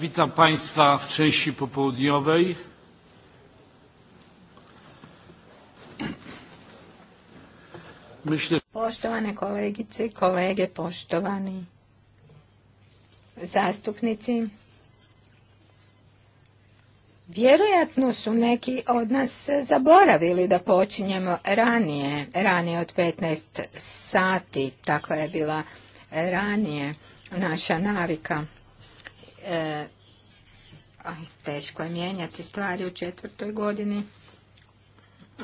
Witam Państwa w części popołudniowej. Myślę... Poštovane kolegice i kolege, poštovani zastupnici, Vjerojatno su neki od nas zaboravili da počinjemo ranije, ranije od 15 sati, takva je bila ranije naša navika. E, teško je mijenjati stvari u četvrtoj godini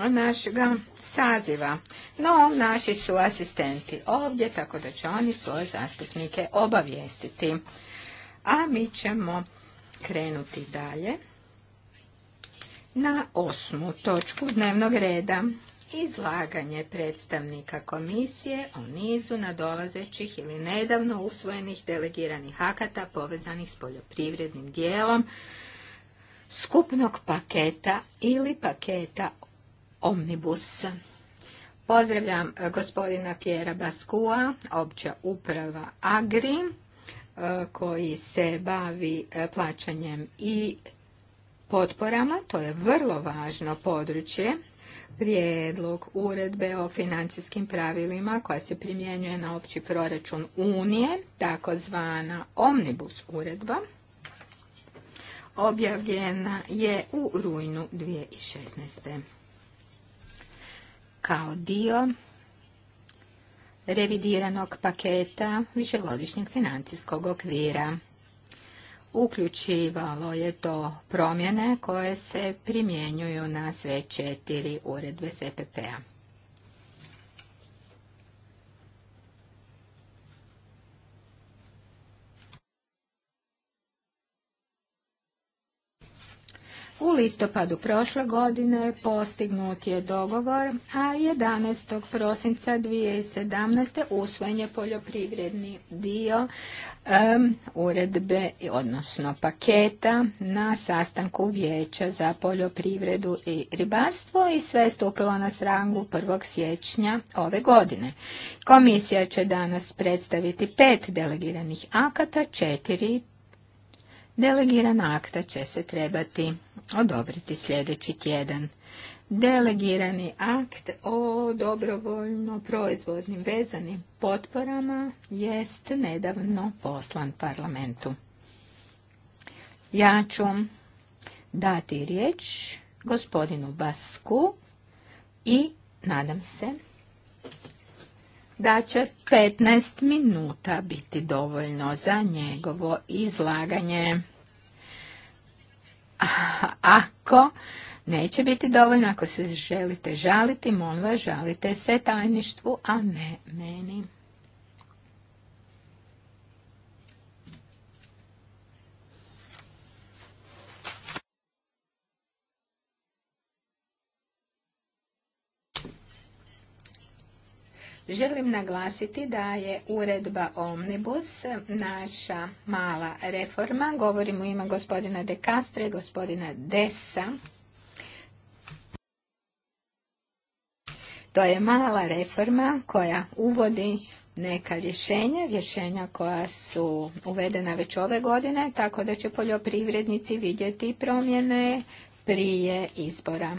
od našega saziva. No, naši su asistenti ovdje, tako da će oni svoje zastupnike obavijestiti. A mi ćemo krenuti dalje na osmu točku dnevnog reda izlaganje predstavnika komisije o nizu nadolazećih ili nedavno usvojenih delegiranih akata povezanih s poljoprivrednim dijelom skupnog paketa ili paketa Omnibus. Pozdravljam eh, gospodina Pjera Baskua, opća uprava Agri, eh, koji se bavi eh, plaćanjem i potporama. To je vrlo važno područje prijedlog uredbe o financijskim pravilima koja se primjenjuje na opći proračun Unije, takozvana Omnibus uredba, objavljena je u rujnu 2016. Kao dio revidiranog paketa višegodišnjeg financijskog okvira uključivalo je to promjene koje se primjenjuju na sve četiri uredbe ZPP-a. U listopadu prošle godine postignut je dogovor, a 11. prosinca 2017. usvojen je poljoprivredni dio um, uredbe, odnosno paketa na sastanku vijeća za poljoprivredu i ribarstvo i sve je stupilo na srangu 1. siječnja ove godine. Komisija će danas predstaviti pet delegiranih akata, četiri Delegirana akta će se trebati odobriti sljedeći tjedan. Delegirani akt o dobrovoljno proizvodnim vezanim potporama jest nedavno poslan parlamentu. Ja ću dati riječ gospodinu Basku i nadam se da će 15 minuta biti dovoljno za njegovo izlaganje. Ako neće biti dovoljno, ako se želite žaliti, molim vas žalite se tajništvu, a ne meni. Želim naglasiti da je uredba Omnibus naša mala reforma. Govorimo ima gospodina De Castro i gospodina Desa. To je mala reforma koja uvodi neka rješenja, rješenja koja su uvedena već ove godine, tako da će poljoprivrednici vidjeti promjene prije izbora.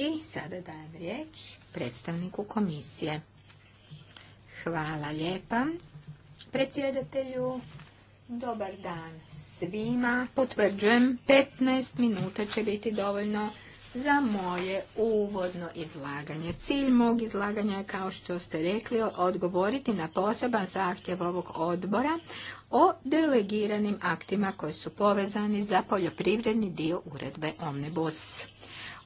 I sada dajem riječ predstavniku komisije. Hvala lijepa predsjedatelju. Dobar dan svima. Potvrđujem, 15 minuta će biti dovoljno za moje uvodno izlaganje. Cilj mog izlaganja je, kao što ste rekli, odgovoriti na poseban zahtjev ovog odbora o delegiranim aktima koji su povezani za poljoprivredni dio uredbe Omnibus.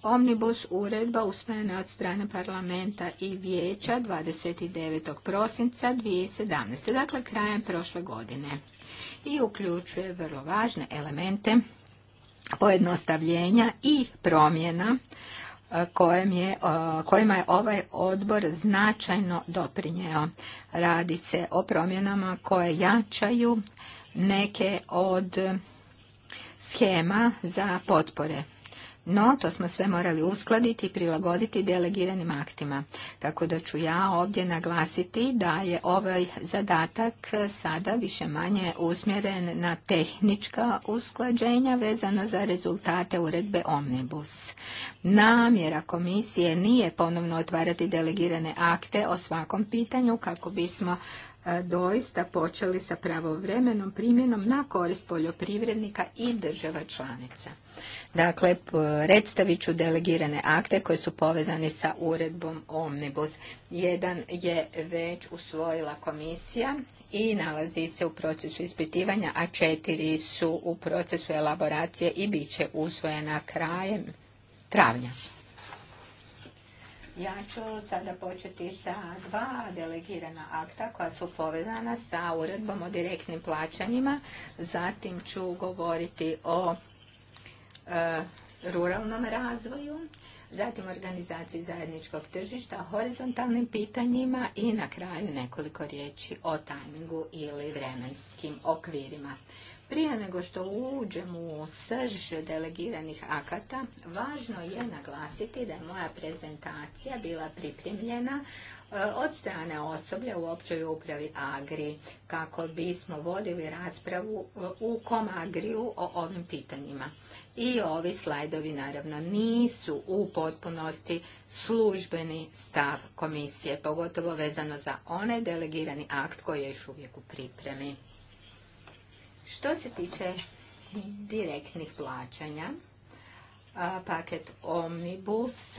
Omnibus uredba usvojena od strane parlamenta i vijeća 29. prosinca 2017. Dakle, krajem prošle godine. I uključuje vrlo važne elemente pojednostavljenja i promjena e, e, kojima je ovaj odbor značajno doprinjeo. Radi se o promjenama koje jačaju neke od schema za potpore. No, to smo sve morali uskladiti i prilagoditi delegiranim aktima. Tako da ću ja ovdje naglasiti da je ovaj zadatak sada više manje usmjeren na tehnička usklađenja vezano za rezultate uredbe Omnibus. Namjera komisije nije ponovno otvarati delegirane akte o svakom pitanju kako bismo e, doista počeli sa pravovremenom primjenom na korist poljoprivrednika i država članica. Dakle, predstavit ću delegirane akte koji su povezani sa uredbom Omnibus. Jedan je već usvojila komisija i nalazi se u procesu ispitivanja, a četiri su u procesu elaboracije i bit će usvojena krajem travnja. Ja ću sada početi sa dva delegirana akta koja su povezana sa uredbom o direktnim plaćanjima. Zatim ću govoriti o E, ruralnom razvoju, zatim organizaciji zajedničkog tržišta, horizontalnim pitanjima i na kraju nekoliko riječi o tajmingu ili vremenskim okvirima. Prije nego što uđem u srž delegiranih akata, važno je naglasiti da je moja prezentacija bila pripremljena E, od strane osoblja u općoj upravi Agri kako bismo vodili raspravu e, u agriju o ovim pitanjima. I ovi slajdovi naravno nisu u potpunosti službeni stav komisije, pogotovo vezano za onaj delegirani akt koji je još uvijek u pripremi. Što se tiče direktnih plaćanja, e, paket Omnibus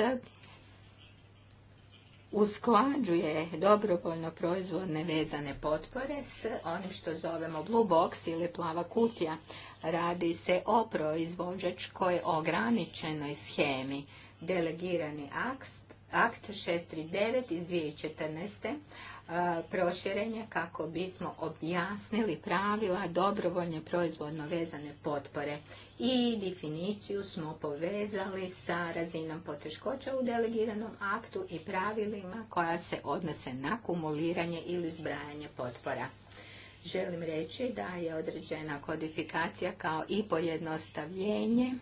usklađuje dobrovoljno proizvodne vezane potpore s onim što zovemo blue box ili plava kutija. Radi se o proizvođačkoj ograničenoj schemi. Delegirani akt, akt 639 iz 2014. E, proširenje kako bismo objasnili pravila dobrovoljne proizvodno vezane potpore i definiciju smo povezali sa razinom poteškoća u delegiranom aktu i pravilima koja se odnose na kumuliranje ili zbrajanje potpora. Želim reći da je određena kodifikacija kao i pojednostavljenje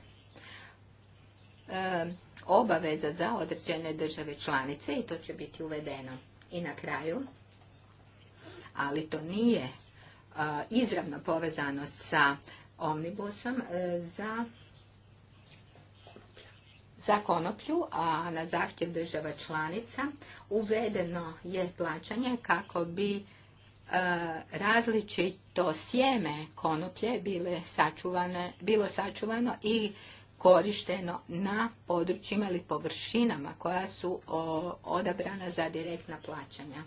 e, obaveza za određene države članice i to će biti uvedeno. I na kraju, ali to nije izravno povezano sa omnibusom e, za za konoplju, a na zahtjev država članica uvedeno je plaćanje kako bi e, različito sjeme konoplje bile bilo sačuvano i korišteno na područjima ili površinama koja su odabrana za direktna plaćanja.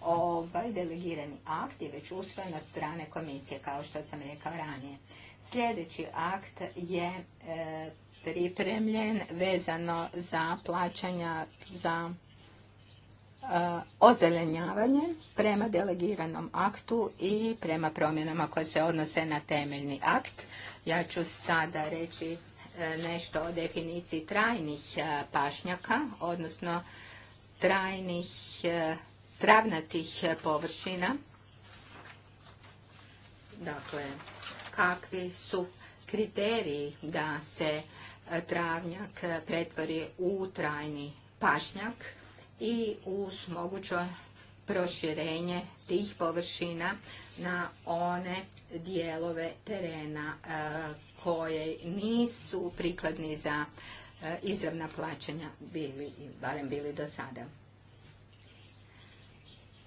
Ovaj delegirani akt je već usvojen od strane komisije, kao što sam rekao ranije. Sljedeći akt je e, pripremljen vezano za plaćanja za e, ozelenjavanje prema delegiranom aktu i prema promjenama koje se odnose na temeljni akt. Ja ću sada reći E, nešto o definiciji trajnih e, pašnjaka, odnosno trajnih e, travnatih površina. Dakle, kakvi su kriteriji da se travnjak pretvori u trajni pašnjak i uz moguće proširenje tih površina na one dijelove terena koje nisu prikladni za e, izravna plaćanja bili, barem bili do sada.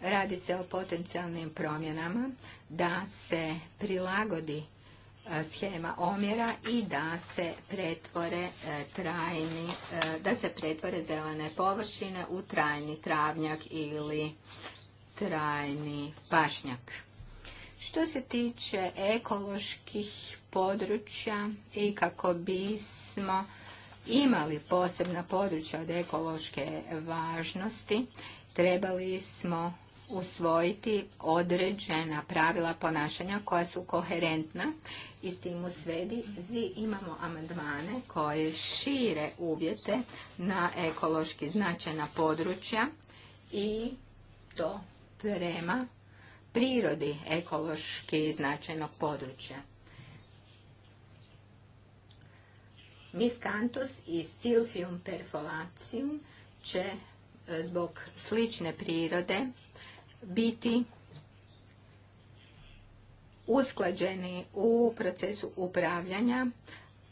Radi se o potencijalnim promjenama da se prilagodi e, schema omjera i da se pretvore e, trajni, da se pretvore zelene površine u trajni travnjak ili trajni pašnjak. Što se tiče ekoloških područja i kako bismo imali posebna područja od ekološke važnosti, trebali smo usvojiti određena pravila ponašanja koja su koherentna i s tim u svedi imamo amandmane koje šire uvjete na ekološki značajna područja i to prema prirodi ekološki značajnog područja. Miskantus i silfium perfolacium će e, zbog slične prirode biti usklađeni u procesu upravljanja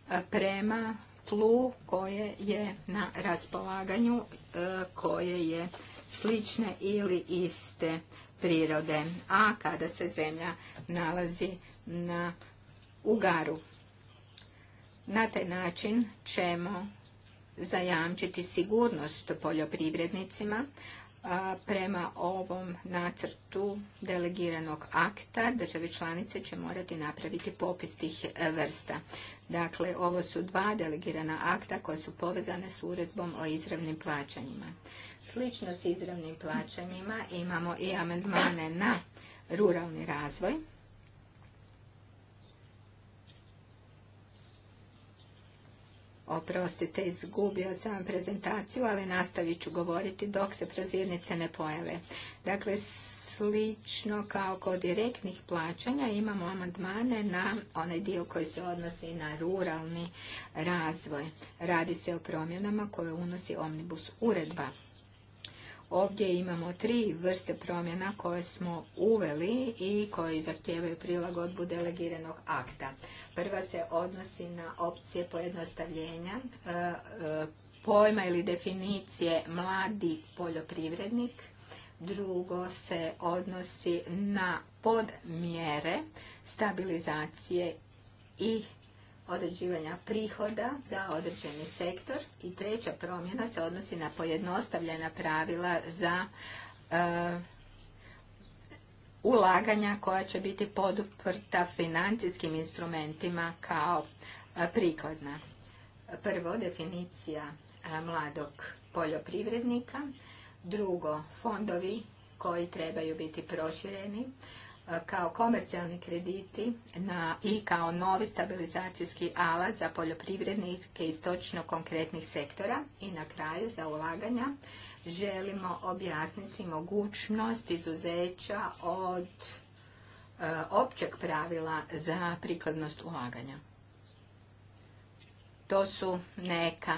e, prema tlu koje je na raspolaganju, e, koje je slične ili iste prirode, a kada se zemlja nalazi na ugaru. Na taj način ćemo zajamčiti sigurnost poljoprivrednicima prema ovom nacrtu delegiranog akta države članice će morati napraviti popis tih vrsta. Dakle, ovo su dva delegirana akta koja su povezane s uredbom o izravnim plaćanjima. Slično s izravnim plaćanjima imamo i amendmane na ruralni razvoj. Oprostite, izgubio sam prezentaciju, ali nastavit ću govoriti dok se prozirnice ne pojave. Dakle, slično kao kod direktnih plaćanja imamo amandmane na onaj dio koji se odnosi na ruralni razvoj. Radi se o promjenama koje unosi Omnibus uredba. Ovdje imamo tri vrste promjena koje smo uveli i koje zahtijevaju prilagodbu delegiranog akta. Prva se odnosi na opcije pojednostavljenja e, e, pojma ili definicije mladi poljoprivrednik. Drugo se odnosi na podmjere stabilizacije i određivanja prihoda za određeni sektor. I treća promjena se odnosi na pojednostavljena pravila za e, ulaganja koja će biti poduprta financijskim instrumentima kao e, prikladna. Prvo, definicija e, mladog poljoprivrednika. Drugo, fondovi koji trebaju biti prošireni E, kao komercijalni krediti i kao novi stabilizacijski alat za poljoprivrednike iz točno konkretnih sektora i na kraju za ulaganja želimo objasniti mogućnost izuzeća od e, općeg pravila za prikladnost ulaganja. To su neka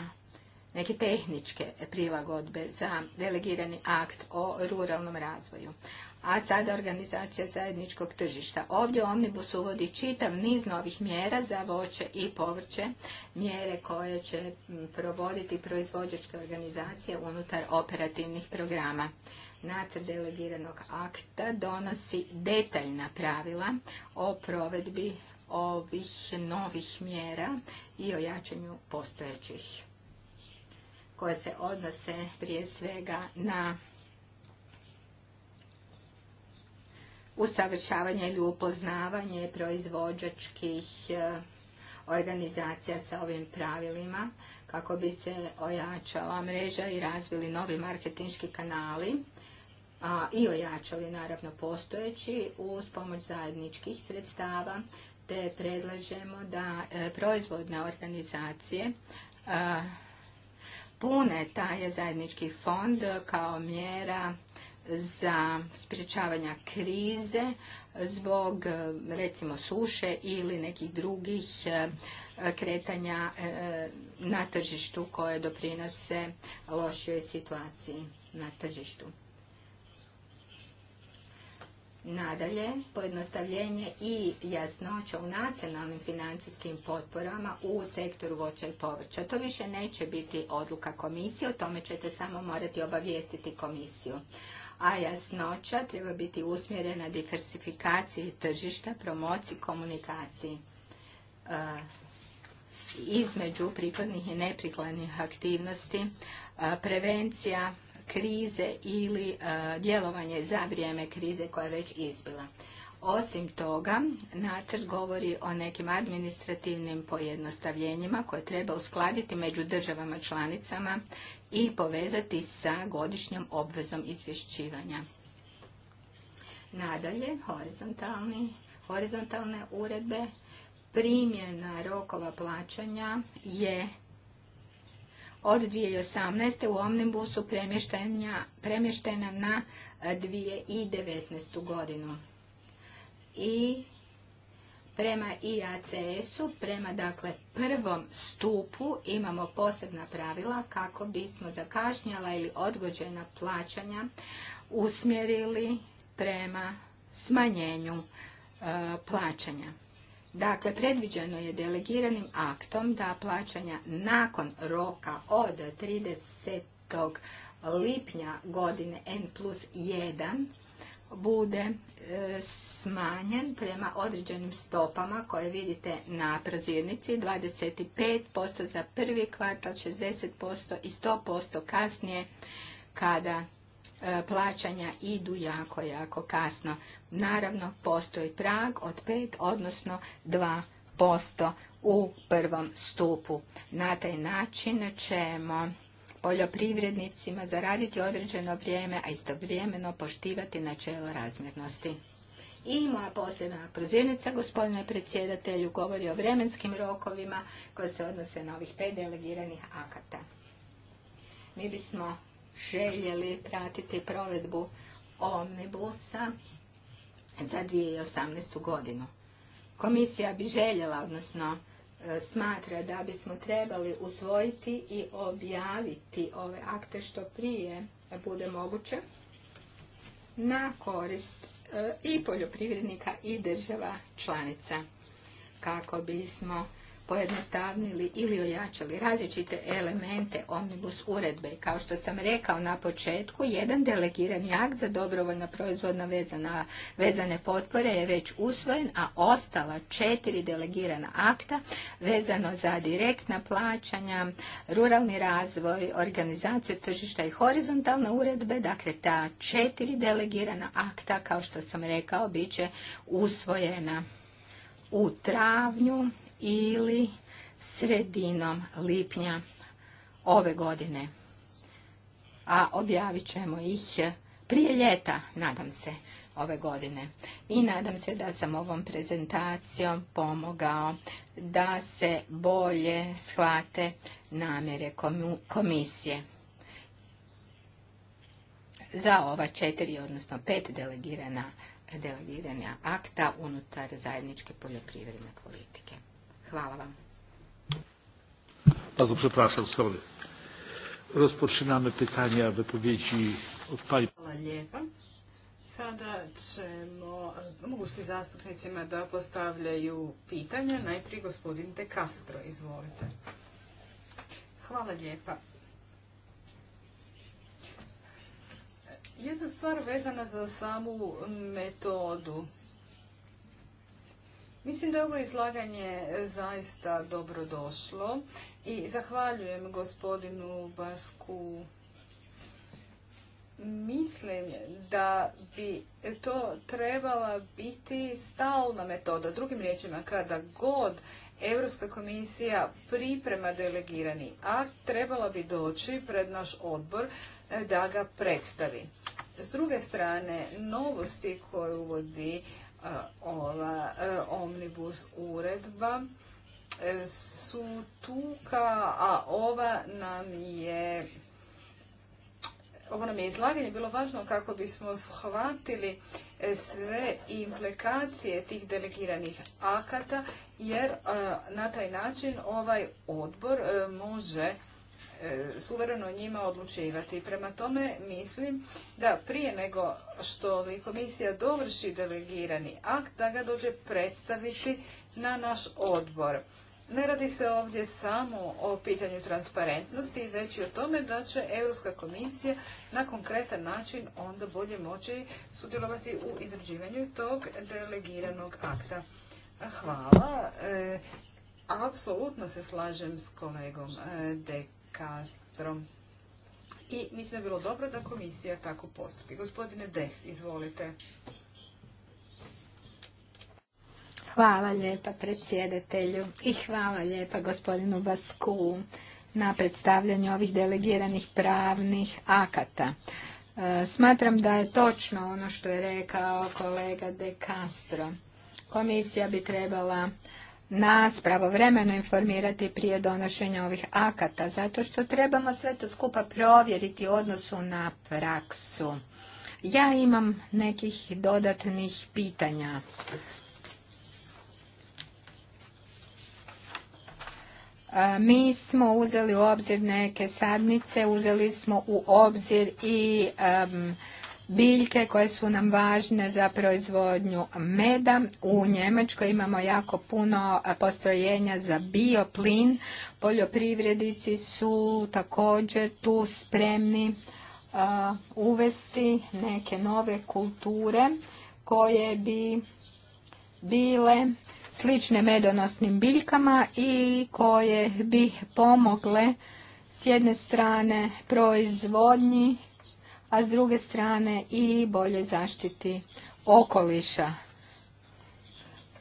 neke tehničke prilagodbe za delegirani akt o ruralnom razvoju a sada organizacija zajedničkog tržišta. Ovdje Omnibus uvodi čitav niz novih mjera za voće i povrće, mjere koje će provoditi proizvođačke organizacije unutar operativnih programa. Nacrt delegiranog akta donosi detaljna pravila o provedbi ovih novih mjera i o jačanju postojećih koje se odnose prije svega na usavršavanje ili upoznavanje proizvođačkih e, organizacija sa ovim pravilima kako bi se ojačala mreža i razvili novi marketinški kanali i ojačali naravno postojeći uz pomoć zajedničkih sredstava te predlažemo da e, proizvodne organizacije e, pune taj zajednički fond kao mjera za sprječavanja krize zbog e, recimo suše ili nekih drugih e, kretanja e, na tržištu koje doprinose lošoj situaciji na tržištu. Nadalje, pojednostavljenje i jasnoća u nacionalnim financijskim potporama u sektoru voća i povrća. To više neće biti odluka komisije, o tome ćete samo morati obavijestiti komisiju a jasnoća treba biti usmjerena diversifikaciji tržišta, promociji, komunikaciji e, između prikladnih i neprikladnih aktivnosti, e, prevencija krize ili e, djelovanje za vrijeme krize koja je već izbila. Osim toga, nacrt govori o nekim administrativnim pojednostavljenjima koje treba uskladiti među državama članicama i povezati sa godišnjom obvezom izvješćivanja. Nadalje, horizontalni, horizontalne uredbe, primjena rokova plaćanja je od 2018. u Omnibusu premještena na 2019. godinu. I Prema IACS-u, prema dakle prvom stupu imamo posebna pravila kako bismo zakašnjala ili odgođena plaćanja usmjerili prema smanjenju e, plaćanja. Dakle, predviđeno je delegiranim aktom da plaćanja nakon roka od 30. lipnja godine N plus 1 bude e, smanjen prema određenim stopama koje vidite na prazirnici 25% za prvi kvartal, 60% i 100% kasnije kada e, plaćanja idu jako, jako kasno. Naravno, postoji prag od 5, odnosno 2% u prvom stupu. Na taj način ćemo poljoprivrednicima zaraditi određeno vrijeme, a istovremeno poštivati načelo razmjernosti. I moja posebna prozirnica, gospodine predsjedatelju, govori o vremenskim rokovima koje se odnose na ovih pet delegiranih akata. Mi bismo željeli pratiti provedbu Omnibusa za 2018. godinu. Komisija bi željela, odnosno E, smatra da bismo trebali usvojiti i objaviti ove akte što prije bude moguće na korist e, i poljoprivrednika i država članica kako bismo pojednostavnili ili ojačali različite elemente omnibus uredbe. Kao što sam rekao na početku, jedan delegirani akt za dobrovoljna proizvodna vezana, vezane potpore je već usvojen, a ostala četiri delegirana akta vezano za direktna plaćanja, ruralni razvoj, organizaciju tržišta i horizontalne uredbe, dakle ta četiri delegirana akta, kao što sam rekao, bit će usvojena u travnju ili sredinom lipnja ove godine. A objavit ćemo ih prije ljeta, nadam se, ove godine. I nadam se da sam ovom prezentacijom pomogao da se bolje shvate namjere komisije za ova četiri, odnosno pet delegirana, delegirana akta unutar zajedničke poljoprivredne politike. Hvala vam. Bardzo przepraszam, sorry. Rozpoczynamy pytania, wypowiedzi od Pani. Hvala lijepa. Sada ćemo mogućni zastupnicima da postavljaju pitanja. Najprije gospodin De Castro, izvolite. Hvala lijepa. Jedna stvar vezana za samu metodu. Mislim da je ovo izlaganje e, zaista dobro došlo i zahvaljujem gospodinu Basku. Mislim da bi to trebala biti stalna metoda. Drugim riječima, kada god Europska komisija priprema delegirani akt, trebala bi doći pred naš odbor e, da ga predstavi. S druge strane, novosti koje uvodi ova e, omnibus uredba e, su tuka, a ova nam je ovo nam je izlaganje bilo važno kako bismo shvatili e, sve implikacije tih delegiranih akata, jer na taj način ovaj odbor može E, suvereno njima odlučivati. Prema tome mislim da prije nego što li komisija dovrši delegirani akt, da ga dođe predstaviti na naš odbor. Ne radi se ovdje samo o pitanju transparentnosti, već i o tome da će Europska komisija na konkretan način onda bolje moći sudjelovati u izrađivanju tog delegiranog akta. Hvala. E, apsolutno se slažem s kolegom e, Dek. I mislim da je bilo dobro da komisija tako postupi. Gospodine Des, izvolite. Hvala lijepa predsjedatelju i hvala lijepa gospodinu Basku na predstavljanju ovih delegiranih pravnih akata. E, smatram da je točno ono što je rekao kolega De Castro. Komisija bi trebala nas pravovremeno informirati prije donošenja ovih akata, zato što trebamo sve to skupa provjeriti u odnosu na praksu. Ja imam nekih dodatnih pitanja. Mi smo uzeli u obzir neke sadnice, uzeli smo u obzir i biljke koje su nam važne za proizvodnju meda. U Njemačkoj imamo jako puno postrojenja za bioplin. Poljoprivrednici su također tu spremni uvesti neke nove kulture koje bi bile slične medonosnim biljkama i koje bi pomogle s jedne strane proizvodnji a s druge strane i boljoj zaštiti okoliša.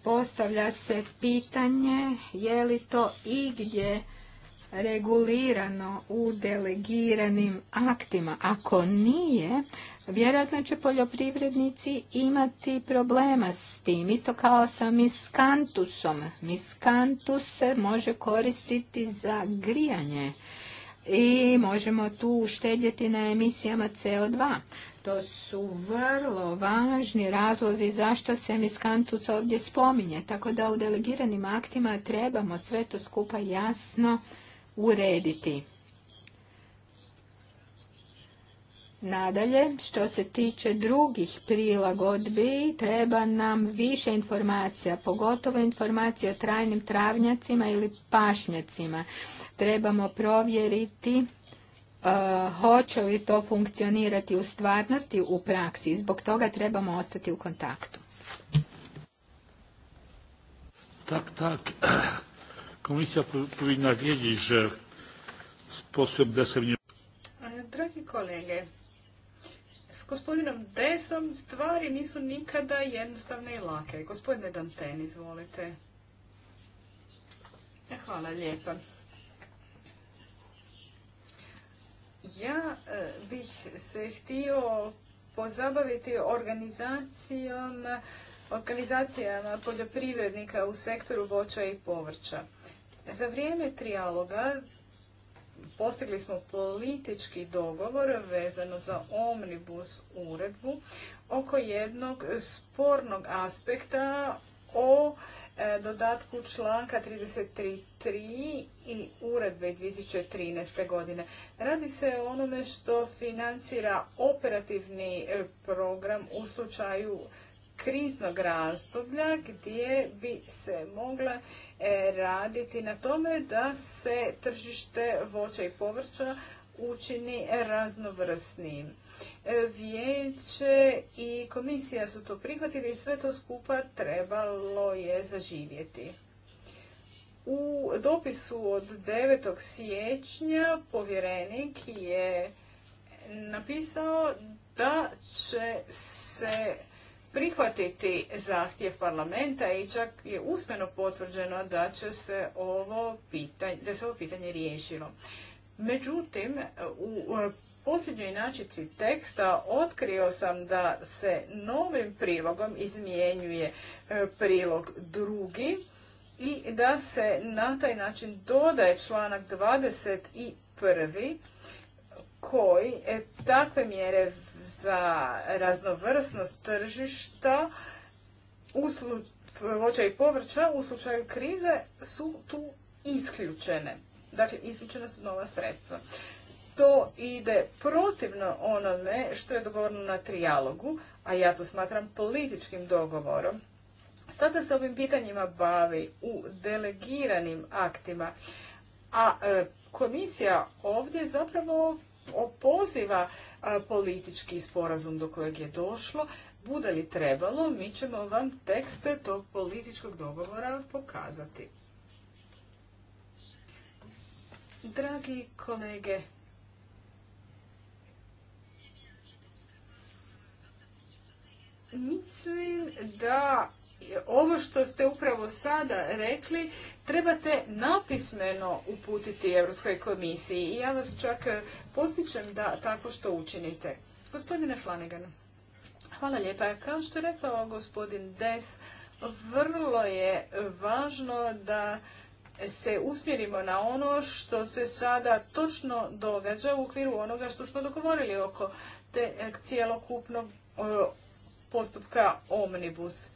Postavlja se pitanje je li to gdje regulirano u delegiranim aktima. Ako nije, vjerojatno će poljoprivrednici imati problema s tim. Isto kao sa miskantusom. Miskantus se može koristiti za grijanje i možemo tu štedjeti na emisijama CO2. To su vrlo važni razlozi zašto se miskantus ovdje spominje, tako da u delegiranim aktima trebamo sve to skupa jasno urediti. Nadalje, što se tiče drugih prilagodbi, treba nam više informacija, pogotovo informacija o trajnim travnjacima ili pašnjacima. Trebamo provjeriti e, hoće li to funkcionirati u stvarnosti, u praksi. Zbog toga trebamo ostati u kontaktu. Tak, tak. Komisija da e, Dragi kolege, gospodinom Desom stvari nisu nikada jednostavne i lake. Gospodine Danten, izvolite. E, hvala lijepa. Ja e, bih se htio pozabaviti organizacijom, organizacijama poljoprivrednika u sektoru voća i povrća. Za vrijeme trijaloga postigli smo politički dogovor vezano za omnibus uredbu oko jednog spornog aspekta o e, dodatku članka 33.3 i uredbe 2013. godine. Radi se o onome što financira operativni e, program u slučaju kriznog razdoblja gdje bi se mogla e, raditi na tome da se tržište voća i povrća učini raznovrsnim. E, vijeće i komisija su to prihvatili i sve to skupa trebalo je zaživjeti. U dopisu od 9. siječnja povjerenik je napisao da će se prihvatiti zahtjev parlamenta i čak je usmeno potvrđeno da će se ovo pitanje, da se ovo pitanje riješilo. Međutim, u posljednjoj inačici teksta otkrio sam da se novim prilogom izmjenjuje e, prilog drugi i da se na taj način dodaje članak 21 koji e, takve mjere za raznovrsnost tržišta u slučaju povrća, u slučaju krize su tu isključene. Dakle, isključena su nova sredstva. To ide protivno onome što je dogovoreno na trijalogu, a ja to smatram političkim dogovorom. Sada se ovim pitanjima bavi u delegiranim aktima, a e, komisija ovdje zapravo opoziva politički sporazum do kojeg je došlo. Bude li trebalo, mi ćemo vam tekste tog političkog dogovora pokazati. Dragi kolege, mislim da ovo što ste upravo sada rekli trebate napismeno uputiti Europskoj komisiji i ja vas čak e, posjećam da tako što učinite. Gospodine Flanagan, hvala lijepa. Kao što je rekao gospodin Des, vrlo je važno da se usmjerimo na ono što se sada točno događa u okviru onoga što smo dogovorili oko te e, cijelokupnog e, postupka Omnibus.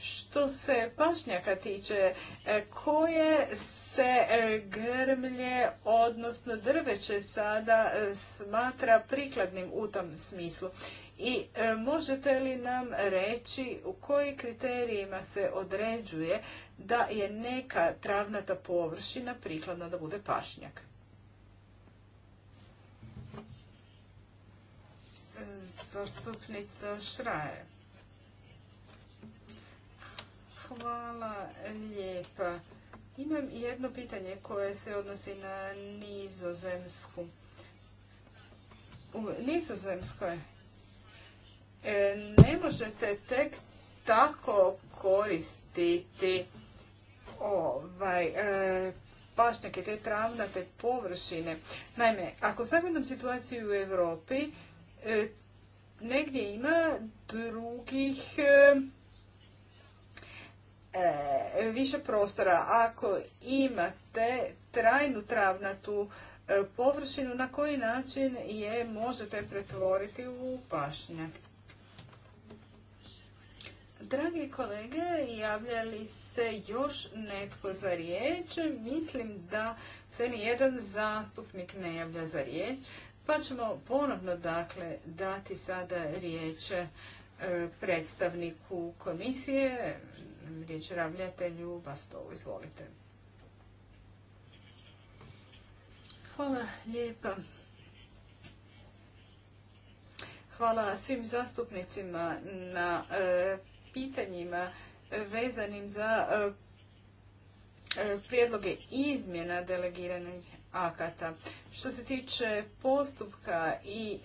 Što se pašnjaka tiče, e, koje se e, grmlje, odnosno drveće sada e, smatra prikladnim u tom smislu? I možete li nam reći u koji kriterijima se određuje da je neka travnata površina prikladna da bude pašnjak? Zastupnica Šraje. Hvala lijepa. Imam jedno pitanje koje se odnosi na nizozemsku. U nizozemskoj e, ne možete tek tako koristiti ovaj, pašnjake, e, te travnate površine. Naime, ako zagledam situaciju u Europi, e, negdje ima drugih E, više prostora. Ako imate trajnu travnatu e, površinu, na koji način je možete pretvoriti u pašnjak? Dragi kolege, javljali se još netko za riječ. Mislim da se jedan zastupnik ne javlja za riječ. Pa ćemo ponovno dakle dati sada riječ e, predstavniku komisije, riječ ravljatelju Bastovu. Izvolite. Hvala lijepa. Hvala svim zastupnicima na e, pitanjima vezanim za e, e, prijedloge izmjena delegiranih akata. Što se tiče postupka i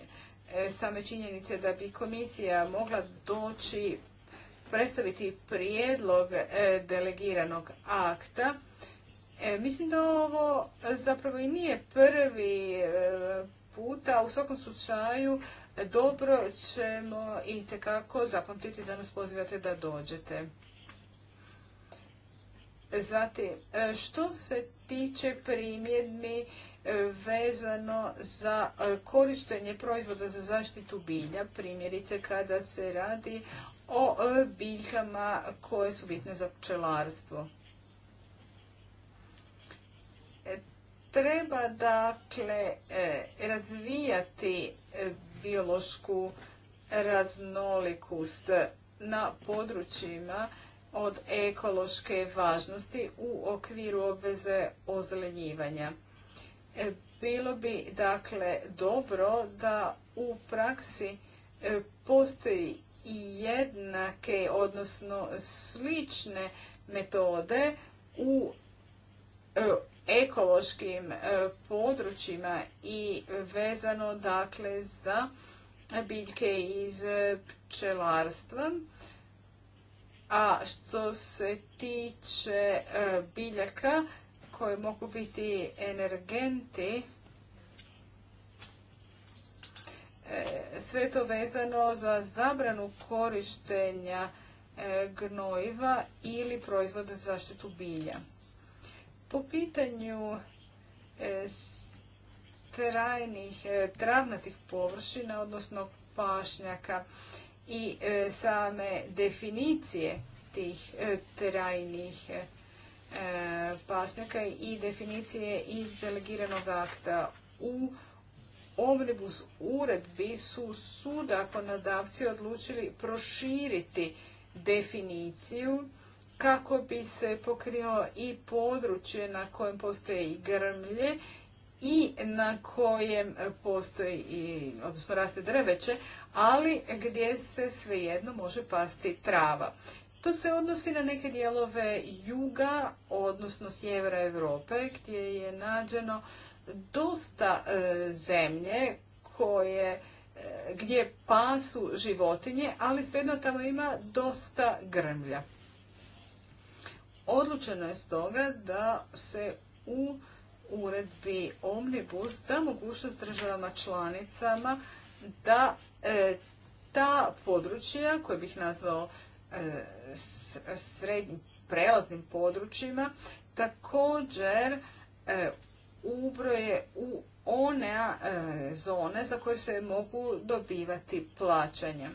same činjenice da bi komisija mogla doći predstaviti prijedlog e, delegiranog akta. E, mislim da ovo zapravo i nije prvi e, puta, u svakom slučaju dobro ćemo i tekako zapamtiti da nas pozivate da dođete. Zatim, što se tiče primjedbi vezano za korištenje proizvoda za zaštitu bilja, primjerice kada se radi o e, biljkama koje su bitne za pčelarstvo. E, treba dakle e, razvijati biološku raznolikost na područjima od ekološke važnosti u okviru obveze ozelenjivanja. Bilo bi dakle dobro da u praksi postoji jednake, odnosno slične metode u e, ekološkim e, područjima i vezano dakle za biljke iz pčelarstva. A što se tiče e, biljaka koje mogu biti energenti, sve to vezano za zabranu korištenja e, gnojiva ili proizvoda za zaštitu bilja. Po pitanju e, trajnih e, travnatih površina, odnosno pašnjaka i same definicije tih trajnih pašnjaka i definicije iz delegiranog akta u omnibus uredbi su nadavci odlučili proširiti definiciju kako bi se pokrilo i područje na kojem postoje i grmlje i na kojem postoji i, odnosno raste drveće, ali gdje se svejedno može pasti trava. To se odnosi na neke dijelove juga, odnosno sjevera Europe, gdje je nađeno dosta e, zemlje koje e, gdje pasu životinje, ali svejedno tamo ima dosta grmlja. Odlučeno je stoga da se u uredbi Omnibus da mogućnost državama članicama da e, ta područja koje bih nazvao srednjim prelaznim područjima također ubroje u one e, zone za koje se mogu dobivati plaćanje.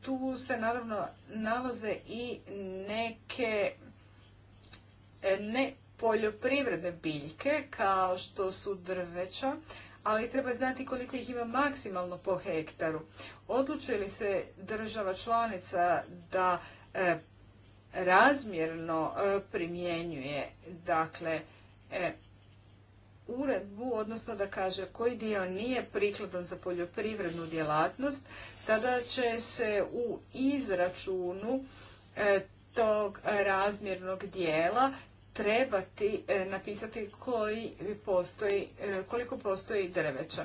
Tu se naravno nalaze i neke e, ne poljoprivredne biljke kao što su drveća, ali treba znati koliko ih ima maksimalno po hektaru. Odlučuje li se država članica da e, razmjerno primjenjuje dakle uredbu, odnosno da kaže koji dio nije prikladan za poljoprivrednu djelatnost, tada će se u izračunu e, tog razmjernog dijela trebati e, napisati koji e, koliko postoji drveća.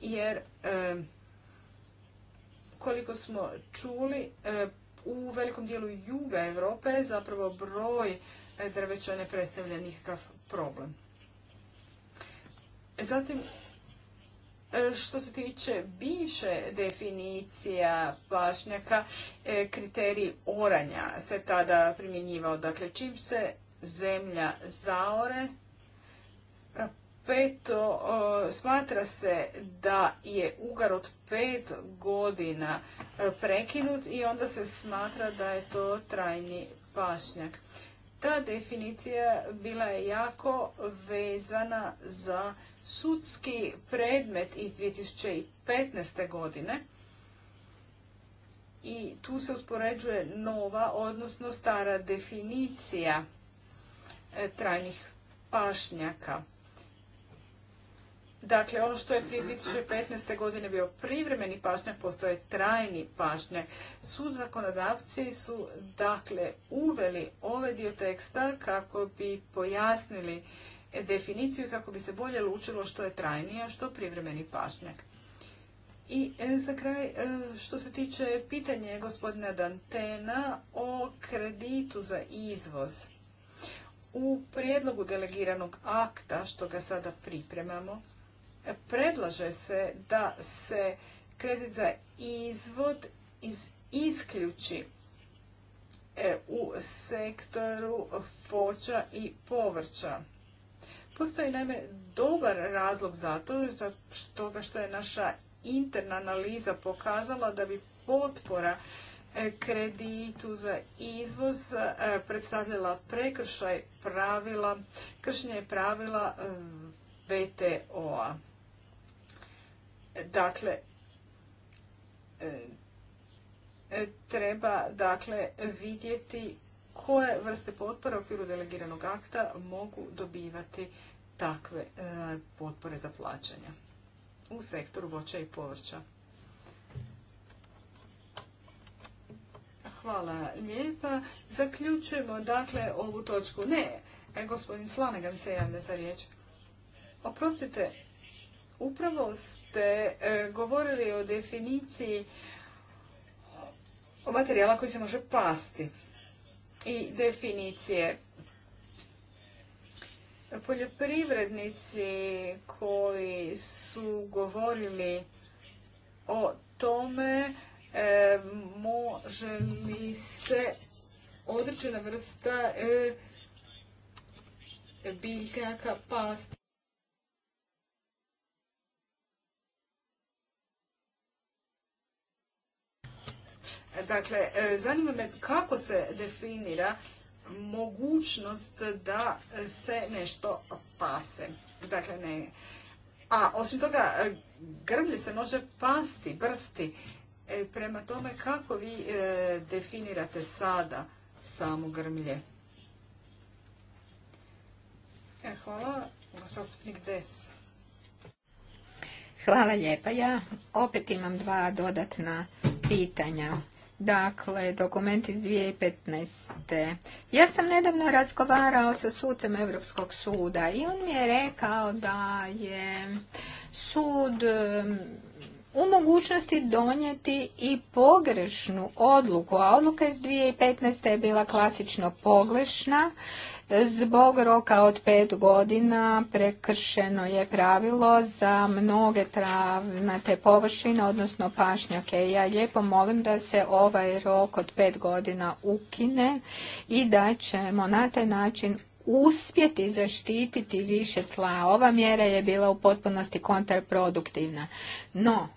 Jer koliko smo čuli, u velikom dijelu juga Europe zapravo broj drveća ne predstavlja nikakav problem. Zatim, e, što se tiče biše definicija pašnjaka, e, kriterij oranja se tada primjenjivao. Dakle, čim se zemlja zaore, e, peto, smatra se da je ugar od pet godina prekinut i onda se smatra da je to trajni pašnjak. Ta definicija bila je jako vezana za sudski predmet iz 2015. godine i tu se uspoređuje nova, odnosno stara definicija e, trajnih pašnjaka. Dakle, ono što je prije 2015. godine bio privremeni pašnjak, postoje trajni pašnjak. Sud su, dakle, uveli ovaj dio teksta kako bi pojasnili definiciju i kako bi se bolje lučilo što je trajnija, a što privremeni pašnjak. I e, za kraj, e, što se tiče pitanje gospodina Dantena o kreditu za izvoz. U prijedlogu delegiranog akta, što ga sada pripremamo, predlaže se da se kredit za izvod isključi e, u sektoru voća i povrća. Postoji naime dobar razlog za to, što što je naša interna analiza pokazala da bi potpora e, kreditu za izvoz e, predstavljala prekršaj pravila, kršenje pravila VTO-a. Dakle, e, e, treba dakle vidjeti koje vrste potpore u okviru delegiranog akta mogu dobivati takve e, potpore za plaćanje u sektoru voća i povrća. Hvala lijepa. Zaključujemo dakle ovu točku. Ne, gospodin Flanagan se javlja za riječ. Oprostite, Upravo ste e, govorili o definiciji o materijala koji se može pasti i definicije. Poljoprivrednici koji su govorili o tome e, može mi se određena vrsta e, biljaka pasti. Dakle, e, zanima me kako se definira mogućnost da se nešto pase. Dakle, ne. A osim toga, e, grmlje se može pasti, brsti. E, prema tome, kako vi definirate sada samo grmlje? hvala, zastupnik Hvala lijepa. Ja opet imam dva dodatna pitanja. Dakle, dokument iz 2015. Ja sam nedavno razgovarao sa sucem Europskog suda i on mi je rekao da je sud u mogućnosti donijeti i pogrešnu odluku, a odluka iz 2015. je bila klasično pogrešna. Zbog roka od pet godina prekršeno je pravilo za mnoge travnate površine, odnosno pašnjake. Ja lijepo molim da se ovaj rok od pet godina ukine i da ćemo na taj način uspjeti zaštititi više tla. Ova mjera je bila u potpunosti kontraproduktivna. No,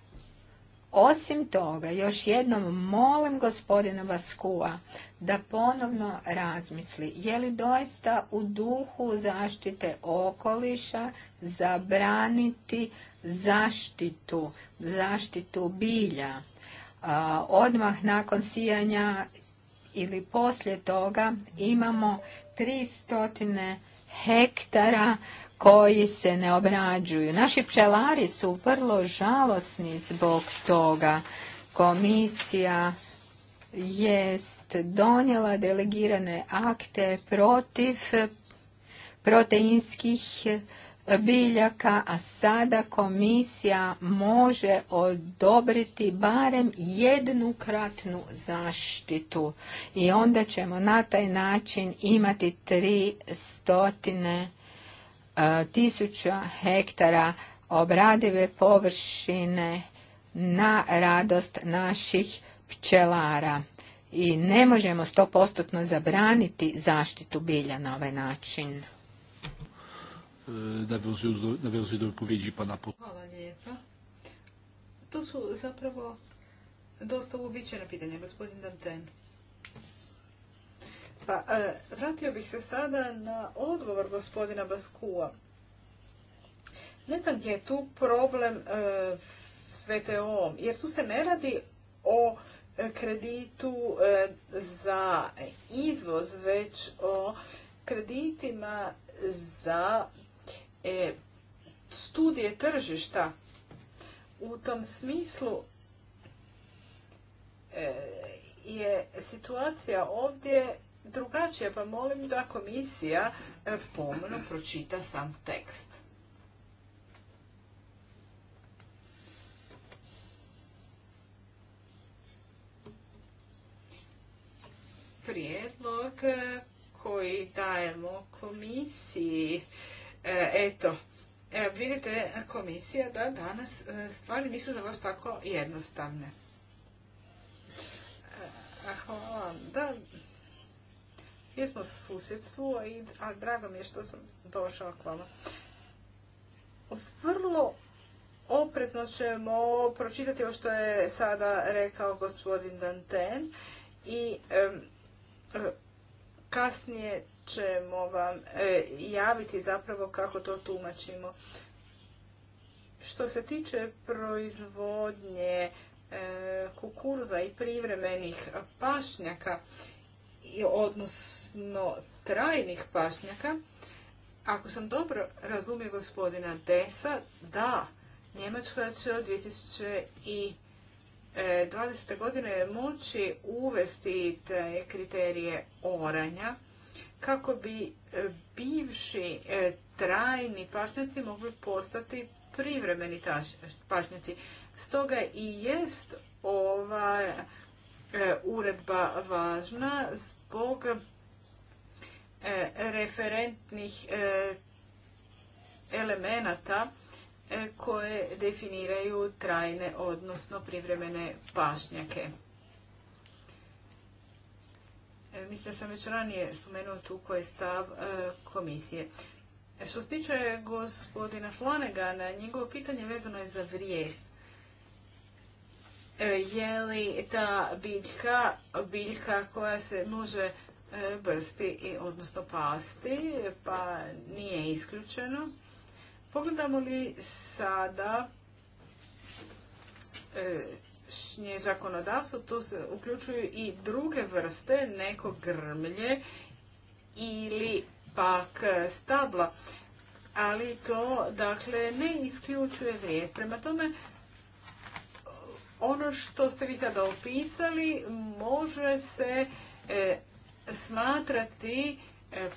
osim toga, još jednom molim gospodina Vaskua da ponovno razmisli je li doista u duhu zaštite okoliša zabraniti zaštitu, zaštitu bilja. odmah nakon sijanja ili poslije toga imamo 300 hektara koji se ne obrađuju. Naši pčelari su vrlo žalosni zbog toga. Komisija jest donijela delegirane akte protiv proteinskih E, biljaka, a sada komisija može odobriti barem jednokratnu zaštitu i onda ćemo na taj način imati 300 e, tisuća hektara obradive površine na radost naših pčelara. I ne možemo 100% zabraniti zaštitu bilja na ovaj način. E, do pana Hvala lijepa. To su zapravo dosta uobičajena pitanja, gospodin Danten. Pa, e, vratio bih se sada na odgovor gospodina Baskua. Ne znam gdje je tu problem e, s VTO-om, jer tu se ne radi o kreditu e, za izvoz, već o kreditima za e, studije tržišta. U tom smislu e, je situacija ovdje drugačija, pa molim da komisija e, pomno pročita sam tekst. Prijedlog e, koji dajemo komisiji E, eto, vidite komisija da danas e, stvari nisu za vas tako jednostavne. E, hvala. Da, jesmo susjedstvu, a drago mi je što sam došla. k Vrlo oprezno ćemo pročitati ovo što je sada rekao gospodin Danten i kasnije ćemo vam e, javiti zapravo kako to tumačimo. Što se tiče proizvodnje e, kukuruza i privremenih pašnjaka, odnosno trajnih pašnjaka, ako sam dobro razumio gospodina Desa, da, Njemačka će od 2020. godine moći uvesti te kriterije oranja kako bi e, bivši e, trajni pašnjaci mogli postati privremeni pašnjaci. Stoga i jest ova e, uredba važna zbog referentnih elemenata koje definiraju trajne, odnosno privremene pašnjake. E, mislim da sam već ranije spomenuo tu koji je stav e, komisije. E, što se tiče gospodina na njegovo pitanje vezano je za vrijes. Je li ta biljka, biljka koja se može brsti, odnosno pasti, pa nije isključeno. Pogledamo li sada sadašnje zakonodavstvo, tu se uključuju i druge vrste, neko grmlje ili pak stabla. Ali to, dakle, ne isključuje vrijez. Prema tome, ono što ste vi sada opisali može se e, smatrati e,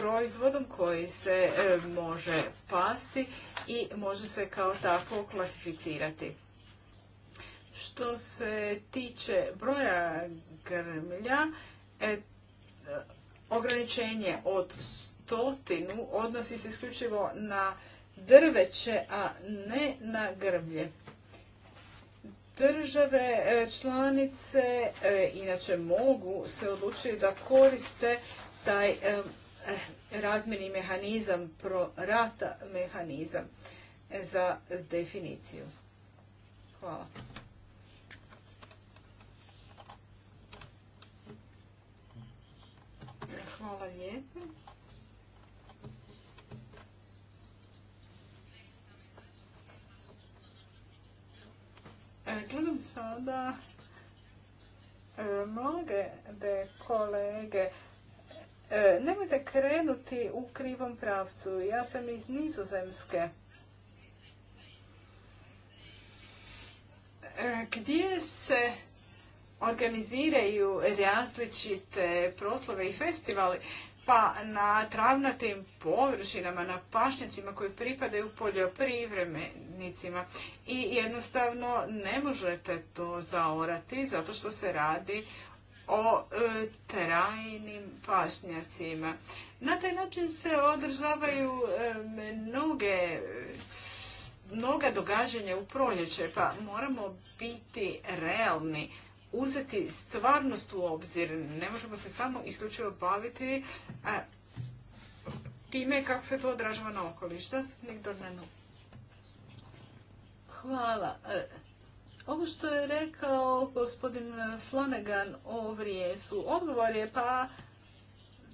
proizvodom koji se e, može pasti i može se kao tako klasificirati. Što se tiče broja grmlja, e, ograničenje od stotinu odnosi se isključivo na drveće, a ne na grblje. Države e, članice e, inače mogu se odlučiti da koriste taj razmjeni mehanizam, prorata rata mehanizam za definiciju. Hvala. Hvala lijepo. E, gledam sada mnoge kolege. E, nemojte krenuti u krivom pravcu. Ja sam iz Nizozemske. E, gdje se organiziraju različite proslove i festivali, pa na travnatim površinama, na pašnjacima koji pripadaju poljoprivrednicima i jednostavno ne možete to zaorati zato što se radi o terajnim trajnim pašnjacima. Na taj način se održavaju e, mnoge mnoga događanja u proljeće, pa moramo biti realni uzeti stvarnost u obzir. Ne možemo se samo isključivo baviti a, e, time kako se to odražava na okoliš. Zastupnik Dornanu. Hvala. E, ovo što je rekao gospodin Flanagan o vrijesu, odgovor je pa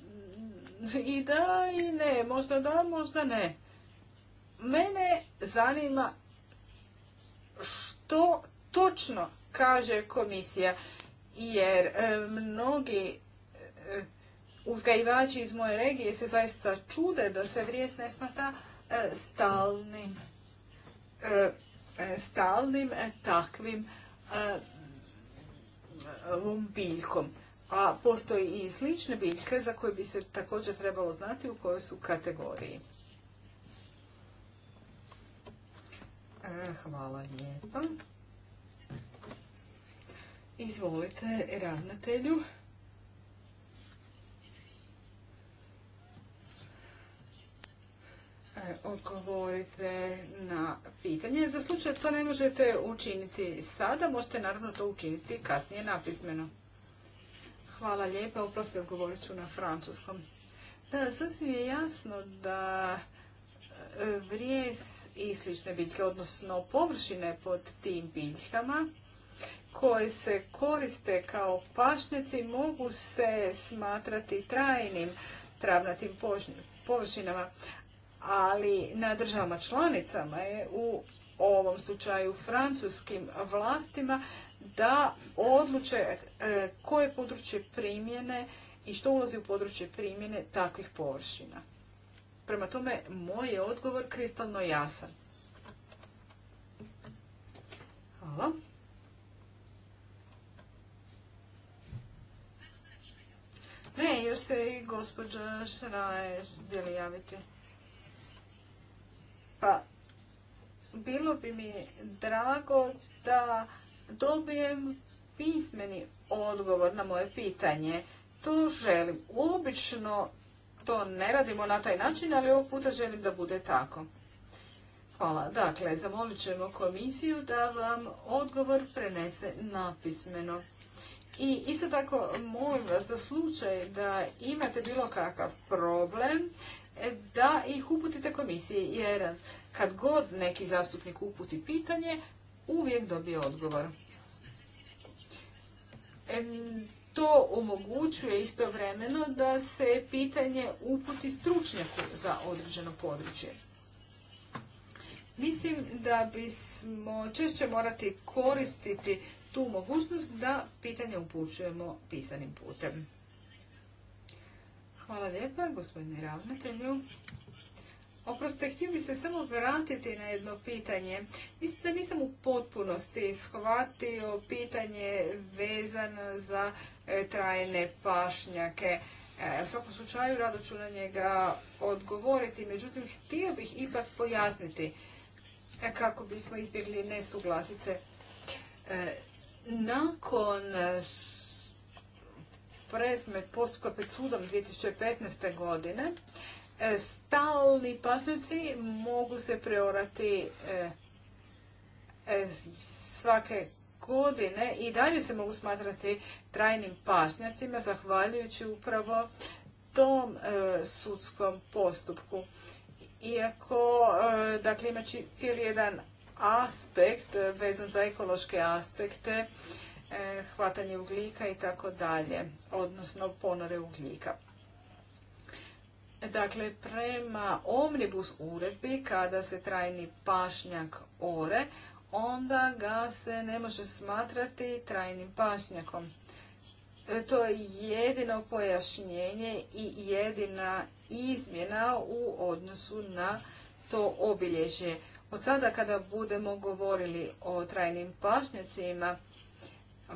mm, i da i ne, možda da, možda ne. Mene zanima što točno kaže komisija, jer e, mnogi e, uzgajivači iz moje regije se zaista čude da se vrijest ne smata e, stalnim stalnim takvim biljkom. A postoji i slične biljke za koje bi se također trebalo znati u kojoj su kategoriji. Hvala lijepa. Izvolite, ravnatelju. E, odgovorite na pitanje. Za slučaj to ne možete učiniti sada, možete naravno to učiniti kasnije napismeno. Hvala lijepa, oprosti odgovorit ću na francuskom. Da, mi je jasno da e, vrijez i slične biljke, odnosno površine pod tim biljkama, koji se koriste kao pašnjaci mogu se smatrati trajnim travnatim površinama, ali na državama članicama je u ovom slučaju francuskim vlastima da odluče e, koje područje primjene i što ulazi u područje primjene takvih površina. Prema tome, moj je odgovor kristalno jasan. Hvala. Ne, još se i gospođa Šraje želi javiti. Pa, bilo bi mi drago da dobijem pismeni odgovor na moje pitanje. To želim. Obično to ne radimo na taj način, ali ovog puta želim da bude tako. Hvala. Dakle, zamolit ćemo komisiju da vam odgovor prenese pismeno. I isto tako molim vas za slučaj da imate bilo kakav problem, e, da ih uputite komisiji, jer kad god neki zastupnik uputi pitanje, uvijek dobije odgovor. E, to omogućuje istovremeno da se pitanje uputi stručnjaku za određeno područje. Mislim da bismo češće morati koristiti tu mogućnost da pitanje upućujemo pisanim putem. Hvala lijepa, gospodine ravnatelju. Oproste, htio bi se samo vratiti na jedno pitanje. Mislim da nisam u potpunosti shvatio pitanje vezano za e, trajne pašnjake. E, u svakom slučaju rado ću na njega odgovoriti, međutim htio bih ipak pojasniti e, kako bismo izbjegli nesuglasice. Nakon eh, predmet postupka pred sudom 2015. godine, eh, stalni pažnjaci mogu se preorati eh, svake godine i dalje se mogu smatrati trajnim pažnjacima zahvaljujući upravo tom sudskom postupku. Iako, dakle, ima cijeli jedan aspekt vezan za ekološke aspekte, e, hvatanje ugljika i tako dalje, odnosno ponore ugljika. Dakle, prema omnibus uredbi, kada se trajni pašnjak ore, onda ga se ne može smatrati trajnim pašnjakom. E, to je jedino pojašnjenje i jedina izmjena u odnosu na to obilježje. Od sada kada budemo govorili o trajnim pašnjacima,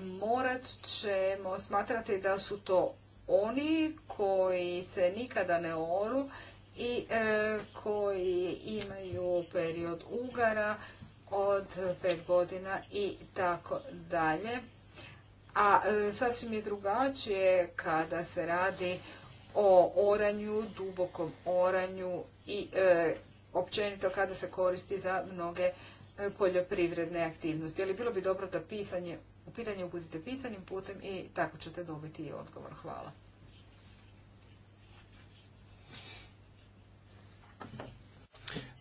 morat ćemo smatrati da su to oni koji se nikada ne oru i e, koji imaju period ugara od pet godina i tako dalje. A e, sasvim je drugačije kada se radi o oranju, dubokom oranju i e, općenito kada se koristi za mnoge e, poljoprivredne aktivnosti. Ali bilo bi dobro da pisanje, u pitanje uputite pisanim putem i tako ćete dobiti i odgovor. Hvala.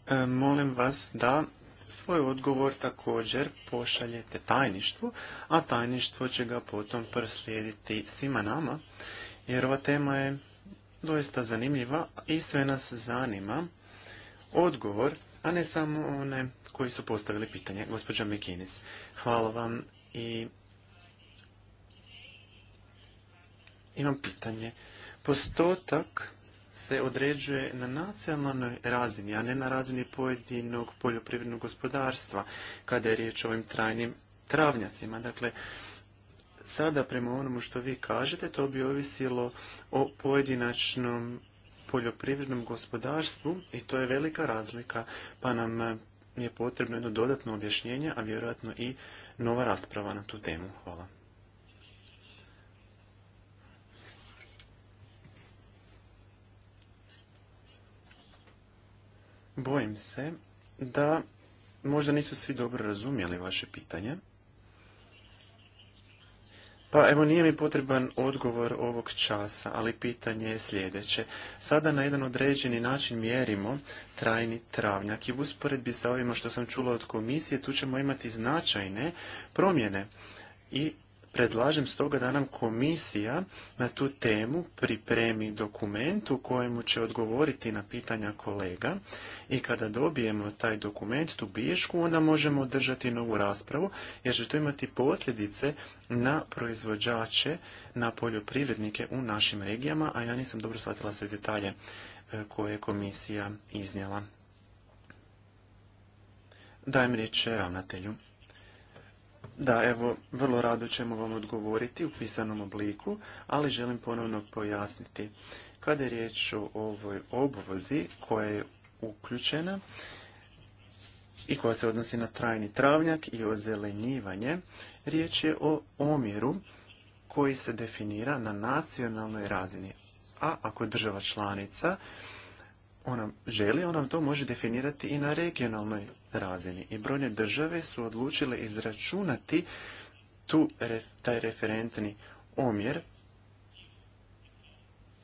E, molim vas da svoj odgovor također pošaljete tajništvu, a tajništvo će ga potom proslijediti svima nama, jer ova tema je doista zanimljiva i sve nas zanima odgovor, a ne samo one koji su postavili pitanje. Gospođa Mekinis, hvala vam i imam pitanje. Postotak se određuje na nacionalnoj razini, a ne na razini pojedinog poljoprivrednog gospodarstva, kada je riječ o ovim trajnim travnjacima. Dakle, sada prema onomu što vi kažete, to bi ovisilo o pojedinačnom poljoprivrednom gospodarstvu i to je velika razlika, pa nam eh, je potrebno jedno dodatno objašnjenje, a vjerojatno i nova rasprava na tu temu. Hvala. Bojim se da možda nisu svi dobro razumjeli vaše pitanje. Pa evo nije mi potreban odgovor ovog časa, ali pitanje je sljedeće. Sada na jedan određeni način mjerimo trajni travnjak i u usporedbi sa ovima što sam čula od komisije tu ćemo imati značajne promjene i Predlažem stoga da nam komisija na tu temu pripremi dokument u kojemu će odgovoriti na pitanja kolega i kada dobijemo taj dokument, tu biješku, onda možemo održati novu raspravu jer će to imati posljedice na proizvođače, na poljoprivrednike u našim regijama, a ja nisam dobro shvatila sve detalje e, koje je komisija iznijela. Dajem riječ ravnatelju. Da, evo, vrlo rado ćemo vam odgovoriti u pisanom obliku, ali želim ponovno pojasniti. Kada je riječ o ovoj obvozi koja je uključena i koja se odnosi na trajni travnjak i ozelenjivanje, riječ je o omjeru koji se definira na nacionalnoj razini. A ako je država članica, ona želi, ona to može definirati i na regionalnoj razini. I brojne države su odlučile izračunati tu, taj referentni omjer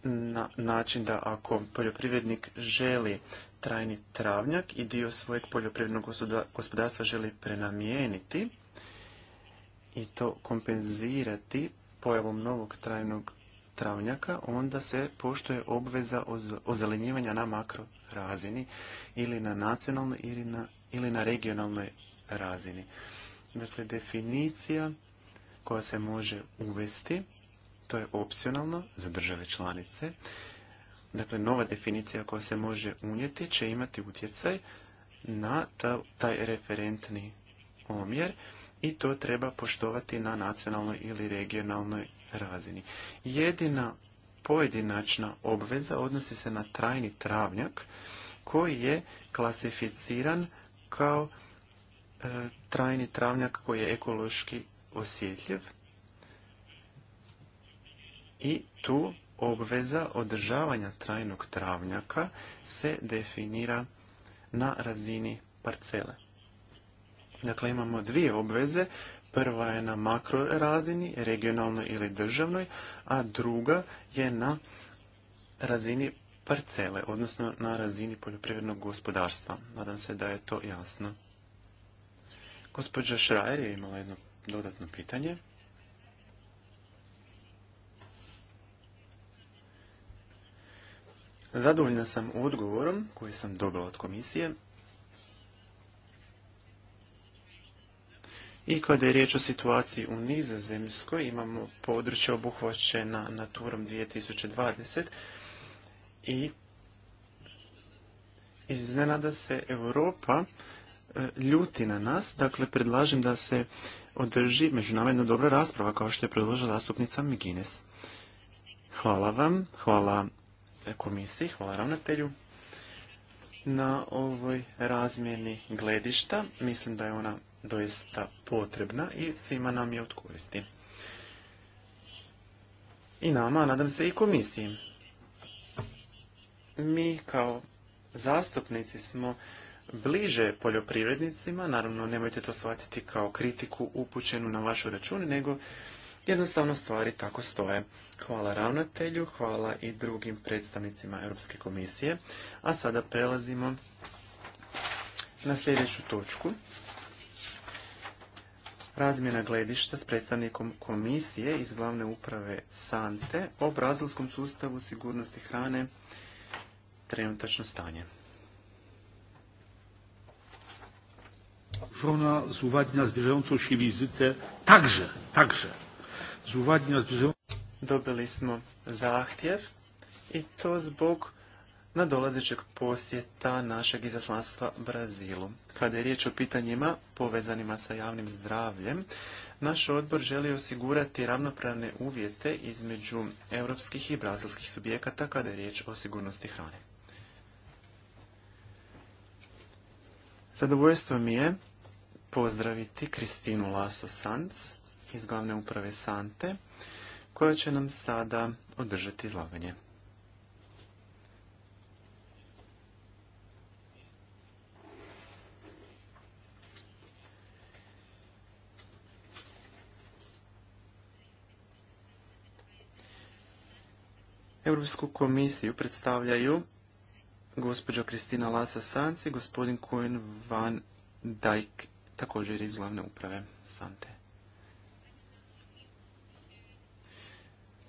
na način da ako poljoprivrednik želi trajni travnjak i dio svojeg poljoprivrednog gospodarstva želi prenamijeniti i to kompenzirati pojavom novog trajnog travnjaka, onda se poštuje obveza ozelenjivanja na makro razini ili na nacionalnoj ili na ili na regionalnoj razini. Dakle, definicija koja se može uvesti, to je opcionalno za države članice. Dakle, nova definicija koja se može unijeti će imati utjecaj na taj referentni omjer i to treba poštovati na nacionalnoj ili regionalnoj razini. Jedina pojedinačna obveza odnosi se na trajni travnjak koji je klasificiran kao e, trajni travnjak koji je ekološki osjetljiv. I tu obveza održavanja trajnog travnjaka se definira na razini parcele. Dakle, imamo dvije obveze. Prva je na makro razini, regionalnoj ili državnoj, a druga je na razini parcele, odnosno na razini poljoprivrednog gospodarstva. Nadam se da je to jasno. Gospođa Šrajer je imala jedno dodatno pitanje. Zadovoljna sam odgovorom koji sam dobila od komisije. I kada je riječ o situaciji u Nizozemskoj, imamo područje obuhvaćena Naturom 2020, i iznenada se Europa e, ljuti na nas, dakle predlažem da se održi međunarodna dobra rasprava kao što je predložila zastupnica Migines. Hvala vam, hvala komisiji, hvala ravnatelju na ovoj razmjeni gledišta. Mislim da je ona doista potrebna i svima nam je od koristi. I nama, nadam se i komisiji mi kao zastupnici smo bliže poljoprivrednicima, naravno nemojte to shvatiti kao kritiku upućenu na vaš račun, nego jednostavno stvari tako stoje. Hvala ravnatelju, hvala i drugim predstavnicima Europske komisije. A sada prelazimo na sljedeću točku. Razmjena gledišta s predstavnikom komisije iz glavne uprave Sante o brazilskom sustavu sigurnosti hrane trenutačno stanje. Žona z na z na Dobili smo zahtjev i to zbog nadolazećeg posjeta našeg izaslanstva Brazilu. Kada je riječ o pitanjima povezanima sa javnim zdravljem, naš odbor želi osigurati ravnopravne uvjete između europskih i brazilskih subjekata kada je riječ o sigurnosti hrane. Zadovoljstvo mi je pozdraviti Kristinu Laso Sanz iz glavne uprave Sante, koja će nam sada održati izlaganje. Europsku komisiju predstavljaju gospođa Kristina Lasa Sanci, gospodin kojen Van Dijk, također iz glavne uprave Sante.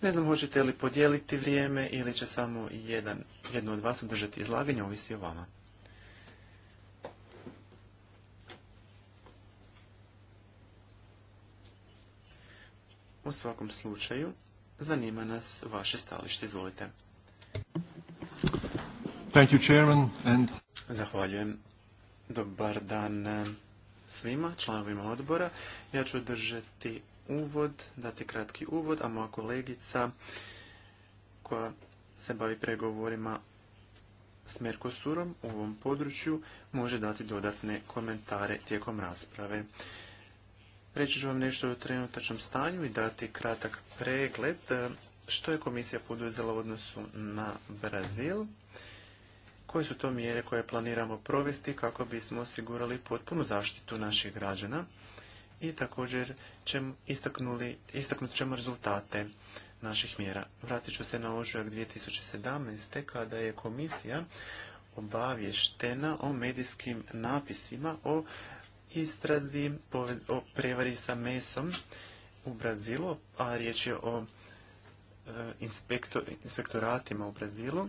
Ne znam hoćete li podijeliti vrijeme ili će samo jedan, jedno od vas održati izlaganje, ovisi o vama. U svakom slučaju, zanima nas vaše stalište, izvolite. Thank you, Zahvaljujem. Dobar dan svima, članovima odbora. Ja ću držati uvod, dati kratki uvod, a moja kolegica koja se bavi pregovorima s Mercosurom u ovom području može dati dodatne komentare tijekom rasprave. Reći ću vam nešto o trenutačnom stanju i dati kratak pregled e, što je komisija poduzela u odnosu na Brazil koje su to mjere koje planiramo provesti kako bismo osigurali potpunu zaštitu naših građana i također ćemo istaknuli, istaknut ćemo rezultate naših mjera. Vratit ću se na ožujak 2017. kada je komisija obavještena o medijskim napisima o istrazi o prevari sa mesom u Brazilu, a riječ je o e, inspektoratima u Brazilu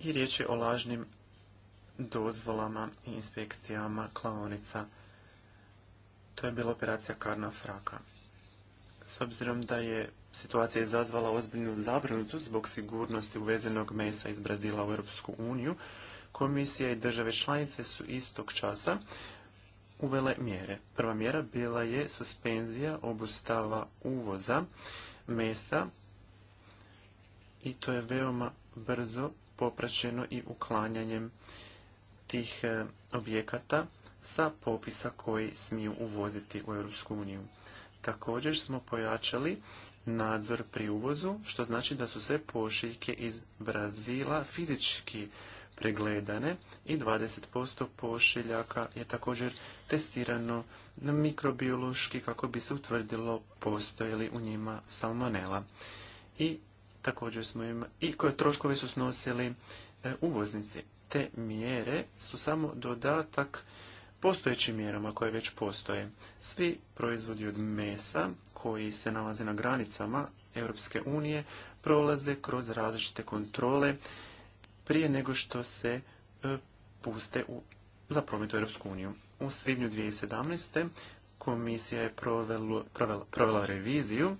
i riječ je o lažnim dozvolama i inspekcijama klaonica. To je bila operacija Karna Fraka. S obzirom da je situacija izazvala ozbiljnu zabrinutost zbog sigurnosti uvezenog mesa iz Brazila u Europsku uniju, komisija i države članice su istog časa uvele mjere. Prva mjera bila je suspenzija obustava uvoza mesa i to je veoma brzo popraćeno i uklanjanjem tih e, objekata sa popisa koji smiju uvoziti u Europsku uniju. Također smo pojačali nadzor pri uvozu, što znači da su sve pošiljke iz Brazila fizički pregledane i 20% pošiljaka je također testirano na mikrobiološki kako bi se utvrdilo postoje li u njima salmonela. I Također smo im i koje troškove su snosili e, uvoznici. Te mjere su samo dodatak postojećim mjerama koje već postoje. Svi proizvodi od mesa koji se nalaze na granicama Europske unije prolaze kroz različite kontrole prije nego što se e, puste u, za promet u Europsku uniju. U svibnju 2017. komisija je provela, provela, provela reviziju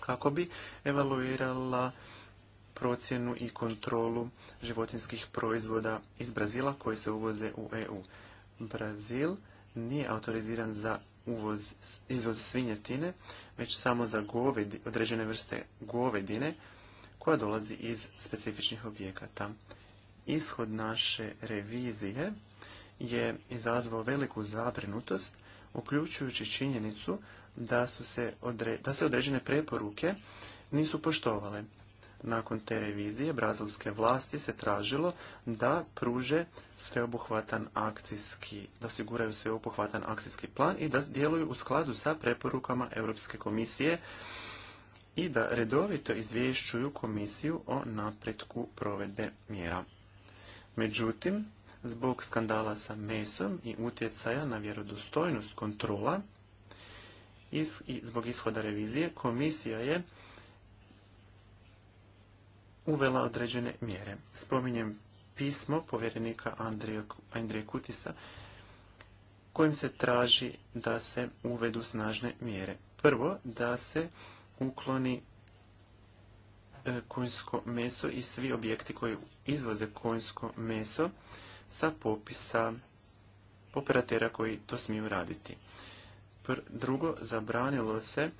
kako bi evaluirala procjenu i kontrolu životinskih proizvoda iz Brazila koji se uvoze u EU. Brazil nije autoriziran za uvoz, izvoz svinjetine, već samo za govedi, određene vrste govedine koja dolazi iz specifičnih objekata. Ishod naše revizije je izazvao veliku zabrinutost, uključujući činjenicu da, su se odre, da određene preporuke nisu poštovale. Nakon te revizije brazilske vlasti se tražilo da pruže sveobuhvatan akcijski, da osiguraju sveobuhvatan akcijski plan i da djeluju u skladu sa preporukama Europske komisije i da redovito izvješćuju komisiju o napretku provedbe mjera. Međutim, zbog skandala sa mesom i utjecaja na vjerodostojnost kontrola, i zbog ishoda revizije, komisija je uvela određene mjere. Spominjem pismo povjerenika Andrije Kutisa kojim se traži da se uvedu snažne mjere. Prvo, da se ukloni e, konjsko meso i svi objekti koji izvoze konjsko meso sa popisa operatera koji to smiju raditi. Drugo, zabranilo se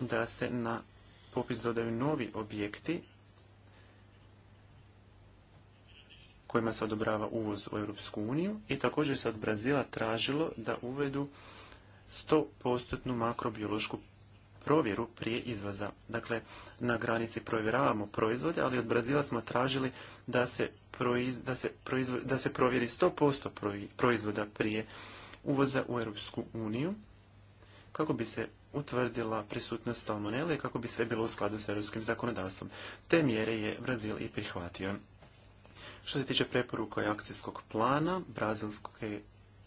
da se na popis dodaju novi objekti kojima se odobrava uvoz u Europsku uniju i također se od Brazila tražilo da uvedu 100% makrobiološku provjeru prije izvoza. Dakle, na granici provjeravamo proizvode, ali od Brazila smo tražili da se, proiz, da se, da se provjeri 100% proizvoda prije uvoza u Europsku uniju kako bi se utvrdila prisutnost salmonele i kako bi sve bilo u skladu s europskim zakonodavstvom. Te mjere je Brazil i prihvatio. Što se tiče preporuka i akcijskog plana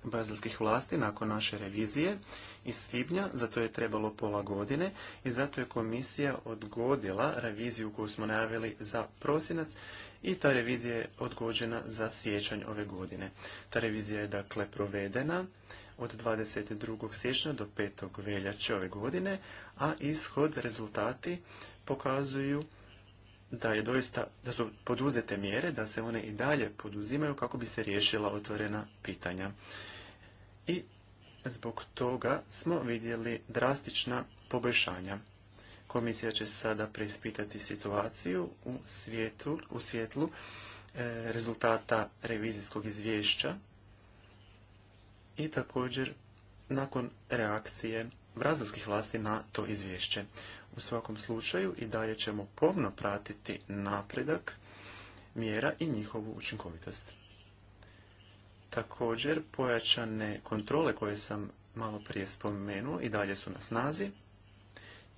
brazilskih vlasti nakon naše revizije iz svibnja, zato je trebalo pola godine i zato je komisija odgodila reviziju koju smo najavili za prosinac i ta revizija je odgođena za siječanj ove godine. Ta revizija je dakle provedena od 22. siječnja do 5. veljače ove godine, a ishod rezultati pokazuju da je doista su poduzete mjere da se one i dalje poduzimaju kako bi se riješila otvorena pitanja. I zbog toga smo vidjeli drastična poboljšanja. Komisija će sada preispitati situaciju u svijetu u svjetlu e, rezultata revizijskog izvješća i također nakon reakcije brazilskih vlasti na to izvješće. U svakom slučaju i dalje ćemo pomno pratiti napredak mjera i njihovu učinkovitost. Također, pojačane kontrole koje sam malo prije spomenuo i dalje su na snazi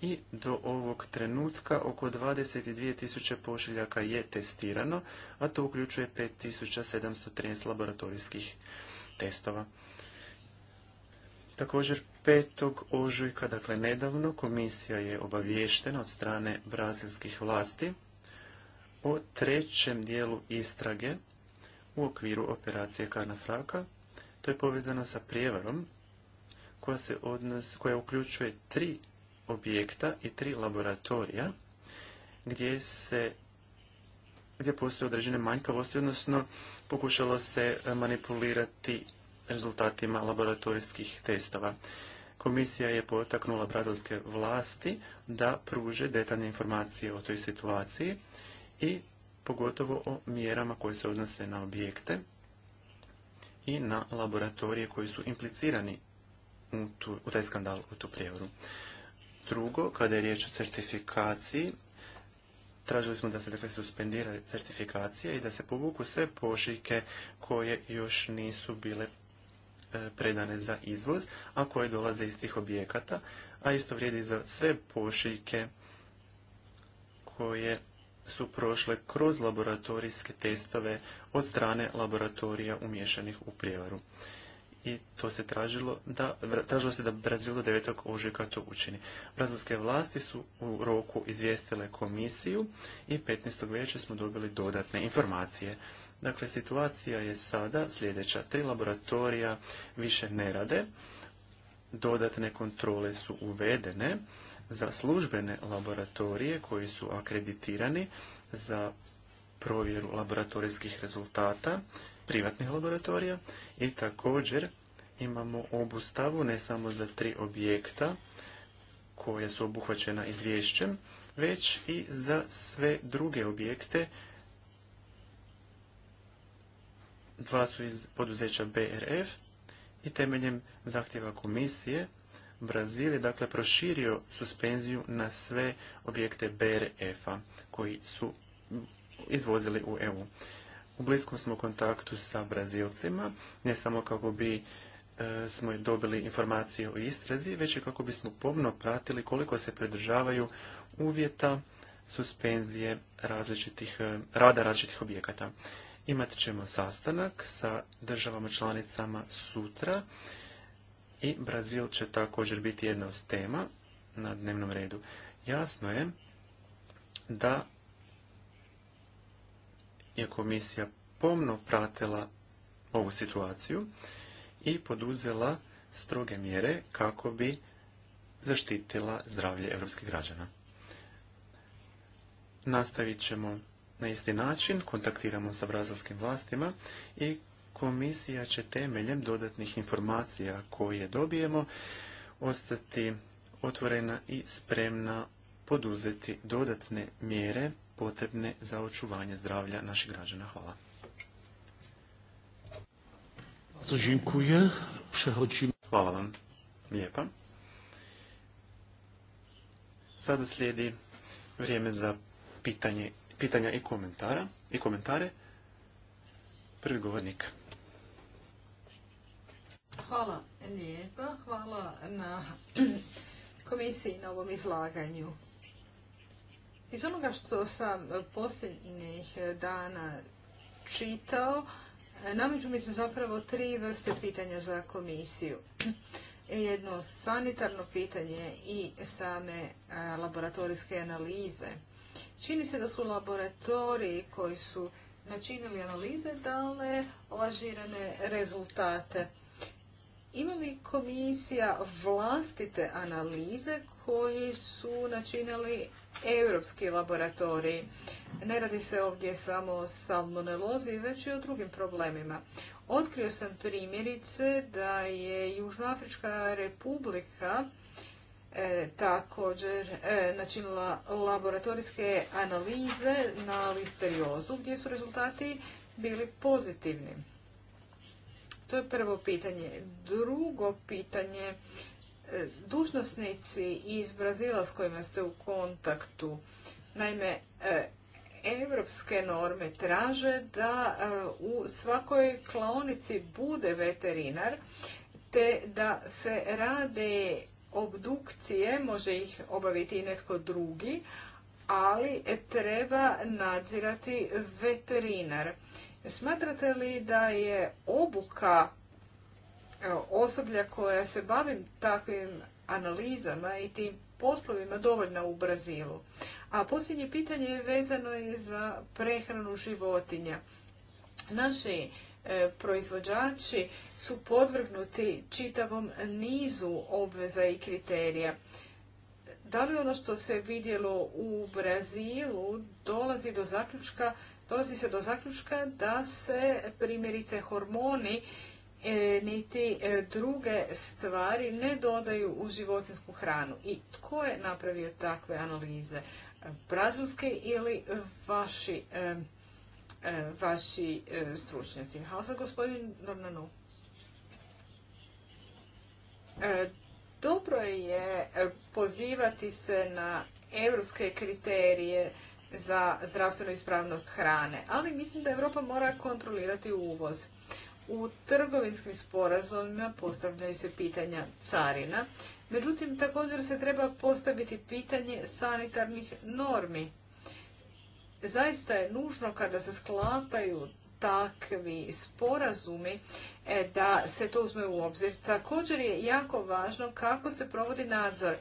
i do ovog trenutka oko 22.000 pošiljaka je testirano, a to uključuje 5.713 laboratorijskih testova. Također 5. ožujka, dakle nedavno, komisija je obaviještena od strane brazilskih vlasti o trećem dijelu istrage u okviru operacije Karnafraka. To je povezano sa prijevarom koja, se odnos, koja uključuje tri objekta i tri laboratorija gdje se gdje postoje određene manjkavosti, odnosno pokušalo se manipulirati rezultatima laboratorijskih testova. Komisija je potaknula brazilske vlasti da pruže detaljne informacije o toj situaciji i pogotovo o mjerama koje se odnose na objekte i na laboratorije koji su implicirani u, tu, u taj skandal, u tu prijevodu. Drugo, kada je riječ o certifikaciji, tražili smo da se dakle, suspendira certifikacija i da se povuku sve pošiljke koje još nisu bile E, predane za izvoz, a koje dolaze iz tih objekata, a isto vrijedi za sve pošiljke koje su prošle kroz laboratorijske testove od strane laboratorija umješanih u prijevaru. I to se tražilo da, tražilo se da Brazil do 9. ožujka to učini. Brazilske vlasti su u roku izvijestile komisiju i 15. veljače smo dobili dodatne informacije. Dakle, situacija je sada sljedeća. Tri laboratorija više ne rade. Dodatne kontrole su uvedene za službene laboratorije koji su akreditirani za provjeru laboratorijskih rezultata privatnih laboratorija i također imamo obustavu ne samo za tri objekta koje su obuhvaćena izvješćem, već i za sve druge objekte dva su iz poduzeća BRF i temeljem zahtjeva komisije Brazil je dakle proširio suspenziju na sve objekte BRF-a koji su izvozili u EU. U bliskom smo kontaktu sa Brazilcima, ne samo kako bi e, smo dobili informacije o istrazi, već i kako bismo pomno pratili koliko se pridržavaju uvjeta suspenzije različitih, e, rada različitih objekata. Imat ćemo sastanak sa državama članicama sutra i Brazil će također biti jedna od tema na dnevnom redu. Jasno je da je komisija pomno pratila ovu situaciju i poduzela stroge mjere kako bi zaštitila zdravlje europskih građana. Nastavit ćemo na isti način, kontaktiramo sa brazilskim vlastima i komisija će temeljem dodatnih informacija koje dobijemo ostati otvorena i spremna poduzeti dodatne mjere potrebne za očuvanje zdravlja naših građana. Hvala. Hvala vam. Lijepa. Sada slijedi vrijeme za pitanje pitanja i komentara i komentare. Prvi govornik. Hvala lijepa, hvala na komisiji na ovom izlaganju. Iz onoga što sam posljednjih dana čitao, nameću mi se zapravo tri vrste pitanja za komisiju. E, jedno sanitarno pitanje i same laboratorijske analize. Čini se da su laboratoriji koji su načinili analize dale lažirane rezultate. Ima li komisija vlastite analize koji su načinili europski laboratoriji? Ne radi se ovdje samo o salmonelozi, već i o drugim problemima. Otkrio sam primjerice da je Južnoafrička republika E, također e, načinila laboratorijske analize na listeriozu gdje su rezultati bili pozitivni. To je prvo pitanje. Drugo pitanje, e, dužnosnici iz Brazila s kojima ste u kontaktu, naime, evropske norme traže da u svakoj klaonici bude veterinar, te da se rade obdukcije, može ih obaviti i netko drugi, ali treba nadzirati veterinar. Smatrate li da je obuka osoblja koja se bavi takvim analizama i tim poslovima dovoljna u Brazilu? A posljednje pitanje je vezano je za prehranu životinja. Naši E, proizvođači su podvrgnuti čitavom nizu obveza i kriterija. Da li ono što se vidjelo u Brazilu dolazi do zaključka, dolazi se do zaključka da se primjerice hormoni e, niti e, druge stvari ne dodaju u životinsku hranu. I tko je napravio takve analize? Brazilski ili vaši E, vaši e, stručnjaci. A sad gospodin Dornanu. E, dobro je pozivati se na europske kriterije za zdravstvenu ispravnost hrane, ali mislim da Evropa mora kontrolirati uvoz. U trgovinskim sporazumima postavljaju se pitanja carina, međutim također se treba postaviti pitanje sanitarnih normi zaista je nužno kada se sklapaju takvi sporazumi e, da se to uzme u obzir. Također je jako važno kako se provodi nadzor.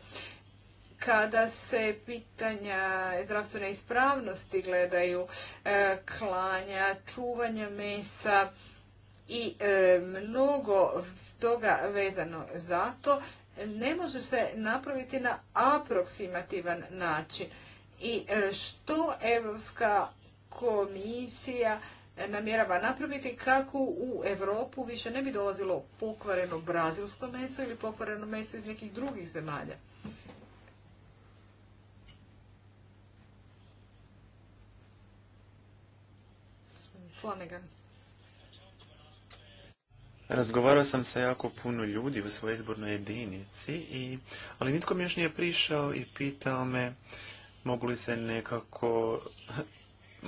Kada se pitanja zdravstvene ispravnosti gledaju, e, klanja, čuvanja mesa i e, mnogo toga vezano za to, ne može se napraviti na aproksimativan način i e, što Europska komisija namjerava napraviti kako u Europu više ne bi dolazilo pokvareno brazilsko meso ili pokvareno meso iz nekih drugih zemalja. Razgovarao sam sa jako puno ljudi u svojoj izbornoj jedinici, i, ali nitko mi još nije prišao i pitao me mogu li se nekako,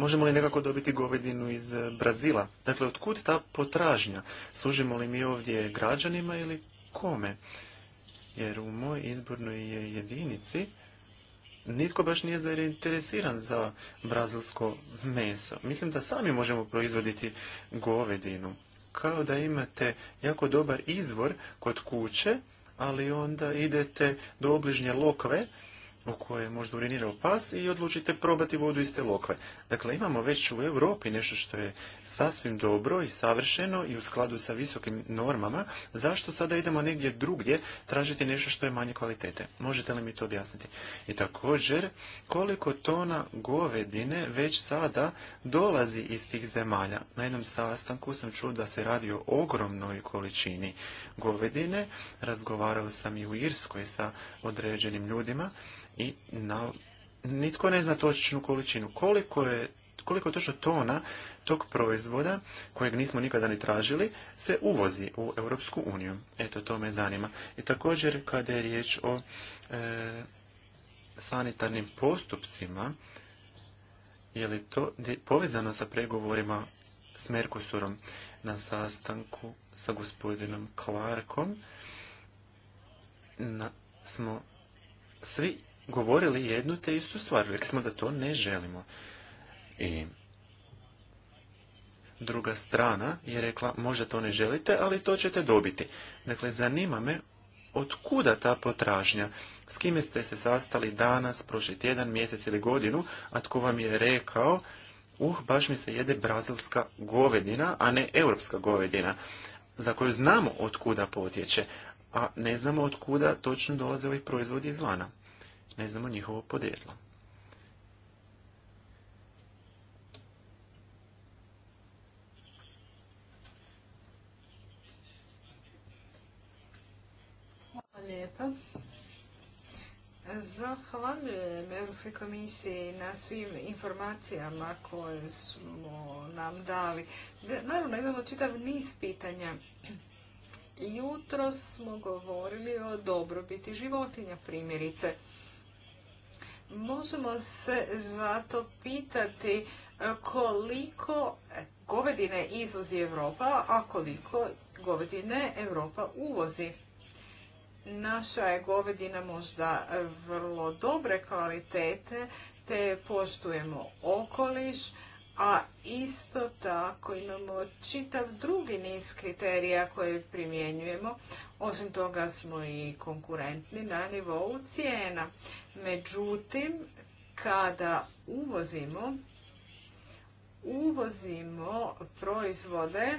možemo li nekako dobiti govedinu iz Brazila? Dakle, otkud ta potražnja? Služimo li mi ovdje građanima ili kome? Jer u moj izbornoj jedinici nitko baš nije zainteresiran za brazilsko meso. Mislim da sami možemo proizvoditi govedinu. Kao da imate jako dobar izvor kod kuće, ali onda idete do obližnje lokve u koje je možda urinirao pas i odlučite probati vodu iz te lokve. Dakle, imamo već u Europi nešto što je sasvim dobro i savršeno i u skladu sa visokim normama. Zašto sada idemo negdje drugdje tražiti nešto što je manje kvalitete? Možete li mi to objasniti? I također, koliko tona govedine već sada dolazi iz tih zemalja? Na jednom sastanku sam čuo da se radi o ogromnoj količini govedine. Razgovarao sam i u Irskoj sa određenim ljudima i na, nitko ne zna točnu količinu. Koliko je koliko točno tona tog proizvoda, kojeg nismo nikada ni tražili, se uvozi u Europsku uniju. Eto, to me zanima. I također, kada je riječ o e, sanitarnim postupcima, je li to povezano sa pregovorima s Mercosurom na sastanku sa gospodinom Clarkom, na, smo svi govorili jednu te istu stvar. Rekli smo da to ne želimo. I druga strana je rekla možda to ne želite, ali to ćete dobiti. Dakle, zanima me od kuda ta potražnja? S kime ste se sastali danas, prošli tjedan, mjesec ili godinu, a tko vam je rekao, uh, baš mi se jede brazilska govedina, a ne europska govedina, za koju znamo od kuda potječe, a ne znamo od kuda točno dolaze ovih proizvodi iz lana ne znamo njihovo podrijetlo. Hvala lijepa. Zahvaljujem Europskoj komisiji na svim informacijama koje smo nam dali. Naravno, imamo čitav niz pitanja. Jutro smo govorili o dobrobiti životinja, primjerice. Možemo se zato pitati e, koliko govedine izvozi Europa, a koliko govedine Europa uvozi. Naša je govedina možda vrlo dobre kvalitete, te poštujemo okoliš, a isto tako imamo čitav drugi niz kriterija koje primjenjujemo. Osim toga smo i konkurentni na nivou cijena. Međutim, kada uvozimo, uvozimo proizvode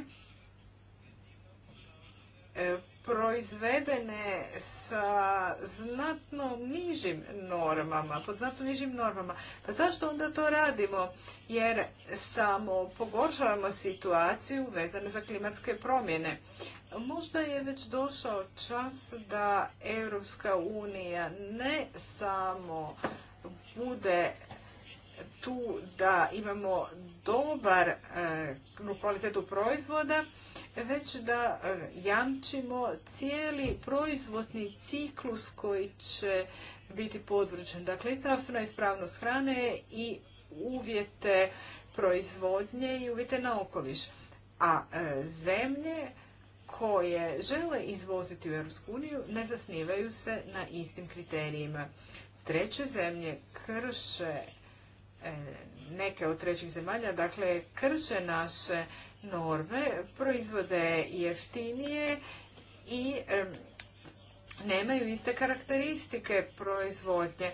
e, proizvedene sa znatno nižim normama, pod znatno nižim normama. Pa zašto onda to radimo? Jer samo pogoršavamo situaciju vezane za klimatske promjene. Možda je već došao čas da Europska unija ne samo bude tu da imamo dobar e, kvalitetu proizvoda, već da e, jamčimo cijeli proizvodni ciklus koji će biti podvrđen. Dakle, zdravstvena ispravnost hrane i uvjete proizvodnje i uvjete na okoliš. A e, zemlje koje žele izvoziti u Europsku uniju ne zasnivaju se na istim kriterijima. Treće zemlje krše e, neke od trećih zemalja, dakle krše naše norme, proizvode jeftinije i e, nemaju iste karakteristike proizvodnje.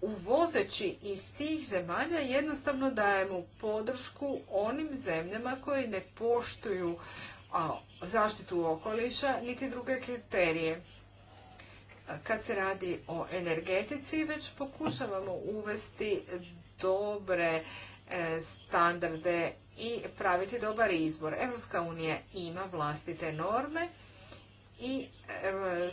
Uvozeći iz tih zemalja jednostavno dajemo podršku onim zemljama koje ne poštuju zaštitu okoliša, niti druge kriterije. Kad se radi o energetici, već pokušavamo uvesti dobre e, standarde i praviti dobar izbor. Evropska unija ima vlastite norme i e,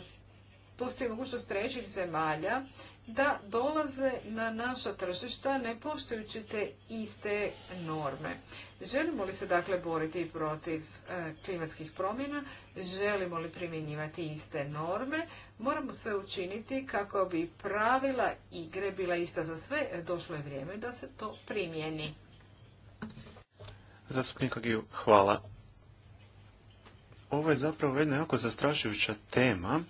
postoji mogućnost trećih zemalja da dolaze na naša tržišta ne poštujući te iste norme. Želimo li se dakle boriti protiv e, klimatskih promjena, želimo li primjenjivati iste norme, moramo sve učiniti kako bi pravila igre bila ista za sve. Došlo je vrijeme da se to primjeni. Zastupnik Agiju, hvala. Ovo je zapravo jedna jako zastrašujuća tema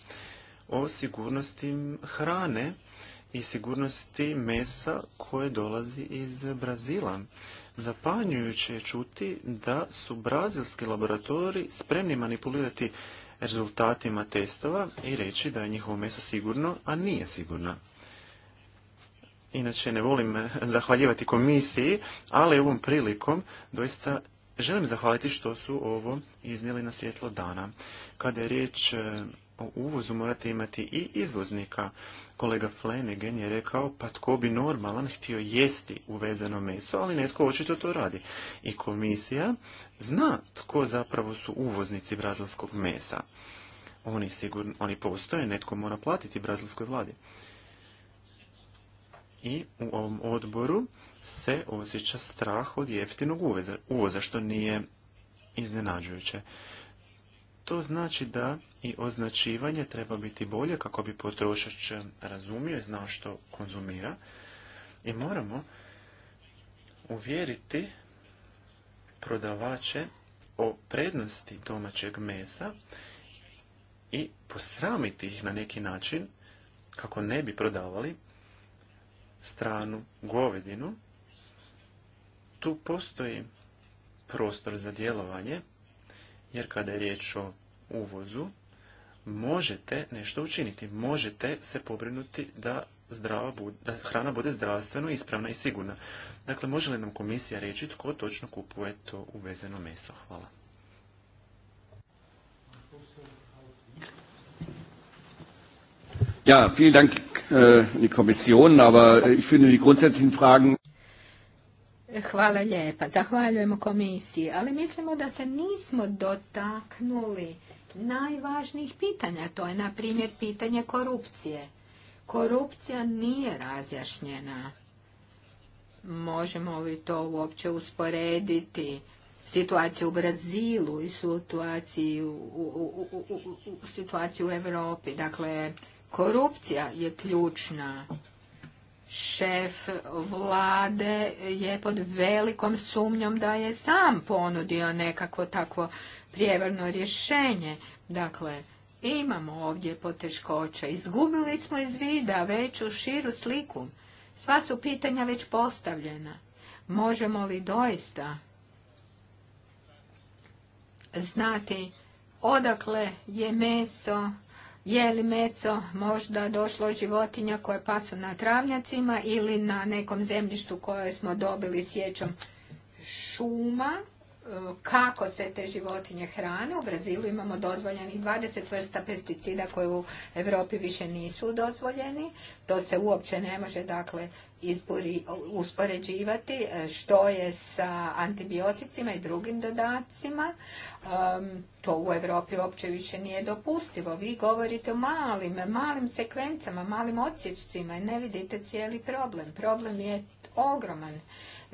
o sigurnosti hrane i sigurnosti mesa koje dolazi iz Brazila. Zapanjujuće je čuti da su brazilski laboratori spremni manipulirati rezultatima testova i reći da je njihovo meso sigurno, a nije sigurno. Inače, ne volim zahvaljivati komisiji, ali ovom prilikom doista želim zahvaliti što su ovo iznijeli na svjetlo dana. Kada je riječ o uvozu morate imati i izvoznika. Kolega Flanagan je rekao, pa tko bi normalan htio jesti uvezano meso, ali netko očito to radi. I komisija zna tko zapravo su uvoznici brazilskog mesa. Oni, sigurno, oni postoje, netko mora platiti brazilskoj vladi. I u ovom odboru se osjeća strah od jeftinog uvoza, što nije iznenađujuće. To znači da i označivanje treba biti bolje kako bi potrošač razumio i znao što konzumira. I moramo uvjeriti prodavače o prednosti domaćeg mesa i posramiti ih na neki način kako ne bi prodavali stranu govedinu. Tu postoji prostor za djelovanje jer kada je riječ o uvozu, možete nešto učiniti, možete se pobrinuti da, zdrava bude, da hrana bude zdravstveno ispravna i sigurna. Dakle, može li nam komisija reći tko točno kupuje to uvezeno meso? Hvala. Ja, vielen Dank, äh, die Kommission, aber ich finde die grundsätzlichen Fragen Hvala lijepa. Zahvaljujemo komisiji, ali mislimo da se nismo dotaknuli najvažnijih pitanja. To je, na primjer, pitanje korupcije. Korupcija nije razjašnjena. Možemo li to uopće usporediti? situaciju u Brazilu i situaciju u, u, situaciju u Europi. Dakle, korupcija je ključna šef vlade je pod velikom sumnjom da je sam ponudio nekakvo takvo prijevarno rješenje. Dakle, imamo ovdje poteškoća. Izgubili smo iz vida veću širu sliku. Sva su pitanja već postavljena. Možemo li doista znati odakle je meso je li meso možda došlo od životinja koje pasu na travnjacima ili na nekom zemljištu koje smo dobili sjećom šuma kako se te životinje hrane. U Brazilu imamo dozvoljenih 20 vrsta pesticida koje u Europi više nisu dozvoljeni. To se uopće ne može dakle izbori, uspoređivati e, što je sa antibioticima i drugim dodacima. to u Europi uopće više nije dopustivo. Vi govorite o malim, malim sekvencama, malim odsječcima i ne vidite cijeli problem. Problem je ogroman.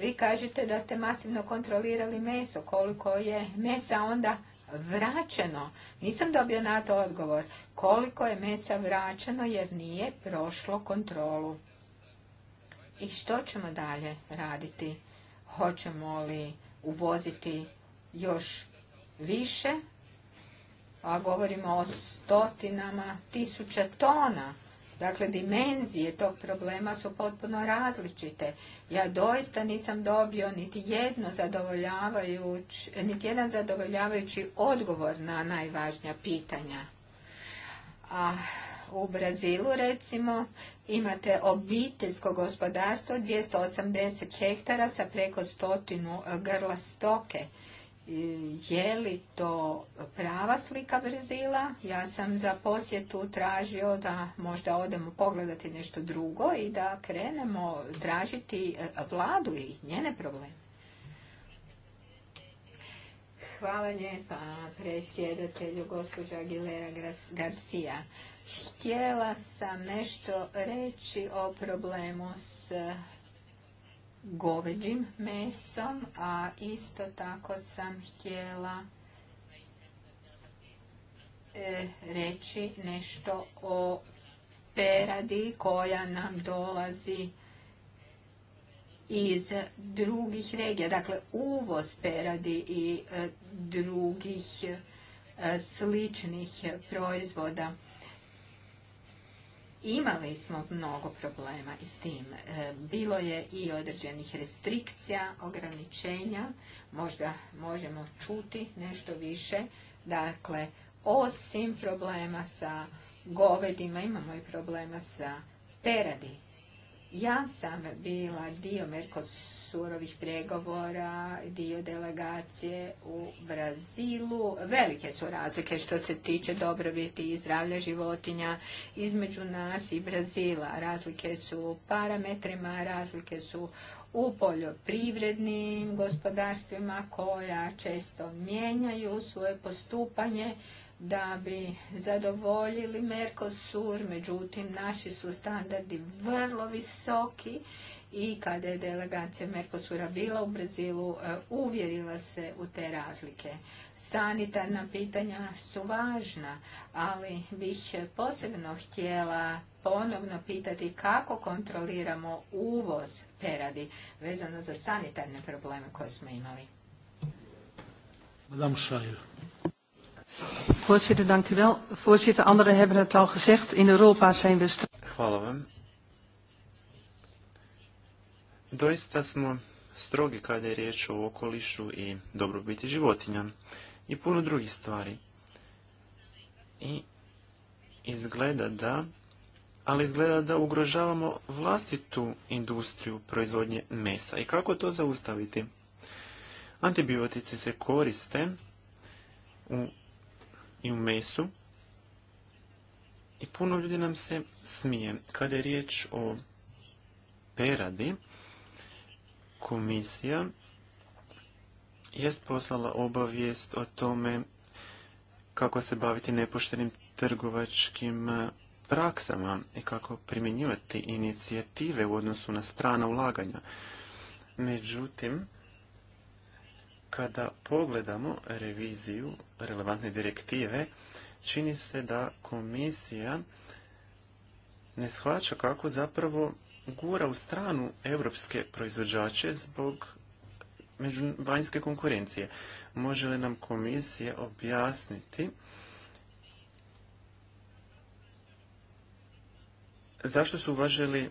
Vi kažete da ste masivno kontrolirali meso. Koliko je mesa onda vraćeno? Nisam dobio na to odgovor. Koliko je mesa vraćeno jer nije prošlo kontrolu? I što ćemo dalje raditi? Hoćemo li uvoziti još više? A govorimo o stotinama tisuća tona Dakle, dimenzije tog problema su potpuno različite. Ja doista nisam dobio niti jedno zadovoljavajuć, niti jedan zadovoljavajući odgovor na najvažnija pitanja. A u Brazilu recimo imate obiteljsko gospodarstvo 280 hektara sa preko stotinu grla stoke je li to prava slika Brazila. Ja sam za posjetu tražio da možda odemo pogledati nešto drugo i da krenemo tražiti e, vladu i njene probleme. Hvala lijepa predsjedatelju gospođa Aguilera Garcia. Htjela sam nešto reći o problemu s goveđim mesom, a isto tako sam htjela e, reći nešto o peradi koja nam dolazi iz drugih regija. Dakle, uvoz peradi i e, drugih e, sličnih proizvoda Imali smo mnogo problema s tim. E, bilo je i određenih restrikcija, ograničenja. Možda možemo čuti nešto više. Dakle, osim problema sa govedima, imamo i problema sa peradi. Ja sam bila dio surovih pregovora, dio delegacije u Brazilu. Velike su razlike što se tiče dobrobiti i zdravlja životinja između nas i Brazila. Razlike su u parametrima, razlike su u poljoprivrednim gospodarstvima koja često mijenjaju svoje postupanje da bi zadovoljili Mercosur, međutim naši su standardi vrlo visoki i kada je delegacija Mercosura bila u Brazilu, e, uvjerila se u te razlike. Sanitarna pitanja su važna, ali bih posebno htjela ponovno pitati kako kontroliramo uvoz peradi vezano za sanitarne probleme koje smo imali. Madame Voorzitter, dank u wel. Voorzitter, anderen hebben het al gezegd. In Europa zijn Hvala vam. Doista smo strogi kada je riječ o okolišu i dobrobiti životinja i puno drugih stvari. I izgleda da, ali izgleda da ugrožavamo vlastitu industriju proizvodnje mesa. I kako to zaustaviti? Antibiotici se koriste u, i u mesu i puno ljudi nam se smije. Kada je riječ o peradi, komisija jest poslala obavijest o tome kako se baviti nepoštenim trgovačkim e, praksama i kako primjenjivati inicijative u odnosu na strana ulaganja. Međutim, kada pogledamo reviziju relevantne direktive, čini se da komisija ne shvaća kako zapravo gura u stranu europske proizvođače zbog među vanjske konkurencije. Može li nam komisija objasniti zašto su uvažili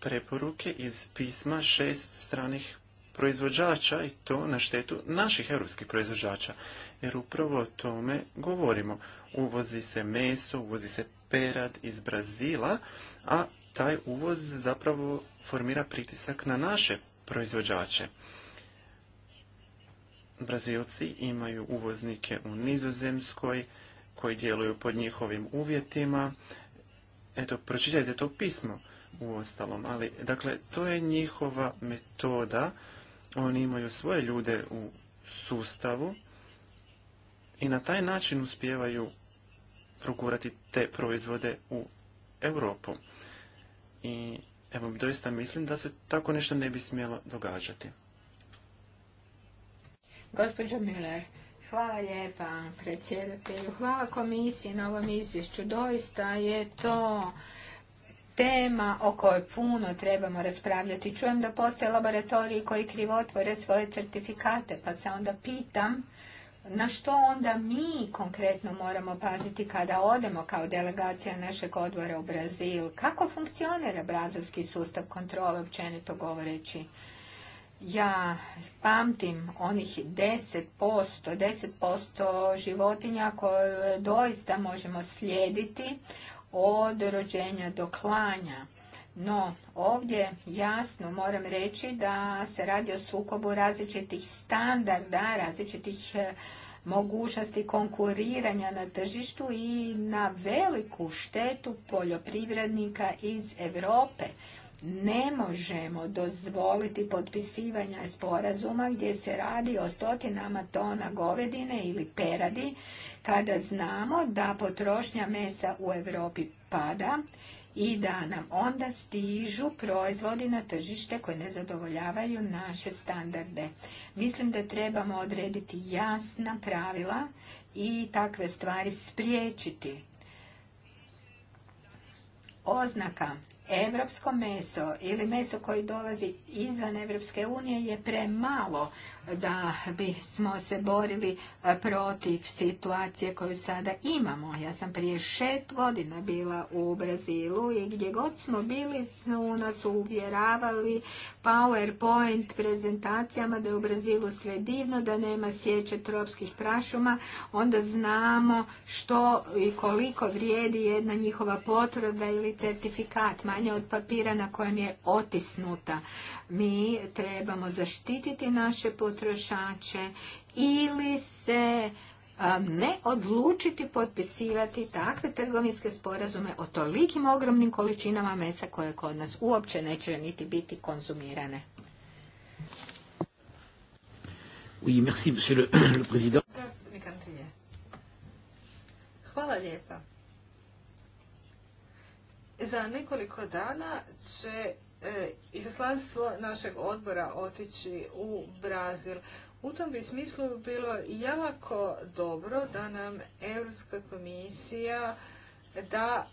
preporuke iz pisma šest stranih proizvođača i to na štetu naših europskih proizvođača. Jer upravo o tome govorimo. Uvozi se meso, uvozi se perad iz Brazila, a taj uvoz zapravo formira pritisak na naše proizvođače. Brazilci imaju uvoznike u Nizozemskoj koji djeluju pod njihovim uvjetima. Eto, pročitajte to pismo u ostalom, ali dakle, to je njihova metoda. Oni imaju svoje ljude u sustavu i na taj način uspijevaju progurati te proizvode u Europu. I evo, doista mislim da se tako nešto ne bi smjelo događati. Gospođo Miller, Hvala lijepa predsjedatelju. Hvala komisiji na ovom izvješću. Doista je to tema o kojoj puno trebamo raspravljati. Čujem da postoje laboratoriji koji krivotvore svoje certifikate, pa se onda pitam na što onda mi konkretno moramo paziti kada odemo kao delegacija našeg odbora u Brazil? Kako funkcionira brazilski sustav kontrole, općenito govoreći? Ja pamtim onih 10%, 10% životinja koje doista možemo slijediti od rođenja do klanja. No, ovdje jasno moram reći da se radi o sukobu različitih standarda, različitih e, mogućnosti konkuriranja na tržištu i na veliku štetu poljoprivrednika iz Europe. Ne možemo dozvoliti potpisivanja sporazuma gdje se radi o stotinama tona govedine ili peradi kada znamo da potrošnja mesa u Europi pada i da nam onda stižu proizvodi na tržište koje ne zadovoljavaju naše standarde. Mislim da trebamo odrediti jasna pravila i takve stvari spriječiti. Oznaka Evropsko meso ili meso koji dolazi izvan Evropske unije je premalo da smo se borili protiv situacije koju sada imamo. Ja sam prije šest godina bila u Brazilu i gdje god smo bili su nas uvjeravali PowerPoint prezentacijama da je u Brazilu sve divno, da nema sjeće tropskih prašuma. Onda znamo što i koliko vrijedi jedna njihova potvrda ili certifikat manje od papira na kojem je otisnuta mi trebamo zaštititi naše potrošače ili se ne odlučiti potpisivati takve trgovinske sporazume o tolikim ogromnim količinama mesa koje kod nas uopće neće niti biti konzumirane. Oui, merci, le, Hvala lijepa. Za nekoliko dana će E, izaslanstvo našeg odbora otići u Brazil. U tom bi smislu bilo jako dobro da nam Europska komisija da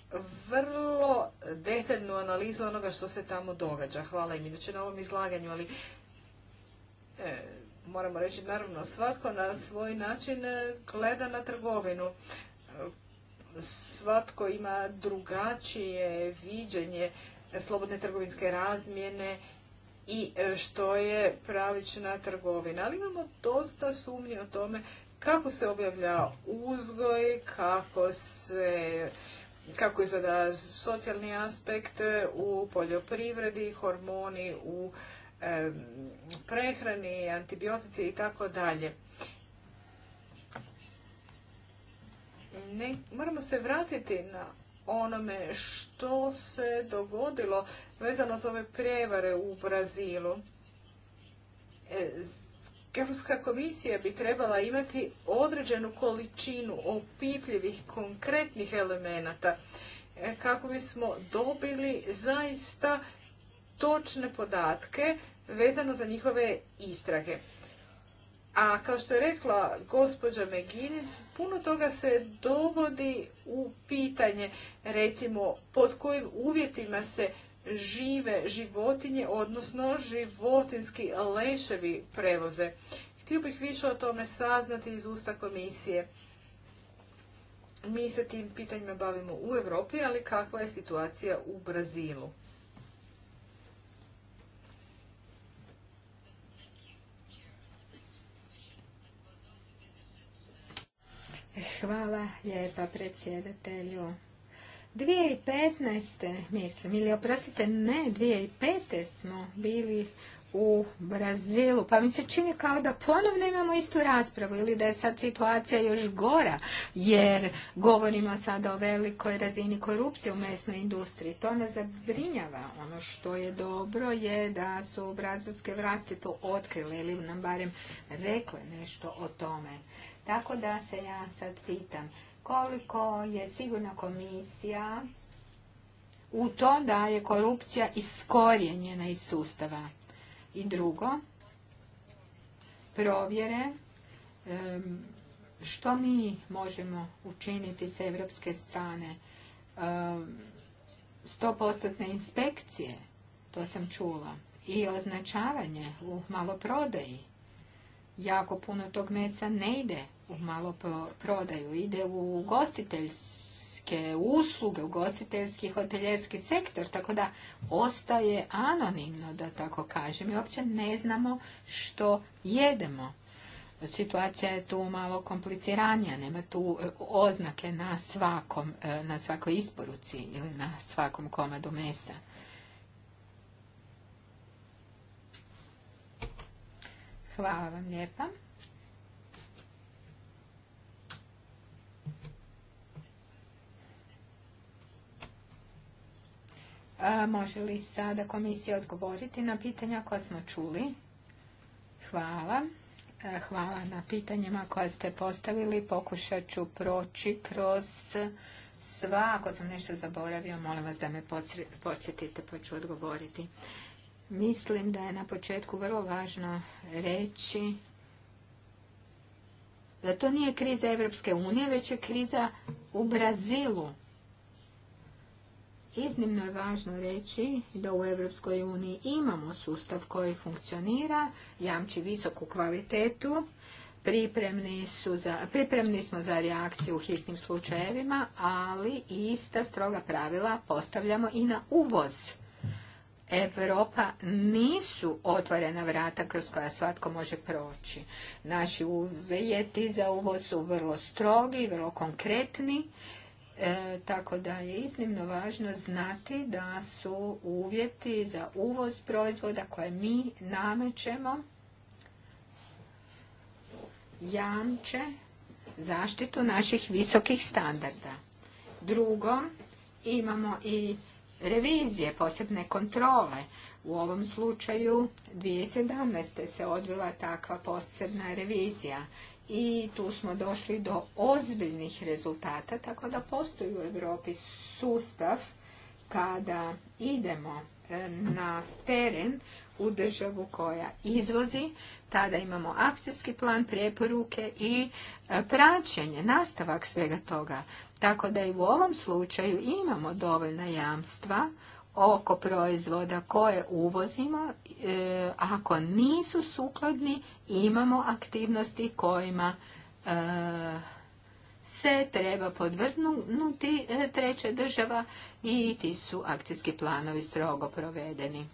vrlo detaljnu analizu onoga što se tamo događa. Hvala im inače na ovom izlaganju, ali e, moramo reći naravno svatko na svoj način e, gleda na trgovinu. E, svatko ima drugačije viđenje slobodne trgovinske razmjene i e, što je pravična trgovina. Ali imamo dosta sumnje o tome kako se objavlja uzgoj, kako se kako izgleda socijalni aspekt u poljoprivredi, hormoni u e, prehrani, antibiotici i tako dalje. Ne, moramo se vratiti na onome što se dogodilo vezano za ove prevare u Brazilu. E, Europska komisija bi trebala imati određenu količinu opipljivih konkretnih elemenata e, kako bismo dobili zaista točne podatke vezano za njihove istrage. A kao što je rekla gospođa Meginic, puno toga se dovodi u pitanje, recimo pod kojim uvjetima se žive životinje, odnosno životinski leševi prevoze. Htio bih više o tome saznati iz usta komisije. Mi se tim pitanjima bavimo u Europi, ali kakva je situacija u Brazilu? Hvala lijepa predsjedatelju. 2015. mislim, ili oprostite, ne, 2005. smo bili u Brazilu. Pa mi se čini kao da ponovno imamo istu raspravu ili da je sad situacija još gora jer govorimo sada o velikoj razini korupcije u mesnoj industriji. To nas zabrinjava. Ono što je dobro je da su brazilske vlasti to otkrile ili nam barem rekle nešto o tome. Tako da se ja sad pitam koliko je sigurna komisija u to da je korupcija iskorjenjena iz sustava. I drugo, provjere što mi možemo učiniti s evropske strane. 100% inspekcije, to sam čula, i označavanje u maloprodaji. Jako puno tog mesa ne ide u maloprodaju, ide u gostiteljstvo usluge usluge, ugostiteljski hoteljerski sektor, tako da ostaje anonimno, da tako kažem, i uopće ne znamo što jedemo. Situacija je tu malo kompliciranija, nema tu e, oznake na, svakom, e, na svakoj isporuci ili na svakom komadu mesa. Hvala vam lijepa. Može li sada komisija odgovoriti na pitanja koja smo čuli? Hvala. Hvala na pitanjima koja ste postavili. Pokušat ću proći kroz sva. Ako sam nešto zaboravio, molim vas da me podsjetite pa ću odgovoriti. Mislim da je na početku vrlo važno reći da to nije kriza Evropske unije, već je kriza u Brazilu. Iznimno je važno reći da u Europskoj uniji imamo sustav koji funkcionira, jamči visoku kvalitetu, pripremni, su za, pripremni smo za reakciju u hitnim slučajevima, ali ista stroga pravila postavljamo i na uvoz. Europa nisu otvorena vrata kroz koja svatko može proći. Naši uvjeti za uvoz su vrlo strogi, vrlo konkretni E, tako da je iznimno važno znati da su uvjeti za uvoz proizvoda koje mi namećemo jamče zaštitu naših visokih standarda. Drugo, imamo i revizije, posebne kontrole. U ovom slučaju 2017. se odvila takva posebna revizija i tu smo došli do ozbiljnih rezultata, tako da postoji u Europi sustav kada idemo e, na teren u državu koja izvozi, tada imamo akcijski plan, preporuke i e, praćenje, nastavak svega toga. Tako da i u ovom slučaju imamo dovoljna jamstva oko proizvoda koje uvozimo, e, ako nisu sukladni, imamo aktivnosti kojima e, se treba podvrnuti e, treća država i ti su akcijski planovi strogo provedeni.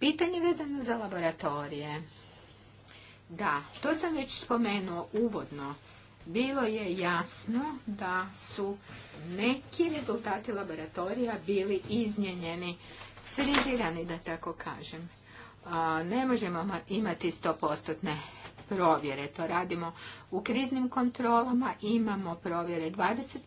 Pitanje vezano za laboratorije. Da, to sam već spomenuo uvodno bilo je jasno da su neki rezultati laboratorija bili izmjenjeni, frizirani da tako kažem. Ne možemo imati 100% provjere. To radimo u kriznim kontrolama, imamo provjere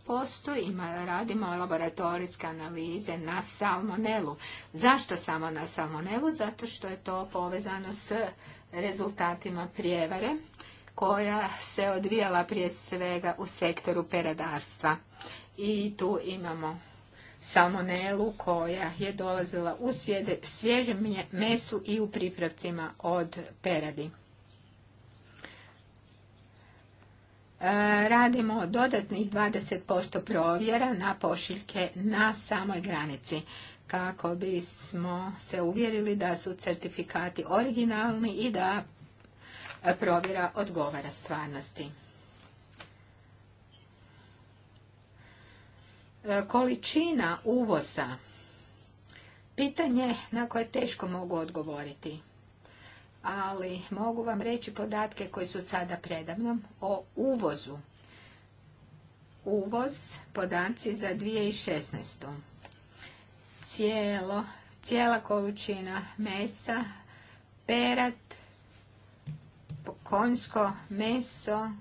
20%, radimo laboratorijske analize na salmonelu. Zašto samo na salmonelu? Zato što je to povezano s rezultatima prijevare koja se odvijala prije svega u sektoru peradarstva. I tu imamo salmonelu koja je dolazila u svježem mesu i u pripravcima od peradi. E, radimo dodatnih 20% provjera na pošiljke na samoj granici kako bismo se uvjerili da su certifikati originalni i da provjera odgovara stvarnosti. E, količina uvoza. Pitanje na koje teško mogu odgovoriti. Ali mogu vam reći podatke koji su sada predavnom o uvozu. Uvoz, podaci za 2016. Cijelo, cijela količina mesa, perat, konjsko meso,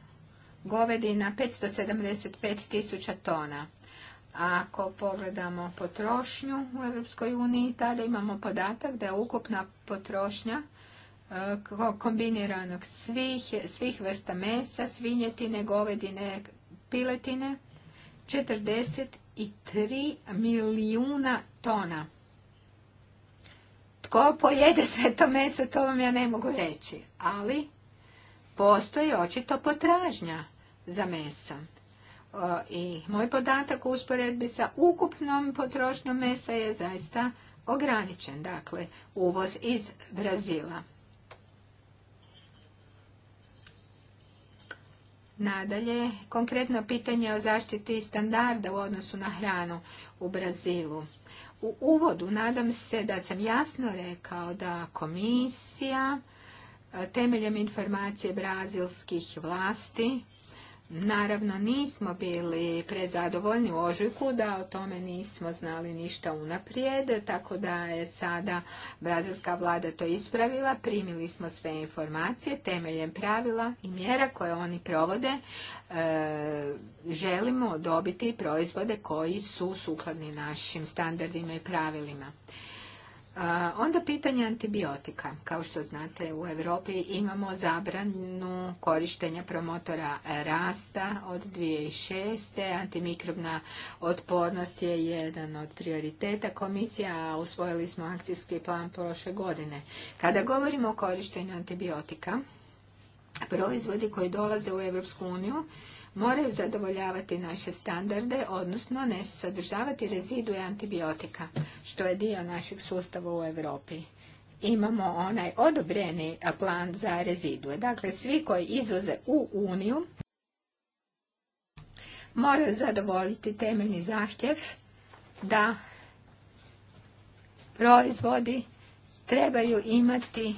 govedina 575 tisuća tona. ako pogledamo potrošnju u EU, tada imamo podatak da je ukupna potrošnja eh, kombiniranog svih, svih vrsta mesa, svinjetine, govedine, piletine, 43 milijuna tona. Tko pojede sve to meso, to vam ja ne mogu reći. Ali Postoji očito potražnja za mesa. I moj podatak u usporedbi sa ukupnom potrošnjom mesa je zaista ograničen. Dakle, uvoz iz Brazila. Nadalje, konkretno pitanje o zaštiti standarda u odnosu na hranu u Brazilu. U uvodu nadam se da sam jasno rekao da komisija temeljem informacije brazilskih vlasti. Naravno nismo bili prezadovoljni u ožujku da o tome nismo znali ništa unaprijed, tako da je sada brazilska vlada to ispravila. Primili smo sve informacije temeljem pravila i mjera koje oni provode. E, želimo dobiti proizvode koji su sukladni našim standardima i pravilima. Onda pitanje antibiotika. Kao što znate, u Europi imamo zabranu korištenja promotora rasta od 2006. Antimikrobna otpornost je jedan od prioriteta komisija, a usvojili smo akcijski plan prošle godine. Kada govorimo o korištenju antibiotika, proizvodi koji dolaze u Europsku uniju moraju zadovoljavati naše standarde, odnosno ne sadržavati rezidue antibiotika, što je dio našeg sustava u Europi. Imamo onaj odobreni plan za rezidue. Dakle, svi koji izvoze u Uniju moraju zadovoljiti temeljni zahtjev da proizvodi trebaju imati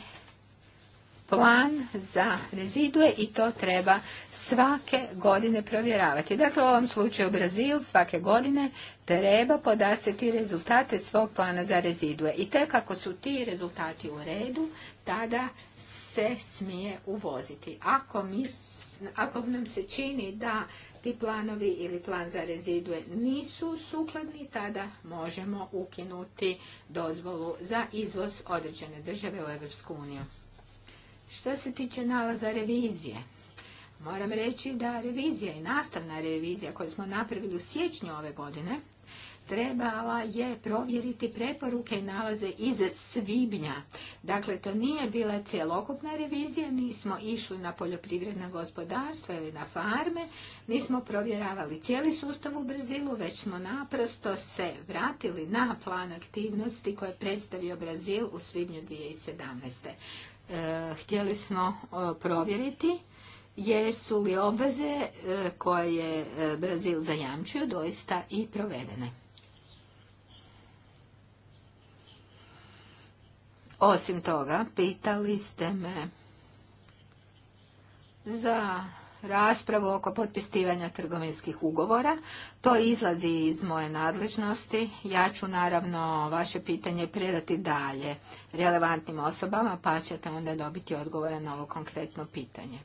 plan za rezidue i to treba svake godine provjeravati. Dakle, u ovom slučaju Brazil svake godine treba podastiti rezultate svog plana za rezidue. I tek ako su ti rezultati u redu, tada se smije uvoziti. Ako, mi, ako nam se čini da ti planovi ili plan za rezidue nisu sukladni, tada možemo ukinuti dozvolu za izvoz određene države u EU. Što se tiče nalaza revizije, moram reći da revizija i nastavna revizija koju smo napravili u siječnju ove godine trebala je provjeriti preporuke i nalaze iz svibnja. Dakle, to nije bila cjelokupna revizija, nismo išli na poljoprivredna gospodarstva ili na farme, nismo provjeravali cijeli sustav u Brazilu, već smo naprosto se vratili na plan aktivnosti koje je predstavio Brazil u svibnju 2017. E, htjeli smo e, provjeriti jesu li obveze e, koje je Brazil zajamčio doista i provedene. Osim toga, pitali ste me za raspravu oko potpistivanja trgovinskih ugovora. To izlazi iz moje nadležnosti. Ja ću naravno vaše pitanje predati dalje relevantnim osobama, pa ćete onda dobiti odgovore na ovo konkretno pitanje.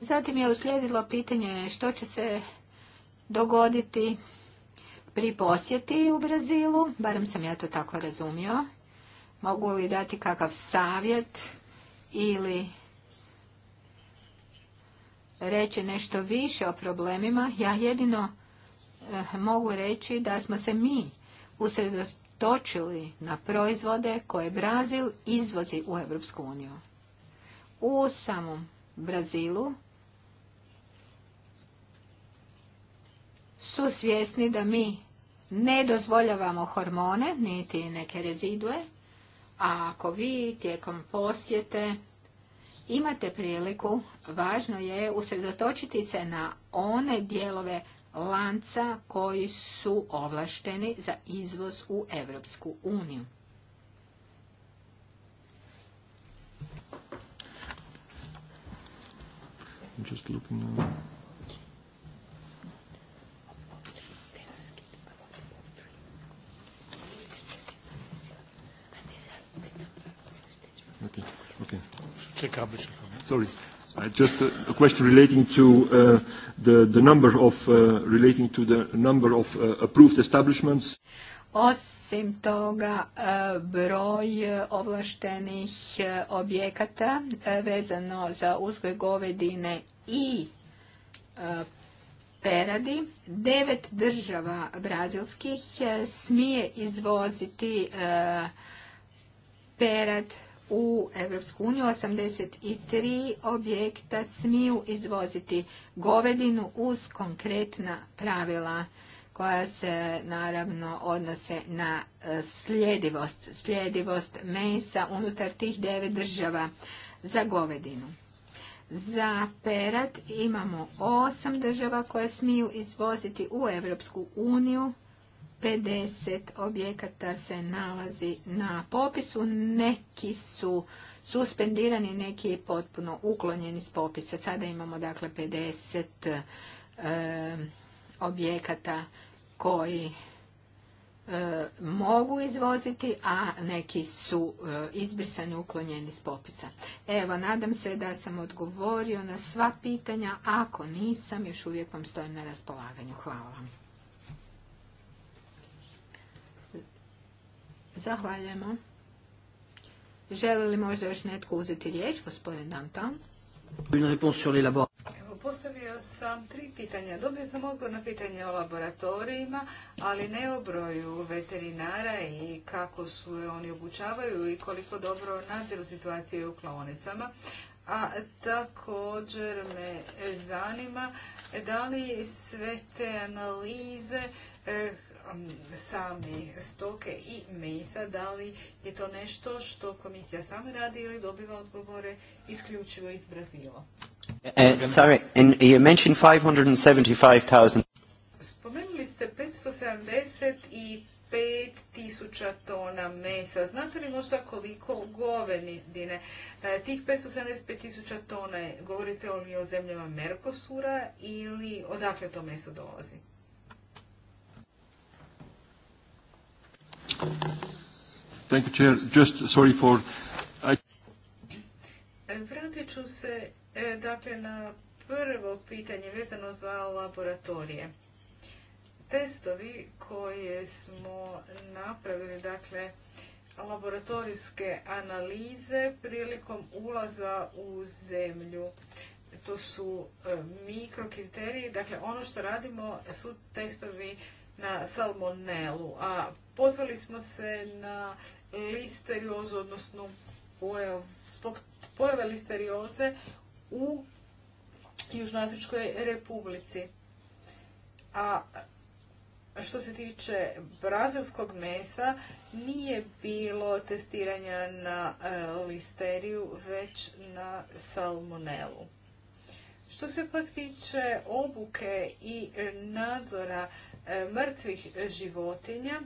Zatim je uslijedilo pitanje što će se dogoditi pri posjeti u Brazilu, barem sam ja to tako razumio. Mogu li dati kakav savjet ili reći nešto više o problemima? Ja jedino eh, mogu reći da smo se mi usredotočili na proizvode koje Brazil izvozi u Europsku uniju. U samom Brazilu su svjesni da mi ne dozvoljavamo hormone, niti neke rezidue, a ako vi tijekom posjete imate priliku, važno je usredotočiti se na one dijelove lanca koji su ovlašteni za izvoz u Europsku uniju. Just looking at... okay, okay. Sorry. Uh, just a, a question relating to uh, the, the number of, uh, relating to the number of uh, approved establishments. Osim toga uh, broj ovlaštenih uh, objekata uh, vezano za uzgoj govedine i peradi. Devet država brazilskih smije izvoziti perad u EU uniju. 83 objekta smiju izvoziti govedinu uz konkretna pravila koja se naravno odnose na e, sljedivost, sljedivost mesa unutar tih devet država za govedinu. Za perat imamo osam država koje smiju izvoziti u Europsku uniju 50 objekata se nalazi na popisu, neki su suspendirani, neki potpuno uklonjeni s popisa. Sada imamo dakle 50 e, objekata koji e, mogu izvoziti, a neki su e, izbrisani, uklonjeni s popisa. Evo, nadam se da sam odgovorio na sva pitanja. Ako nisam, još uvijek vam stojim na raspolaganju. Hvala vam. Zahvaljujemo. Želi li možda još netko uzeti riječ, gospodin Dantan? Postavio sam tri pitanja. Dobio sam odgovor na pitanje o laboratorijima, ali ne o broju veterinara i kako su oni obučavaju i koliko dobro nadziru situacije u klonicama. A također me zanima da li sve te analize eh, same stoke i mesa, da li je to nešto što komisija sama radi ili dobiva odgovore isključivo iz Brazila? Eh, eh, sorry, and you Spomenuli ste 575 tisuća tona mesa. Znate li možda koliko govedine? dine eh, tih 575 tisuća tona, govorite li o zemljama Merkosura ili odakle to meso dolazi? Thank you, Chair. Vratit ću se e, dakle na prvo pitanje vezano za laboratorije. Testovi koje smo napravili, dakle, laboratorijske analize prilikom ulaza u zemlju. To su e, mikrokriteriji, dakle ono što radimo su testovi na salmonelu, a pozvali smo se na listeriozu, odnosno pojave listerioze u Južnoafričkoj republici. A što se tiče brazilskog mesa, nije bilo testiranja na e, listeriju, već na salmonelu. Što se pak tiče obuke i nadzora E, mrtvih životinja.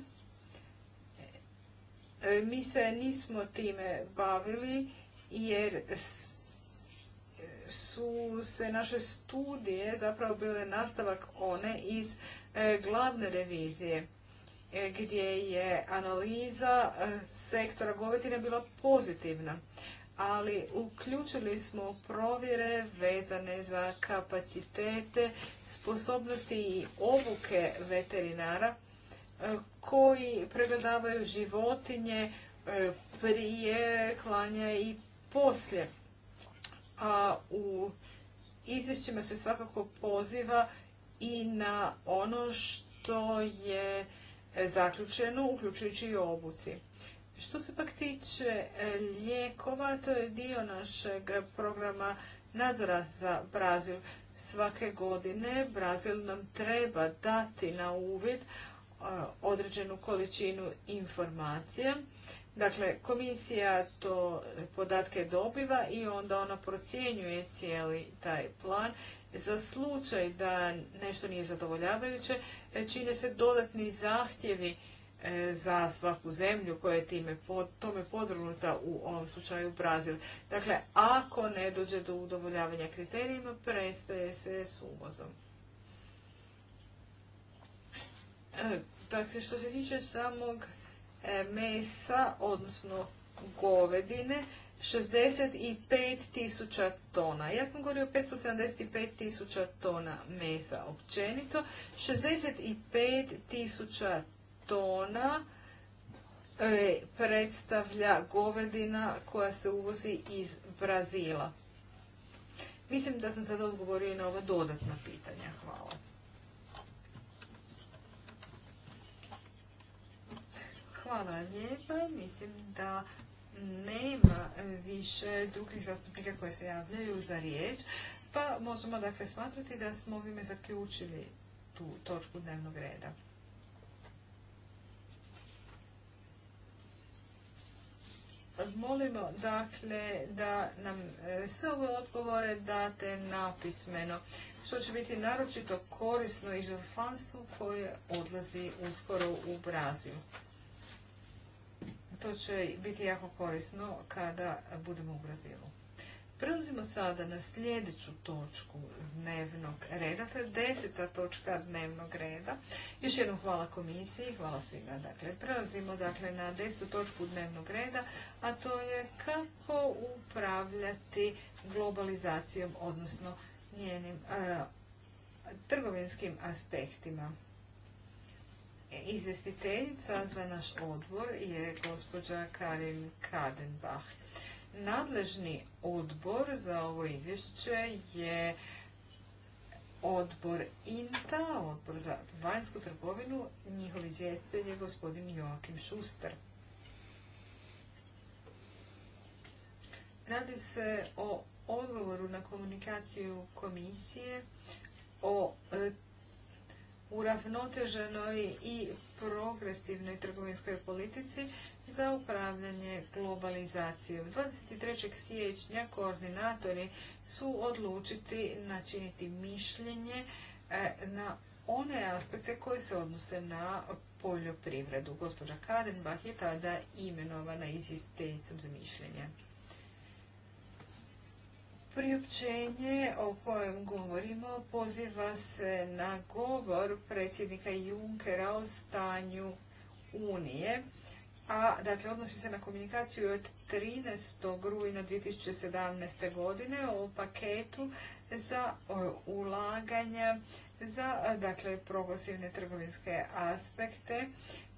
E, mi se nismo time bavili jer su se naše studije zapravo bile nastavak one iz e, glavne revizije gdje je analiza sektora govedine bila pozitivna ali uključili smo provjere vezane za kapacitete, sposobnosti i obuke veterinara e, koji pregledavaju životinje e, prije klanja i poslije. A u izvješćima se svakako poziva i na ono što je zaključeno, uključujući i obuci. Što se pak tiče e, lijekova, to je dio našeg programa nadzora za Brazil. Svake godine Brazil nam treba dati na uvid e, određenu količinu informacija. Dakle, komisija to podatke dobiva i onda ona procjenjuje cijeli taj plan. Za slučaj da nešto nije zadovoljavajuće, e, čine se dodatni zahtjevi E, za svaku zemlju koja je time tome podvrgnuta u ovom slučaju Brazil. Dakle, ako ne dođe do udovoljavanja kriterijima, prestaje se s uvozom. E, dakle, što se tiče samog e, mesa, odnosno govedine, 65 tisuća tona. Ja sam govorio 575 tisuća tona mesa općenito, 65 tisuća tona e, predstavlja govedina koja se uvozi iz Brazila. Mislim da sam sada odgovorio i na ova dodatna pitanja. Hvala. Hvala lijepa. Mislim da nema više drugih zastupnika koji se javljaju za riječ, pa možemo dakle smatrati da smo ovime zaključili tu točku dnevnog reda. molimo dakle da nam e, sve ove odgovore date napismeno, što će biti naročito korisno i koje odlazi uskoro u Brazil. To će biti jako korisno kada budemo u Brazilu. Prelazimo sada na sljedeću točku dnevnog reda, to je deseta točka dnevnog reda. Još jednom hvala komisiji, hvala svima. Dakle, prelazimo dakle, na desetu točku dnevnog reda, a to je kako upravljati globalizacijom, odnosno njenim e, trgovinskim aspektima. E, Izvestiteljica za naš odbor je gospođa Karin Kadenbach. Nadležni odbor za ovo izvješće je odbor INTA, odbor za vanjsku trgovinu, njihov izvjestitelj je gospodin Joakim Šuster. Radi se o odgovoru na komunikaciju komisije o e, uravnoteženoj i progresivnoj trgovinskoj politici za upravljanje globalizacijom. 23. siječnja koordinatori su odlučiti načiniti mišljenje e, na one aspekte koji se odnose na poljoprivredu. Gospođa Karenbach je tada imenovana izvjestiteljicom za mišljenje. Priopćenje o kojem govorimo poziva se na govor predsjednika Junkera o stanju Unije, a dakle odnosi se na komunikaciju od 13. rujna 2017. godine o paketu za ulaganja za dakle progresivne trgovinske aspekte.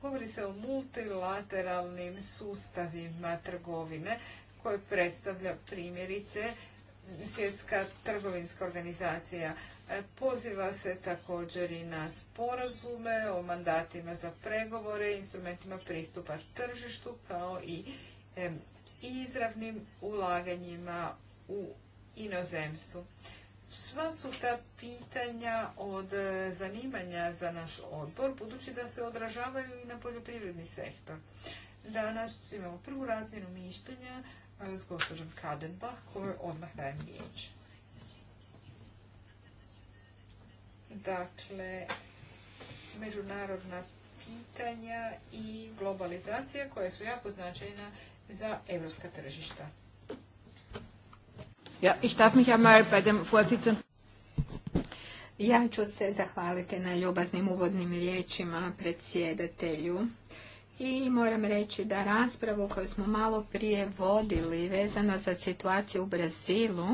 Govori se o multilateralnim sustavima trgovine koje predstavlja primjerice svjetska trgovinska organizacija e, poziva se također i na sporazume o mandatima za pregovore, instrumentima pristupa tržištu kao i izravnim ulaganjima u inozemstvu. Sva su ta pitanja od e, zanimanja za naš odbor, budući da se odražavaju i na poljoprivredni sektor. Danas imamo prvu razmjenu mišljenja E, s gospođom Kadenbach koju odmah dajem riječ. Dakle, međunarodna pitanja i globalizacija koje su jako značajna za evropska tržišta. Ja, ich darf mich einmal bei dem Vorsitzenden ja ću se zahvaliti na ljubaznim uvodnim riječima predsjedatelju i moram reći da raspravu koju smo malo prije vodili vezano za situaciju u Brazilu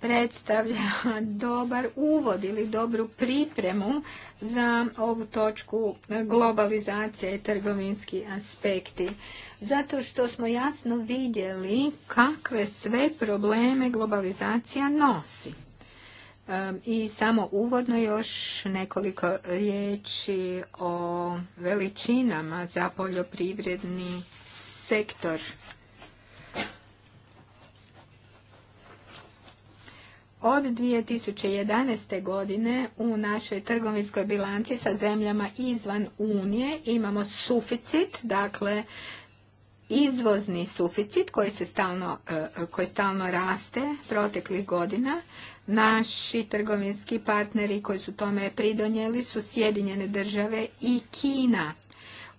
predstavlja dobar uvod ili dobru pripremu za ovu točku globalizacije i trgovinski aspekti. Zato što smo jasno vidjeli kakve sve probleme globalizacija nosi. I samo uvodno još nekoliko riječi o veličinama za poljoprivredni sektor. Od 2011. godine u našoj trgovinskoj bilanci sa zemljama izvan Unije imamo suficit, dakle izvozni suficit koji, se stalno, e, e, koji stalno raste proteklih godina Naši trgovinski partneri koji su tome pridonijeli su Sjedinjene države i Kina.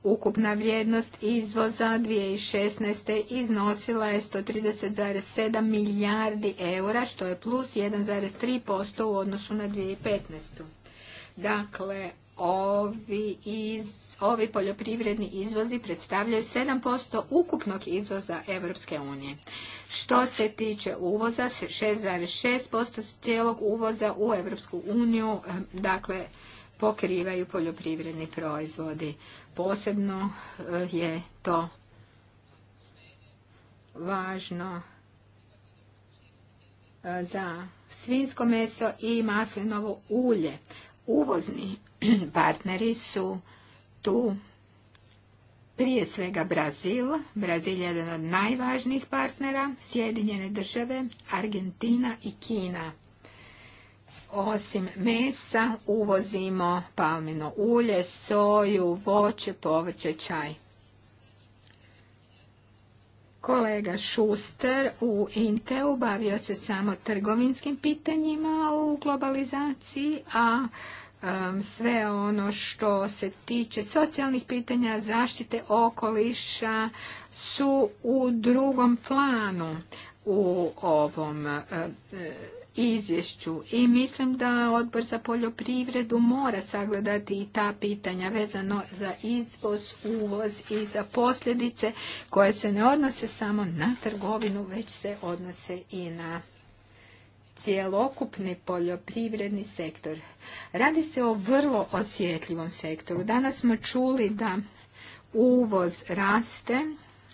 Ukupna vrijednost izvoza 2016. iznosila je 130,7 milijardi eura, što je plus 1,3% u odnosu na 2015. Dakle, ovi, poljoprivredni izvozi predstavljaju 7% ukupnog izvoza Europske unije. Što se tiče uvoza, 6,6% cijelog uvoza u Europsku uniju, dakle, pokrivaju poljoprivredni proizvodi. Posebno e, je to važno e, za svinsko meso i maslinovo ulje. Uvozni partneri su tu prije svega Brazil. Brazil je jedan od najvažnijih partnera, Sjedinjene države, Argentina i Kina. Osim mesa uvozimo palmino ulje, soju, voće, povrće, čaj. Kolega Šuster u Inteu bavio se samo trgovinskim pitanjima u globalizaciji, a sve ono što se tiče socijalnih pitanja, zaštite okoliša su u drugom planu u ovom e, e, izvješću i mislim da odbor za poljoprivredu mora sagledati i ta pitanja vezano za izvoz, uvoz i za posljedice koje se ne odnose samo na trgovinu, već se odnose i na cjelokupni poljoprivredni sektor. Radi se o vrlo osjetljivom sektoru. Danas smo čuli da uvoz raste,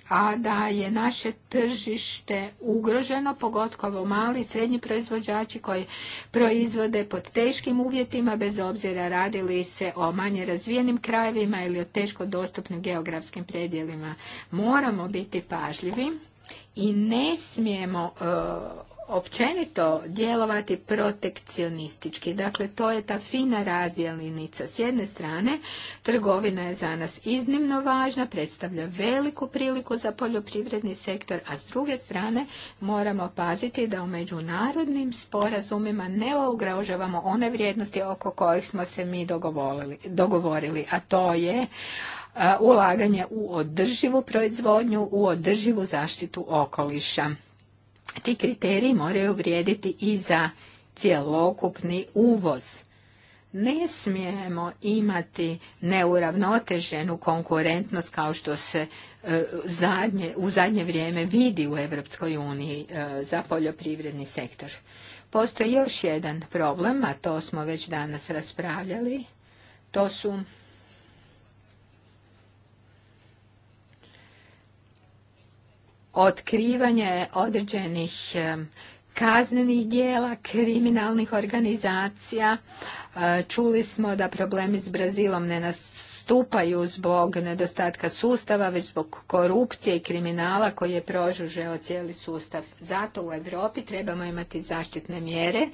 a da je naše tržište ugroženo, pogotovo mali i srednji proizvođači koji proizvode pod teškim uvjetima, bez obzira radili se o manje razvijenim krajevima ili o teško dostupnim geografskim predjelima. Moramo biti pažljivi i ne smijemo e, općenito djelovati protekcionistički. Dakle, to je ta fina razdjelnica. S jedne strane, trgovina je za nas iznimno važna, predstavlja veliku priliku za poljoprivredni sektor, a s druge strane moramo paziti da u međunarodnim sporazumima ne ugrožavamo one vrijednosti oko kojih smo se mi dogovorili, a to je e, ulaganje u održivu proizvodnju, u održivu zaštitu okoliša. Ti kriteriji moraju vrijediti i za cjelokupni uvoz. Ne smijemo imati neuravnoteženu konkurentnost kao što se e, zadnje, u zadnje vrijeme vidi u Europskoj uniji e, za poljoprivredni sektor. Postoji još jedan problem, a to smo već danas raspravljali. To su otkrivanje određenih kaznenih dijela, kriminalnih organizacija. E, čuli smo da problemi s Brazilom ne nastupaju zbog nedostatka sustava, već zbog korupcije i kriminala koji je prožužeo cijeli sustav. Zato u Europi trebamo imati zaštitne mjere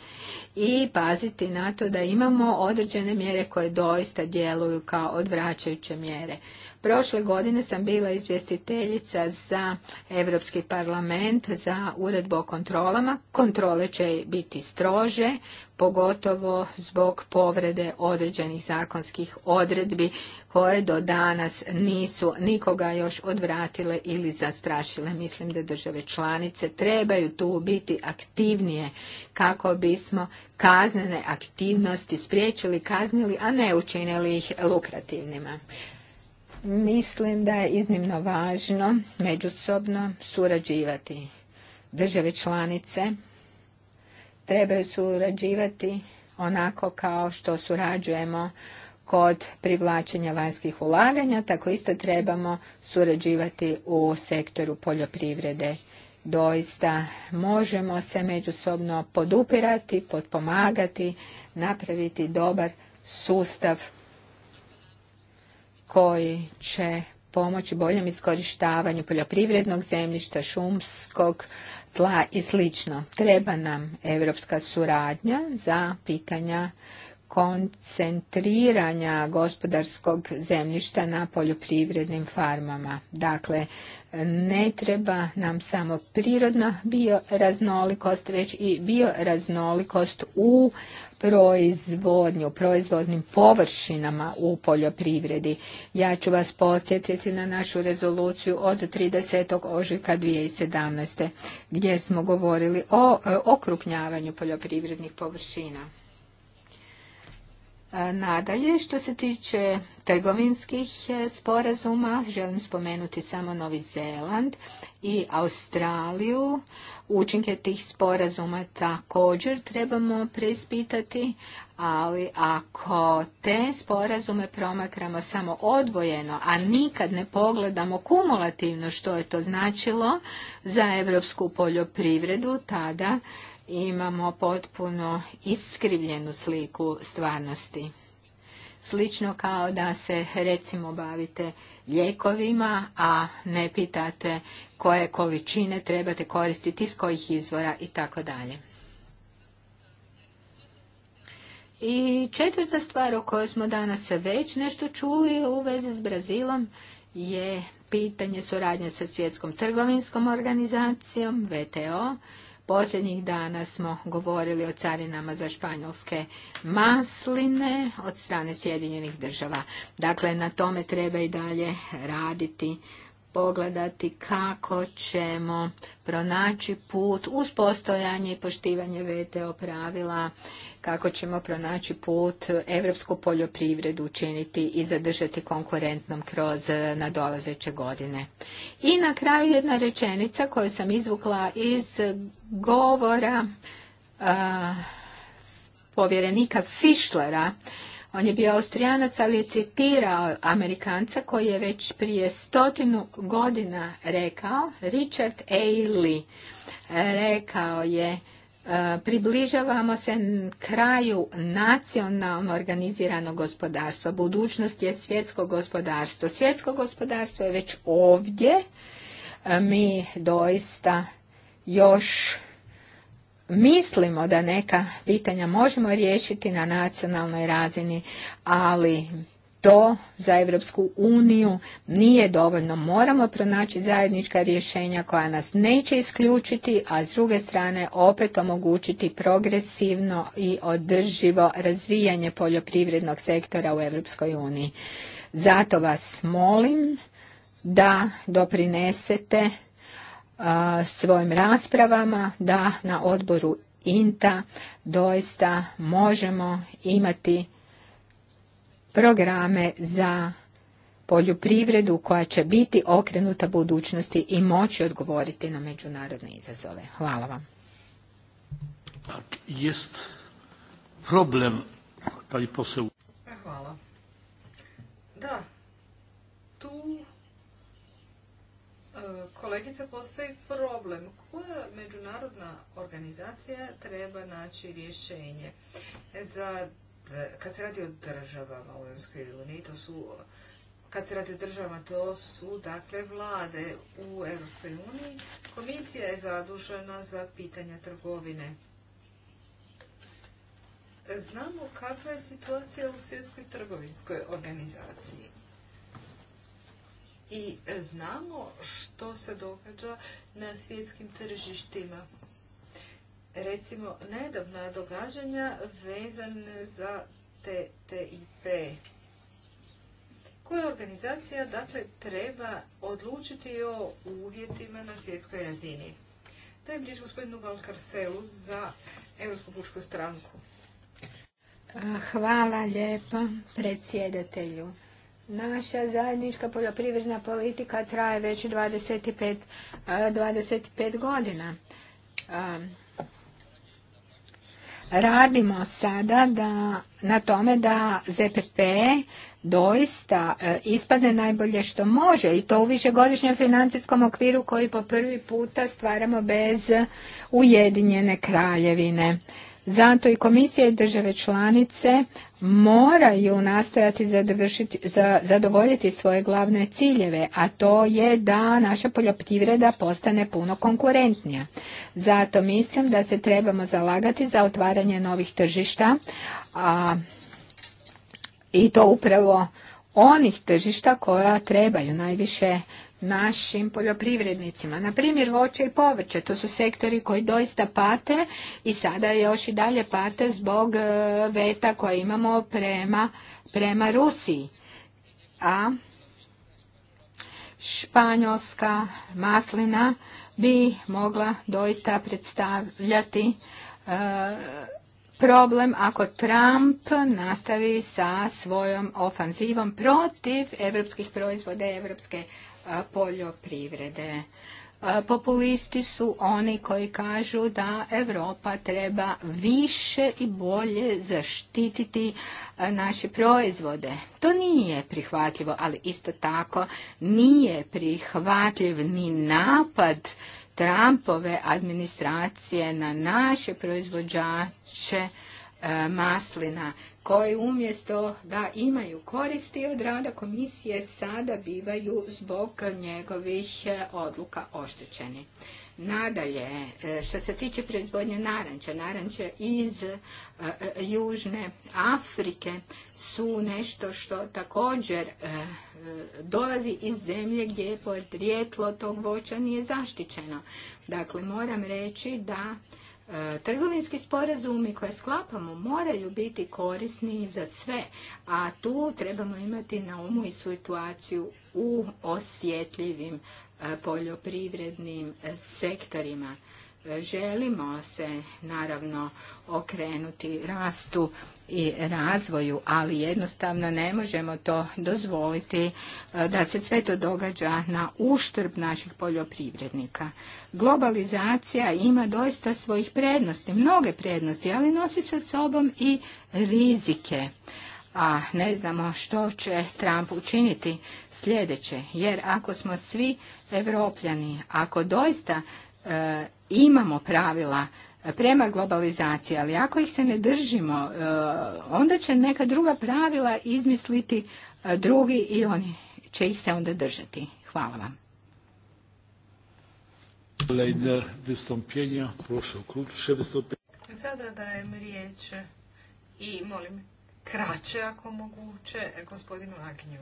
i paziti na to da imamo određene mjere koje doista djeluju kao odvraćajuće mjere. Prošle godine sam bila izvjestiteljica za Europski parlament za uredbu o kontrolama. Kontrole će biti strože, pogotovo zbog povrede određenih zakonskih odredbi koje do danas nisu nikoga još odvratile ili zastrašile. Mislim da države članice trebaju tu biti aktivnije kako bismo kaznene aktivnosti spriječili, kaznili, a ne učinili ih lukrativnima. Mislim da je iznimno važno međusobno surađivati. Države članice trebaju surađivati onako kao što surađujemo kod privlačenja vanjskih ulaganja, tako isto trebamo surađivati u sektoru poljoprivrede. Doista možemo se međusobno podupirati, potpomagati, napraviti dobar sustav koji će pomoći boljem iskorištavanju poljoprivrednog zemljišta, šumskog tla i sl. Treba nam europska suradnja za pitanja koncentriranja gospodarskog zemljišta na poljoprivrednim farmama. Dakle, ne treba nam samo prirodna bioraznolikost, već i bioraznolikost u proizvodnju, proizvodnim površinama u poljoprivredi. Ja ću vas podsjetiti na našu rezoluciju od 30. ožujka 2017. gdje smo govorili o e, okrupnjavanju poljoprivrednih površina. E, nadalje, što se tiče trgovinskih e, sporazuma, želim spomenuti samo Novi Zeland i Australiju. Učinke tih sporazuma također trebamo preispitati, ali ako te sporazume promakramo samo odvojeno, a nikad ne pogledamo kumulativno što je to značilo za evropsku poljoprivredu, tada imamo potpuno iskrivljenu sliku stvarnosti. Slično kao da se recimo bavite lijekovima, a ne pitate koje količine trebate koristiti, iz kojih izvora i tako dalje. I četvrta stvar o kojoj smo danas već nešto čuli u vezi s Brazilom je pitanje suradnje sa svjetskom trgovinskom organizacijom, VTO, Posljednjih dana smo govorili o carinama za španjolske masline od strane Sjedinjenih država. Dakle, na tome treba i dalje raditi pogledati kako ćemo pronaći put uz postojanje i poštivanje VTO pravila, kako ćemo pronaći put evropsku poljoprivredu učiniti i zadržati konkurentnom kroz eh, nadolazeće godine. I na kraju jedna rečenica koju sam izvukla iz govora eh, povjerenika Fischlera, on je bio austrijanac, ali je citirao amerikanca koji je već prije stotinu godina rekao, Richard A. Lee, rekao je, e, približavamo se kraju nacionalno organiziranog gospodarstva. Budućnost je svjetsko gospodarstvo. Svjetsko gospodarstvo je već ovdje. E, mi doista još mislimo da neka pitanja možemo riješiti na nacionalnoj razini, ali to za Europsku uniju nije dovoljno. Moramo pronaći zajednička rješenja koja nas neće isključiti, a s druge strane opet omogućiti progresivno i održivo razvijanje poljoprivrednog sektora u Europskoj uniji. Zato vas molim da doprinesete svojim raspravama da na odboru INTA doista možemo imati programe za poljoprivredu koja će biti okrenuta budućnosti i moći odgovoriti na međunarodne izazove. Hvala vam. Tak, jest problem, kada je Hvala. Da, Kolegice, postoji problem. Koja međunarodna organizacija treba naći rješenje? Za, kad se radi o državama u EU, to su, kad se radi o državama, to su dakle vlade u EU. Komisija je zadužena za pitanja trgovine. Znamo kakva je situacija u svjetskoj trgovinskoj organizaciji i e, znamo što se događa na svjetskim tržištima. Recimo, nedavna događanja vezane za TTIP. Koja organizacija dakle, treba odlučiti o uvjetima na svjetskoj razini? je riječ gospodinu Valkarselu za Europsku pučku stranku. Hvala lijepa predsjedatelju. Naša zajednička poljoprivredna politika traje već 25, godina. Radimo sada na tome da ZPP doista e, ispadne najbolje što može i to u višegodišnjem financijskom okviru koji po prvi puta stvaramo bez Ujedinjene kraljevine. Zato i komisije i države članice moraju nastojati za, zadovoljiti svoje glavne ciljeve, a to je da naša poljoprivreda postane puno konkurentnija. Zato mislim da se trebamo zalagati za otvaranje novih tržišta a, i to upravo onih tržišta koja trebaju najviše našim poljoprivrednicima. Na primjer, voće i povrće, to su sektori koji doista pate i sada još i dalje pate zbog e, veta koje imamo prema, prema Rusiji. A španjolska maslina bi mogla doista predstavljati e, problem ako Trump nastavi sa svojom ofanzivom protiv evropskih proizvoda Europske evropske poljoprivrede. Populisti su oni koji kažu da Europa treba više i bolje zaštititi naše proizvode. To nije prihvatljivo, ali isto tako nije prihvatljiv ni napad Trumpove administracije na naše proizvođače E, maslina koje umjesto da imaju koristi od rada komisije sada bivaju zbog njegovih e, odluka oštećeni. Nadalje, e, što se tiče proizvodnje naranča, naranče iz Južne Afrike su nešto što također dolazi iz zemlje gdje je podrijetlo tog voća nije zaštićeno. Dakle, moram reći da E, trgovinski sporazumi koje sklapamo moraju biti korisni za sve, a tu trebamo imati na umu i situaciju u osjetljivim e, poljoprivrednim e, sektorima. Želimo se naravno okrenuti rastu i razvoju, ali jednostavno ne možemo to dozvoliti e, da se sve to događa na uštrb naših poljoprivrednika. Globalizacija ima doista svojih prednosti, mnoge prednosti, ali nosi sa sobom i rizike. A ne znamo što će Trump učiniti sljedeće, jer ako smo svi evropljani, ako doista e, imamo pravila eh, prema globalizaciji, ali ako ih se ne držimo, eh, onda će neka druga pravila izmisliti eh, drugi i oni će ih se onda držati. Hvala vam. Sada dajem riječ i molim kraće ako moguće gospodinu Agnju.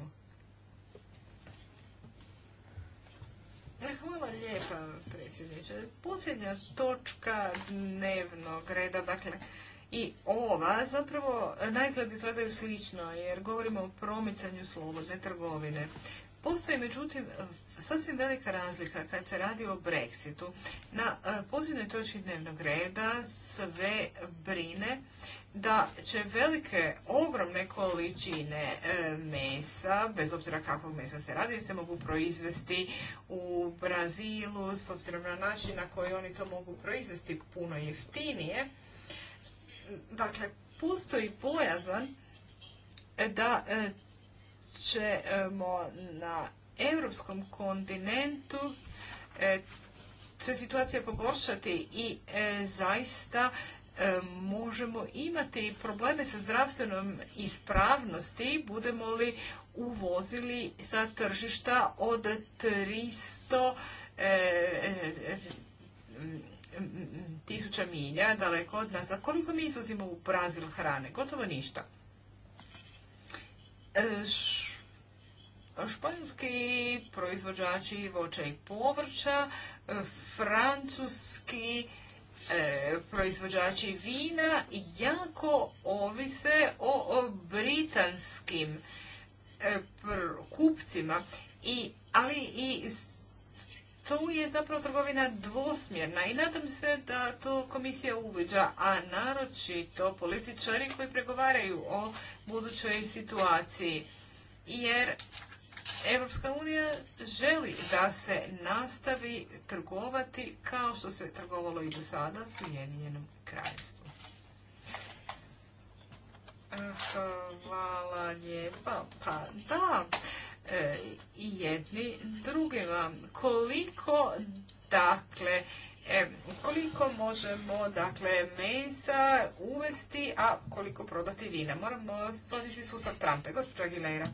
E, hvala lijepa, predsjedniče. Posljednja točka dnevnog reda, dakle, i ova zapravo najgled izgledaju slično jer govorimo o promicanju slobodne trgovine. Postoji međutim sasvim velika razlika kad se radi o Brexitu. Na e, pozivnoj točki dnevnog reda sve brine da će velike, ogromne količine e, mesa, bez obzira kakvog mesa se radi, se mogu proizvesti u Brazilu, s obzirom na način na koji oni to mogu proizvesti puno jeftinije. Dakle, postoji bojazan da e, ćemo na europskom kontinentu se situacija pogoršati i e, zaista e, možemo imati probleme sa zdravstvenom ispravnosti budemo li uvozili sa tržišta od 300 e, tisuća milja daleko od nas. koliko mi izvozimo u Brazil hrane? Gotovo ništa španski proizvođači voća i povrća, francuski e, proizvođači vina jako ovise o, britanskim e, kupcima, ali i tu je zapravo trgovina dvosmjerna i nadam se da to komisija uviđa, a naročito političari koji pregovaraju o budućoj situaciji. Jer Europska unija želi da se nastavi trgovati kao što se trgovalo i do sada s Ujedinjenom kraljevstvom. Hvala lijepa. Pa da, e, i jedni vam Koliko, dakle, e, koliko možemo dakle, mesa uvesti, a koliko prodati vina? Moramo stvoriti sustav trampe. Gospođa Aguilera.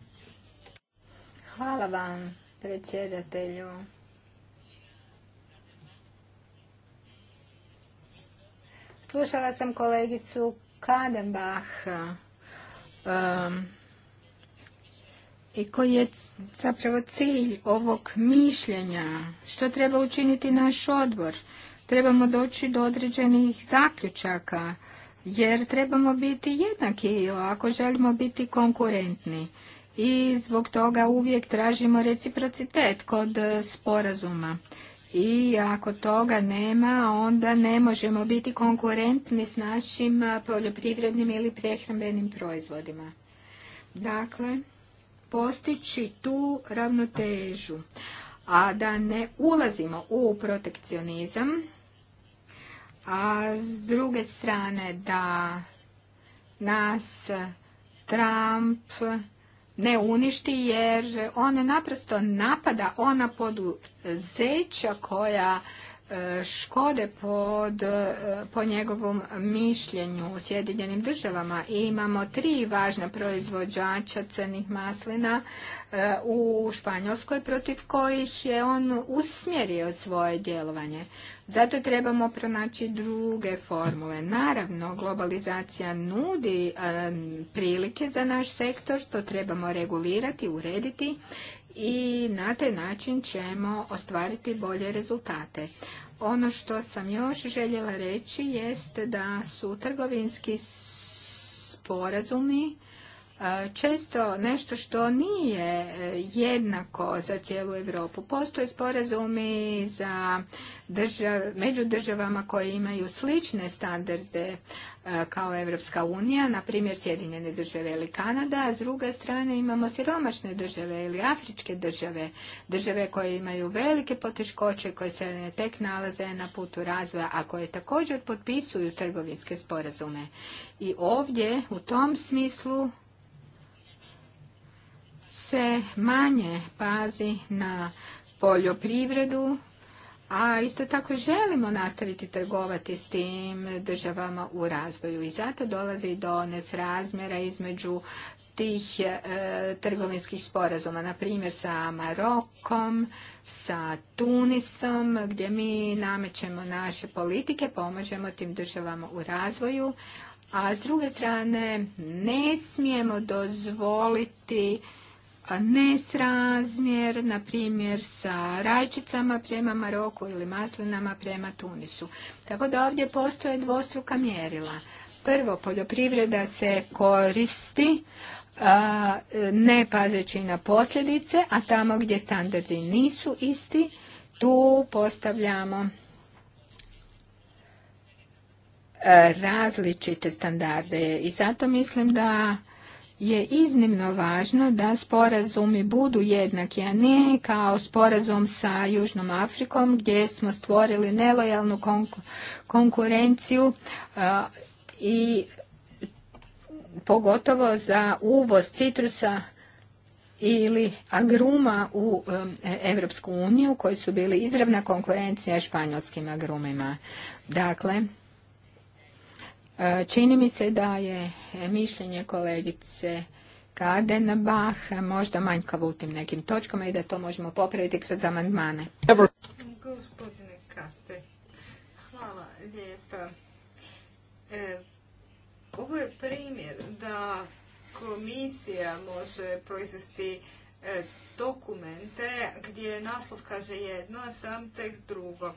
Hvala vam, predsjedatelju. Slušala sam kolegicu Kadenbach um, i koji je zapravo cilj ovog mišljenja. Što treba učiniti naš odbor? Trebamo doći do određenih zaključaka jer trebamo biti jednaki ako želimo biti konkurentni i zbog toga uvijek tražimo reciprocitet kod e, sporazuma. I ako toga nema, onda ne možemo biti konkurentni s našim e, poljoprivrednim ili prehrambenim proizvodima. Dakle, postići tu ravnotežu, a da ne ulazimo u protekcionizam, a s druge strane da nas Trump ne uništi jer on naprosto napada ona poduzeća koja e, škode pod, e, po njegovom mišljenju u Sjedinjenim državama. I imamo tri važna proizvođača crnih maslina e, u Španjolskoj protiv kojih je on usmjerio svoje djelovanje. Zato trebamo pronaći druge formule. Naravno, globalizacija nudi e, prilike za naš sektor što trebamo regulirati, urediti i na taj način ćemo ostvariti bolje rezultate. Ono što sam još željela reći jest da su trgovinski sporazumi često nešto što nije e, jednako za cijelu Europu. Postoje sporazumi za među državama koje imaju slične standarde e, kao Evropska unija, na primjer Sjedinjene države ili Kanada, a s druge strane imamo siromašne države ili afričke države, države koje imaju velike poteškoće, koje se tek nalaze na putu razvoja, a koje također potpisuju trgovinske sporazume. I ovdje u tom smislu se manje pazi na poljoprivredu, a isto tako želimo nastaviti trgovati s tim državama u razvoju i zato dolazi do nesrazmjera između tih e, trgovinskih sporazuma, na primjer sa Marokom, sa Tunisom, gdje mi namećemo naše politike, pomažemo tim državama u razvoju, a s druge strane ne smijemo dozvoliti pa nesrazmjer, na primjer sa rajčicama prema Maroku ili maslinama prema Tunisu. Tako da ovdje postoje dvostruka mjerila. Prvo, poljoprivreda se koristi ne pazeći na posljedice, a tamo gdje standardi nisu isti, tu postavljamo e, različite standarde i zato mislim da je iznimno važno da sporazumi budu jednaki, a ne kao sporazum sa Južnom Afrikom gdje smo stvorili nelojalnu konkurenciju i pogotovo za uvoz citrusa ili agruma u um, Europsku uniju koji su bili izravna konkurencija španjolskim agrumima. Dakle, Čini mi se da je mišljenje kolegice Kadenbach možda manjkavo u tim nekim točkama i da to možemo popraviti kroz amandmane. Gospodine Kate, hvala lijepa. E, ovo je primjer da komisija može proizvesti e, dokumente gdje naslov kaže jedno, a sam tekst drugo.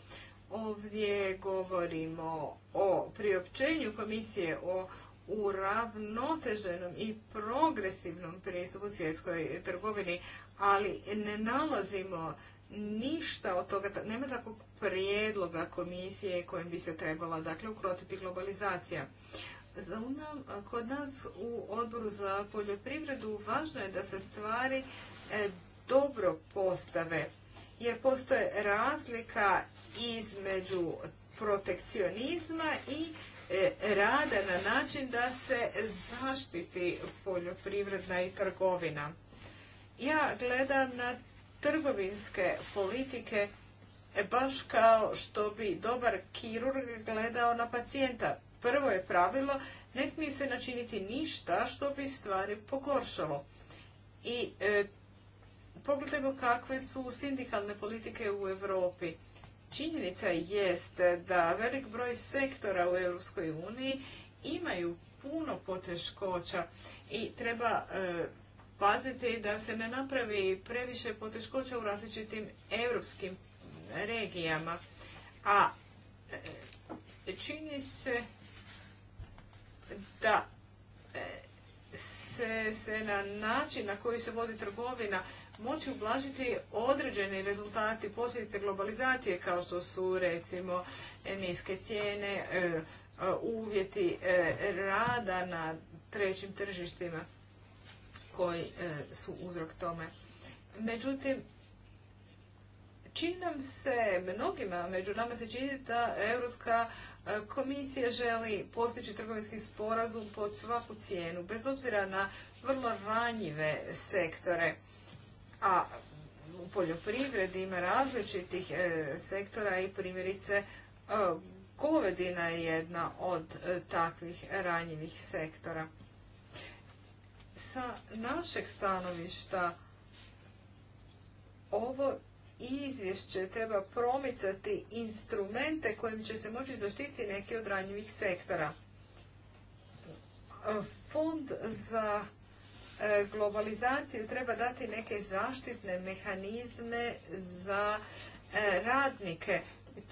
Ovdje govorimo o priopćenju komisije o uravnoteženom i progresivnom pristupu svjetskoj trgovini, ali ne nalazimo ništa od toga, nema takvog prijedloga komisije kojim bi se trebala dakle, ukrotiti globalizacija. Za nam, kod nas u odboru za poljoprivredu važno je da se stvari e, dobro postave jer postoje razlika između protekcionizma i e, rada na način da se zaštiti poljoprivredna i trgovina. Ja gledam na trgovinske politike e, baš kao što bi dobar kirurg gledao na pacijenta. Prvo je pravilo, ne smije se načiniti ništa što bi stvari pogoršalo. I e, Pogledajmo kakve su sindikalne politike u Europi. Činjenica jest da velik broj sektora u Europskoj uniji imaju puno poteškoća i treba e, paziti da se ne napravi previše poteškoća u različitim europskim regijama. A e, čini se da e, se na način na koji se vodi trgovina moći ublažiti određeni rezultati posljedice globalizacije kao što su recimo niske cijene, e, e, uvjeti e, rada na trećim tržištima koji su uzrok tome. Međutim, čini nam se, mnogima među nama se čini da Europska komisija želi postići trgovinski sporazum pod svaku cijenu, bez obzira na vrlo ranjive sektore a u poljoprivredi ima različitih e, sektora i primjerice kovedina govedina je jedna od e, takvih ranjivih sektora. Sa našeg stanovišta ovo izvješće treba promicati instrumente kojim će se moći zaštiti neki od ranjivih sektora. E, Fond za E, globalizaciju treba dati neke zaštitne mehanizme za e, radnike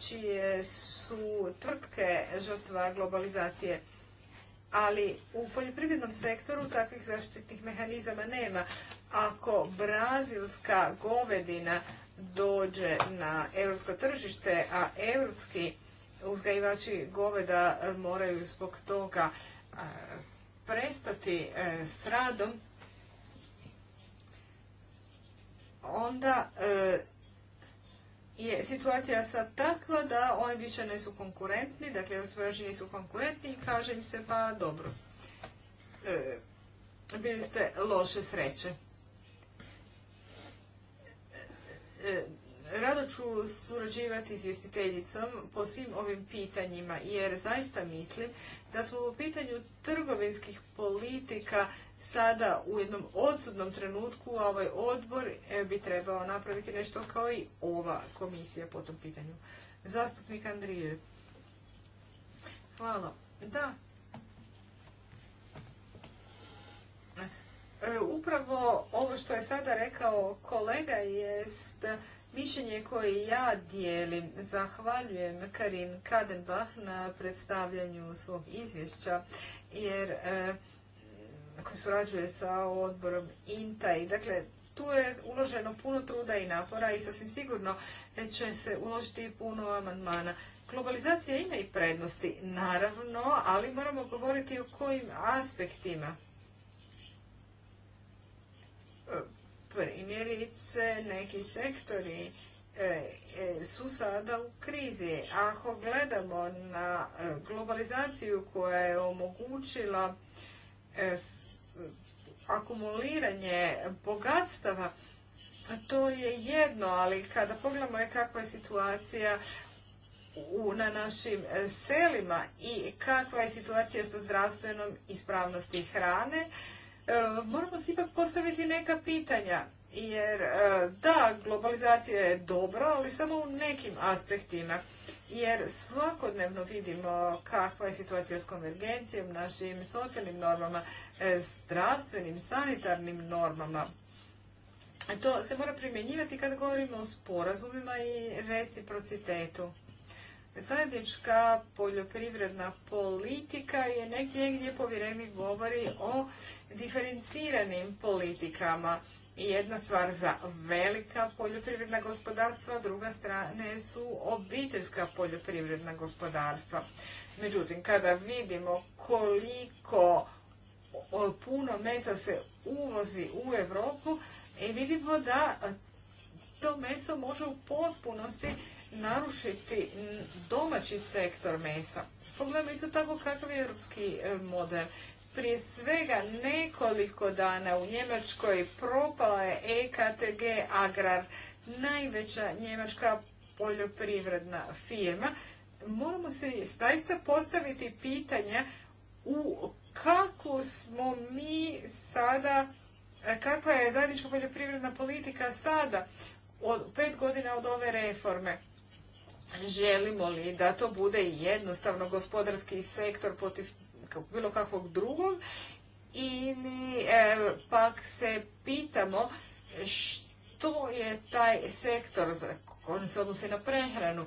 čije su tvrtke žrtva globalizacije. Ali u poljoprivrednom sektoru takvih zaštitnih mehanizama nema. Ako brazilska govedina dođe na europsko tržište, a europski uzgajivači goveda moraju zbog toga e, prestati s radom, onda e, je situacija sad takva da oni više ne su konkurentni, dakle osvojači nisu konkurentni i kaže im se pa dobro, e, bili ste loše sreće. E, Rado ću surađivati s vjestiteljicom po svim ovim pitanjima, jer zaista mislim da smo u pitanju trgovinskih politika sada u jednom odsudnom trenutku, a ovaj odbor e, bi trebao napraviti nešto kao i ova komisija po tom pitanju. Zastupnik Andrije. Hvala. Da. E, upravo ovo što je sada rekao kolega jest mišljenje koje ja dijelim. Zahvaljujem Karin Kadenbach na predstavljanju svog izvješća jer e, koji surađuje sa odborom INTA i dakle tu je uloženo puno truda i napora i sasvim sigurno će se uložiti puno amandmana. Globalizacija ima i prednosti, naravno, ali moramo govoriti o kojim aspektima. Primjerice, neki sektori e, e, su sada u krizi. Ako gledamo na e, globalizaciju koja je omogućila akumuliranje bogatstava, to je jedno, ali kada pogledamo je kakva je situacija u, na našim selima i kakva je situacija sa zdravstvenom ispravnosti hrane, E, moramo se ipak postaviti neka pitanja. Jer e, da, globalizacija je dobra, ali samo u nekim aspektima. Jer svakodnevno vidimo kakva je situacija s konvergencijom, našim socijalnim normama, e, zdravstvenim, sanitarnim normama. To se mora primjenjivati kad govorimo o sporazumima i reciprocitetu. Zajednička poljoprivredna politika je negdje gdje povjereni govori o diferenciranim politikama. Jedna stvar za velika poljoprivredna gospodarstva, druga strane su obiteljska poljoprivredna gospodarstva. Međutim, kada vidimo koliko puno mesa se uvozi u Europu, e, vidimo da to meso može u potpunosti narušiti domaći sektor mesa. Pogledajmo isto tako kakav je europski e, model. Prije svega nekoliko dana u Njemačkoj propala je EKTG Agrar, najveća njemačka poljoprivredna firma. Moramo se zaista postaviti pitanja u kako smo mi sada, e, kakva je zajednička poljoprivredna politika sada, od pet godina od ove reforme želimo li da to bude jednostavno gospodarski sektor protiv bilo kakvog drugog ili e, pak se pitamo što je taj sektor koji se odnosi na prehranu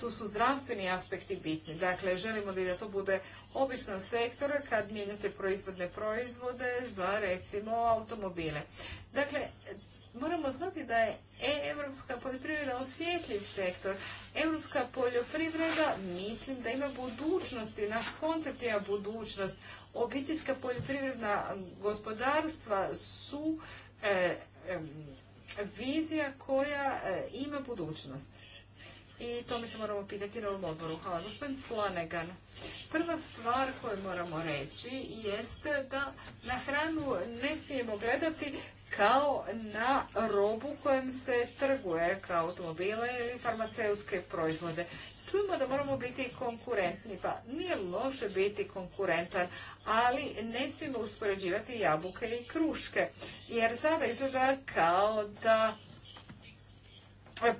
tu su zdravstveni aspekti bitni. Dakle, želimo li da to bude običan sektor kad mijenjate proizvodne proizvode za recimo automobile. Dakle, Moramo znati da je europska poljoprivreda osjetljiv sektor. Europska poljoprivreda mislim da ima budućnosti, naš koncept ima budućnost. Obiteljska poljoprivredna gospodarstva su e, vizija koja e, ima budućnost. I to mi se moramo pitati na ovom odboru. Hvala. Gospodin Flanagan, prva stvar koju moramo reći jeste da na hranu ne smijemo gledati kao na robu kojom se trguje, kao automobile ili farmaceutske proizvode. Čujemo da moramo biti konkurentni, pa nije loše biti konkurentan, ali ne smijemo uspoređivati jabuke i kruške, jer sada izgleda kao da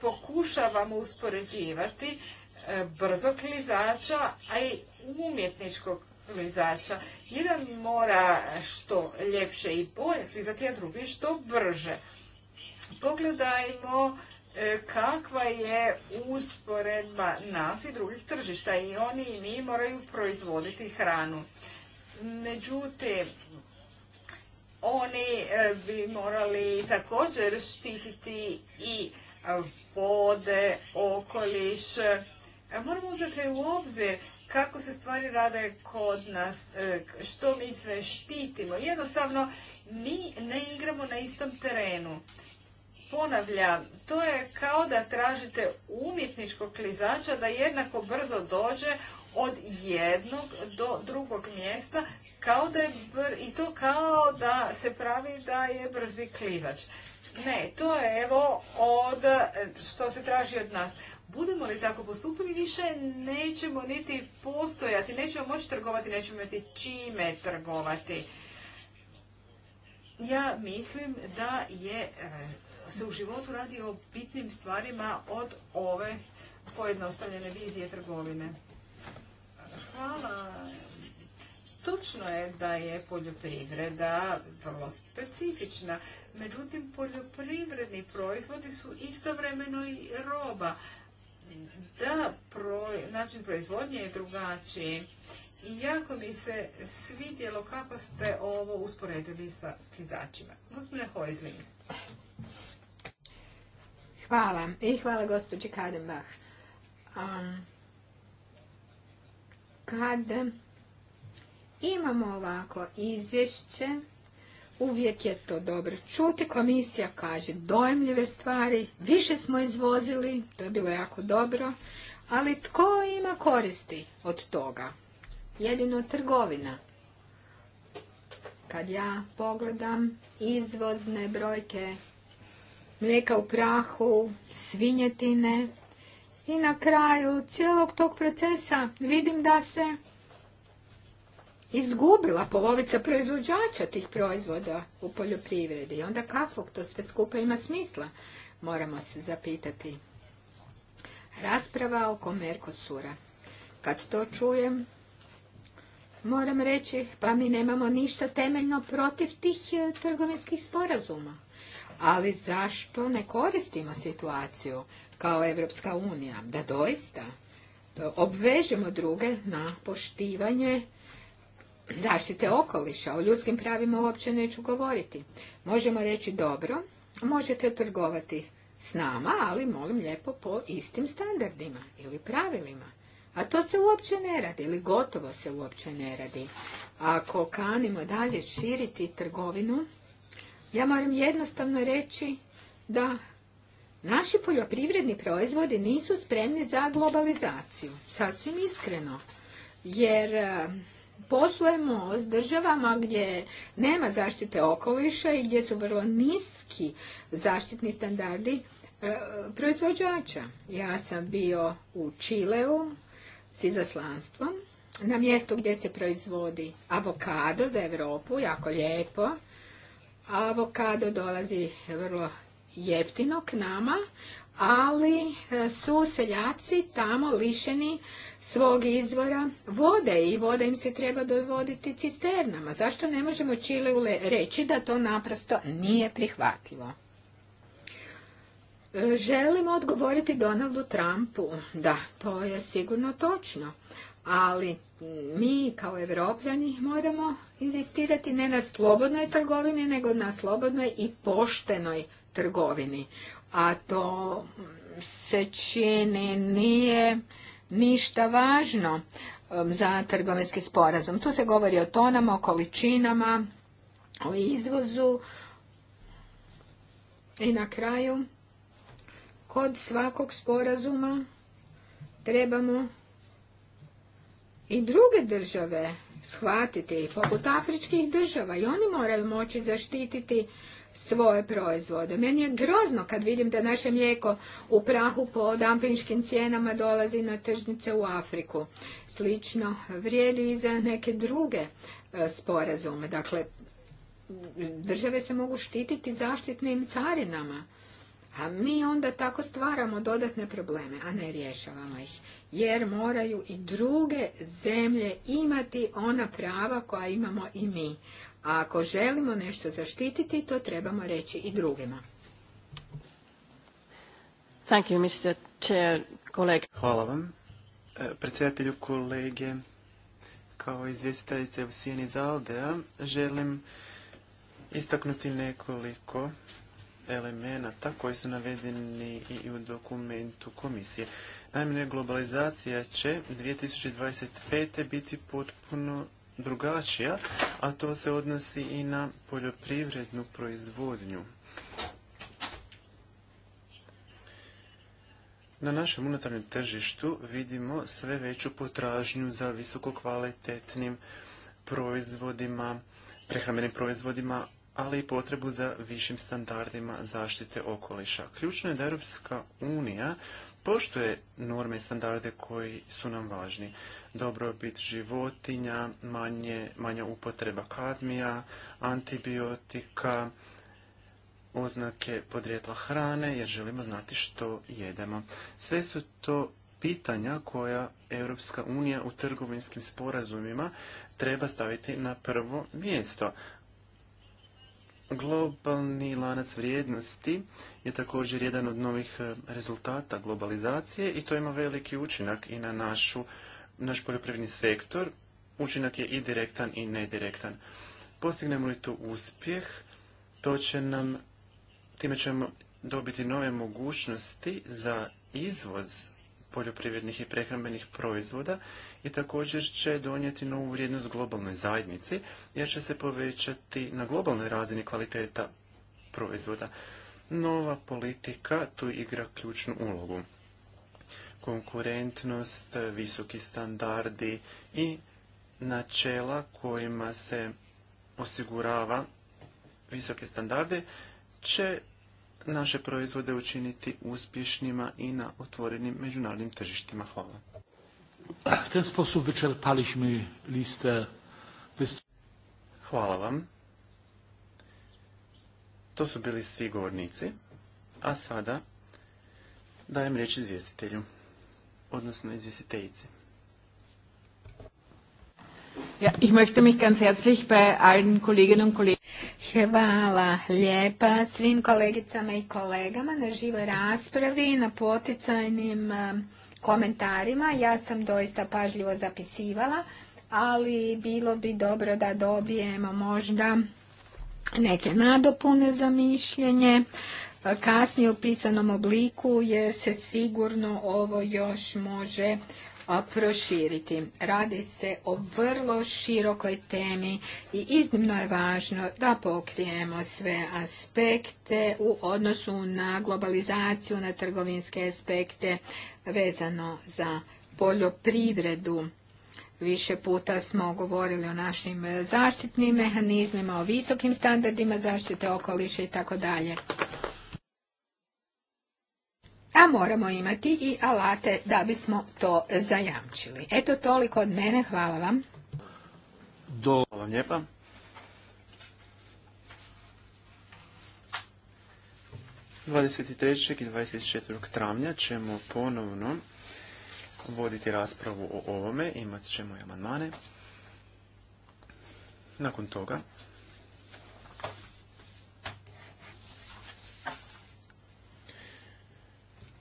pokušavamo uspoređivati e, brzog lizača, a i umjetničkog sklizača. Jedan mora što ljepše i bolje za a drugi što brže. Pogledajmo e, kakva je usporedba nas i drugih tržišta i oni i mi moraju proizvoditi hranu. Međutim, oni e, bi morali također štititi i vode, okoliš. Moramo uzeti u obzir kako se stvari rade kod nas, e, što mi sve štitimo. Jednostavno, mi ne igramo na istom terenu. Ponavljam, to je kao da tražite umjetničkog klizača da jednako brzo dođe od jednog do drugog mjesta kao da je i to kao da se pravi da je brzi klizač. Ne, to je evo od e, što se traži od nas. Budemo li tako postupili, više nećemo niti postojati, nećemo moći trgovati, nećemo niti čime trgovati. Ja mislim da je e, se u životu radi o bitnim stvarima od ove pojednostavljene vizije trgovine. Hvala. Točno je da je poljoprivreda vrlo specifična, međutim poljoprivredni proizvodi su istovremeno i roba da način proizvodnje je drugačiji. I jako mi se svidjelo kako ste ovo usporedili sa klizačima. Gospodine Hojzlin. Hvala. I hvala gospođi Kadenbach. Um, kad imamo ovako izvješće, Uvijek je to dobro čuti. Komisija kaže dojemljive stvari. Više smo izvozili. To je bilo jako dobro. Ali tko ima koristi od toga? Jedino trgovina. Kad ja pogledam izvozne brojke mlijeka u prahu, svinjetine i na kraju cijelog tog procesa vidim da se izgubila polovica proizvođača tih proizvoda u poljoprivredi. I onda kakvog to sve skupa ima smisla, moramo se zapitati. Rasprava oko Merkosura. Kad to čujem, moram reći, pa mi nemamo ništa temeljno protiv tih e, trgovinskih sporazuma. Ali zašto ne koristimo situaciju kao Evropska unija? Da doista e, obvežemo druge na poštivanje zaštite okoliša, o ljudskim pravima uopće neću govoriti. Možemo reći dobro, možete trgovati s nama, ali molim lijepo po istim standardima ili pravilima. A to se uopće ne radi ili gotovo se uopće ne radi. Ako kanimo dalje širiti trgovinu, ja moram jednostavno reći da naši poljoprivredni proizvodi nisu spremni za globalizaciju. Sasvim iskreno. Jer poslujemo s državama gdje nema zaštite okoliša i gdje su vrlo niski zaštitni standardi e, proizvođača. Ja sam bio u Čileu s izaslanstvom na mjestu gdje se proizvodi avokado za Europu, jako lijepo. Avokado dolazi vrlo jeftino k nama, ali e, su seljaci tamo lišeni svog izvora vode i voda im se treba dovoditi cisternama. Zašto ne možemo Čileu reći da to naprosto nije prihvatljivo? E, Želimo odgovoriti Donaldu Trumpu. Da, to je sigurno točno. Ali mi kao evropljani moramo inzistirati ne na slobodnoj trgovini, nego na slobodnoj i poštenoj trgovini a to se čini nije ništa važno um, za trgovinski sporazum. Tu se govori o tonama, o količinama, o izvozu i na kraju kod svakog sporazuma trebamo i druge države shvatiti, poput afričkih država i oni moraju moći zaštititi svoje proizvode. Meni je grozno kad vidim da naše mlijeko u prahu po dampinškim cijenama dolazi na tržnice u Afriku. Slično vrijedi i za neke druge e, sporazume. Dakle, države se mogu štititi zaštitnim carinama. A mi onda tako stvaramo dodatne probleme, a ne rješavamo ih. Jer moraju i druge zemlje imati ona prava koja imamo i mi. A ako želimo nešto zaštititi, to trebamo reći i drugima. Hvala vam. E, predsjedatelju kolege, kao izvjestiteljice u Sijeni Zaldea, želim istaknuti nekoliko elemenata koji su navedeni i u dokumentu komisije. Naime, globalizacija će 2025. biti potpuno drugačija, a to se odnosi i na poljoprivrednu proizvodnju. Na našem unutarnjem tržištu vidimo sve veću potražnju za visokokvalitetnim proizvodima, prehrambenim proizvodima, ali i potrebu za višim standardima zaštite okoliša. Ključno je da Europska unija poštuje norme i standarde koji su nam važni. Dobrobit životinja, manje, manja upotreba kadmija, antibiotika, oznake podrijetla hrane jer želimo znati što jedemo. Sve su to pitanja koja Europska unija u trgovinskim sporazumima treba staviti na prvo mjesto, Globalni lanac vrijednosti je također jedan od novih e, rezultata globalizacije i to ima veliki učinak i na našu, naš poljoprivredni sektor. Učinak je i direktan i nedirektan. Postignemo li tu uspjeh, to će nam, time ćemo dobiti nove mogućnosti za izvoz poljoprivrednih i prehrambenih proizvoda i također će donijeti novu vrijednost globalnoj zajednici jer će se povećati na globalnoj razini kvaliteta proizvoda. Nova politika tu igra ključnu ulogu. Konkurentnost, visoki standardi i načela kojima se osigurava visoke standarde će naše proizvode učiniti uspješnima i na otvorenim međunarodnim tržištima. Hvala. Hvala vam. To su bili svi govornici, a sada dajem riječ izvjestitelju, odnosno izvjestiteljici. Ja, ich möchte mich ganz herzlich Hvala lijepa svim kolegicama i kolegama na živoj raspravi, na poticajnim um, komentarima. Ja sam doista pažljivo zapisivala, ali bilo bi dobro da dobijemo možda neke nadopune za mišljenje kasnije u pisanom obliku jer se sigurno ovo još može proširiti. Radi se o vrlo širokoj temi i iznimno je važno da pokrijemo sve aspekte u odnosu na globalizaciju, na trgovinske aspekte vezano za poljoprivredu. Više puta smo govorili o našim zaštitnim mehanizmima, o visokim standardima zaštite okoliša i tako dalje a moramo imati i alate da bismo to zajamčili. Eto toliko od mene, hvala vam. Do vam lijepa. Dvadeset i 24. travnja ćemo ponovno voditi raspravu o ovome, imat ćemo i amandmane. Nakon toga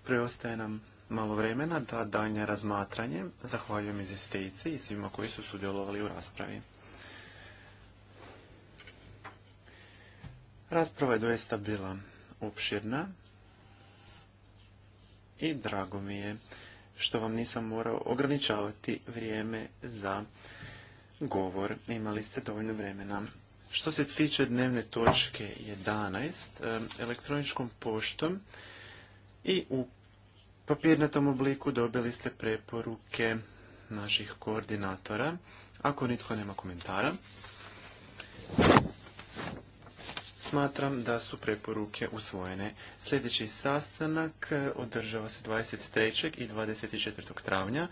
Preostaje nam malo vremena da daljnje razmatranje. Zahvaljujem izvjestiteljici i svima koji su sudjelovali u raspravi. Rasprava je doista bila opširna i drago mi je što vam nisam morao ograničavati vrijeme za govor. Imali ste dovoljno vremena. Što se tiče dnevne točke 11, eh, elektroničkom poštom i u papirnatom obliku dobili ste preporuke naših koordinatora. Ako nitko nema komentara, smatram da su preporuke usvojene. Sljedeći sastanak e, održava se 23. i 24. travnja.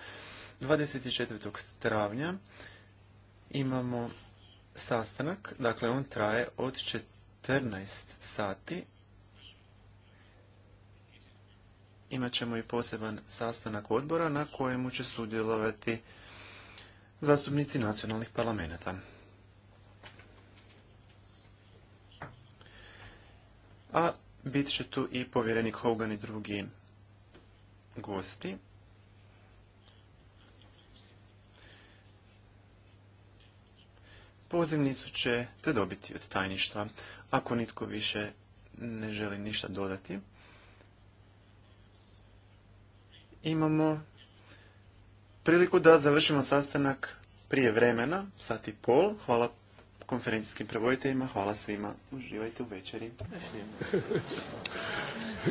24. travnja imamo sastanak, dakle on traje od 14 sati imat ćemo i poseban sastanak odbora na kojemu će sudjelovati zastupnici nacionalnih parlamenta. A bit će tu i povjerenik Hogan i drugi gosti. Pozivnicu te dobiti od tajništva. Ako nitko više ne želi ništa dodati, imamo priliku da završimo sastanak prije vremena, sat i pol. Hvala konferencijskim prevoditeljima, hvala svima. Uživajte u večeri.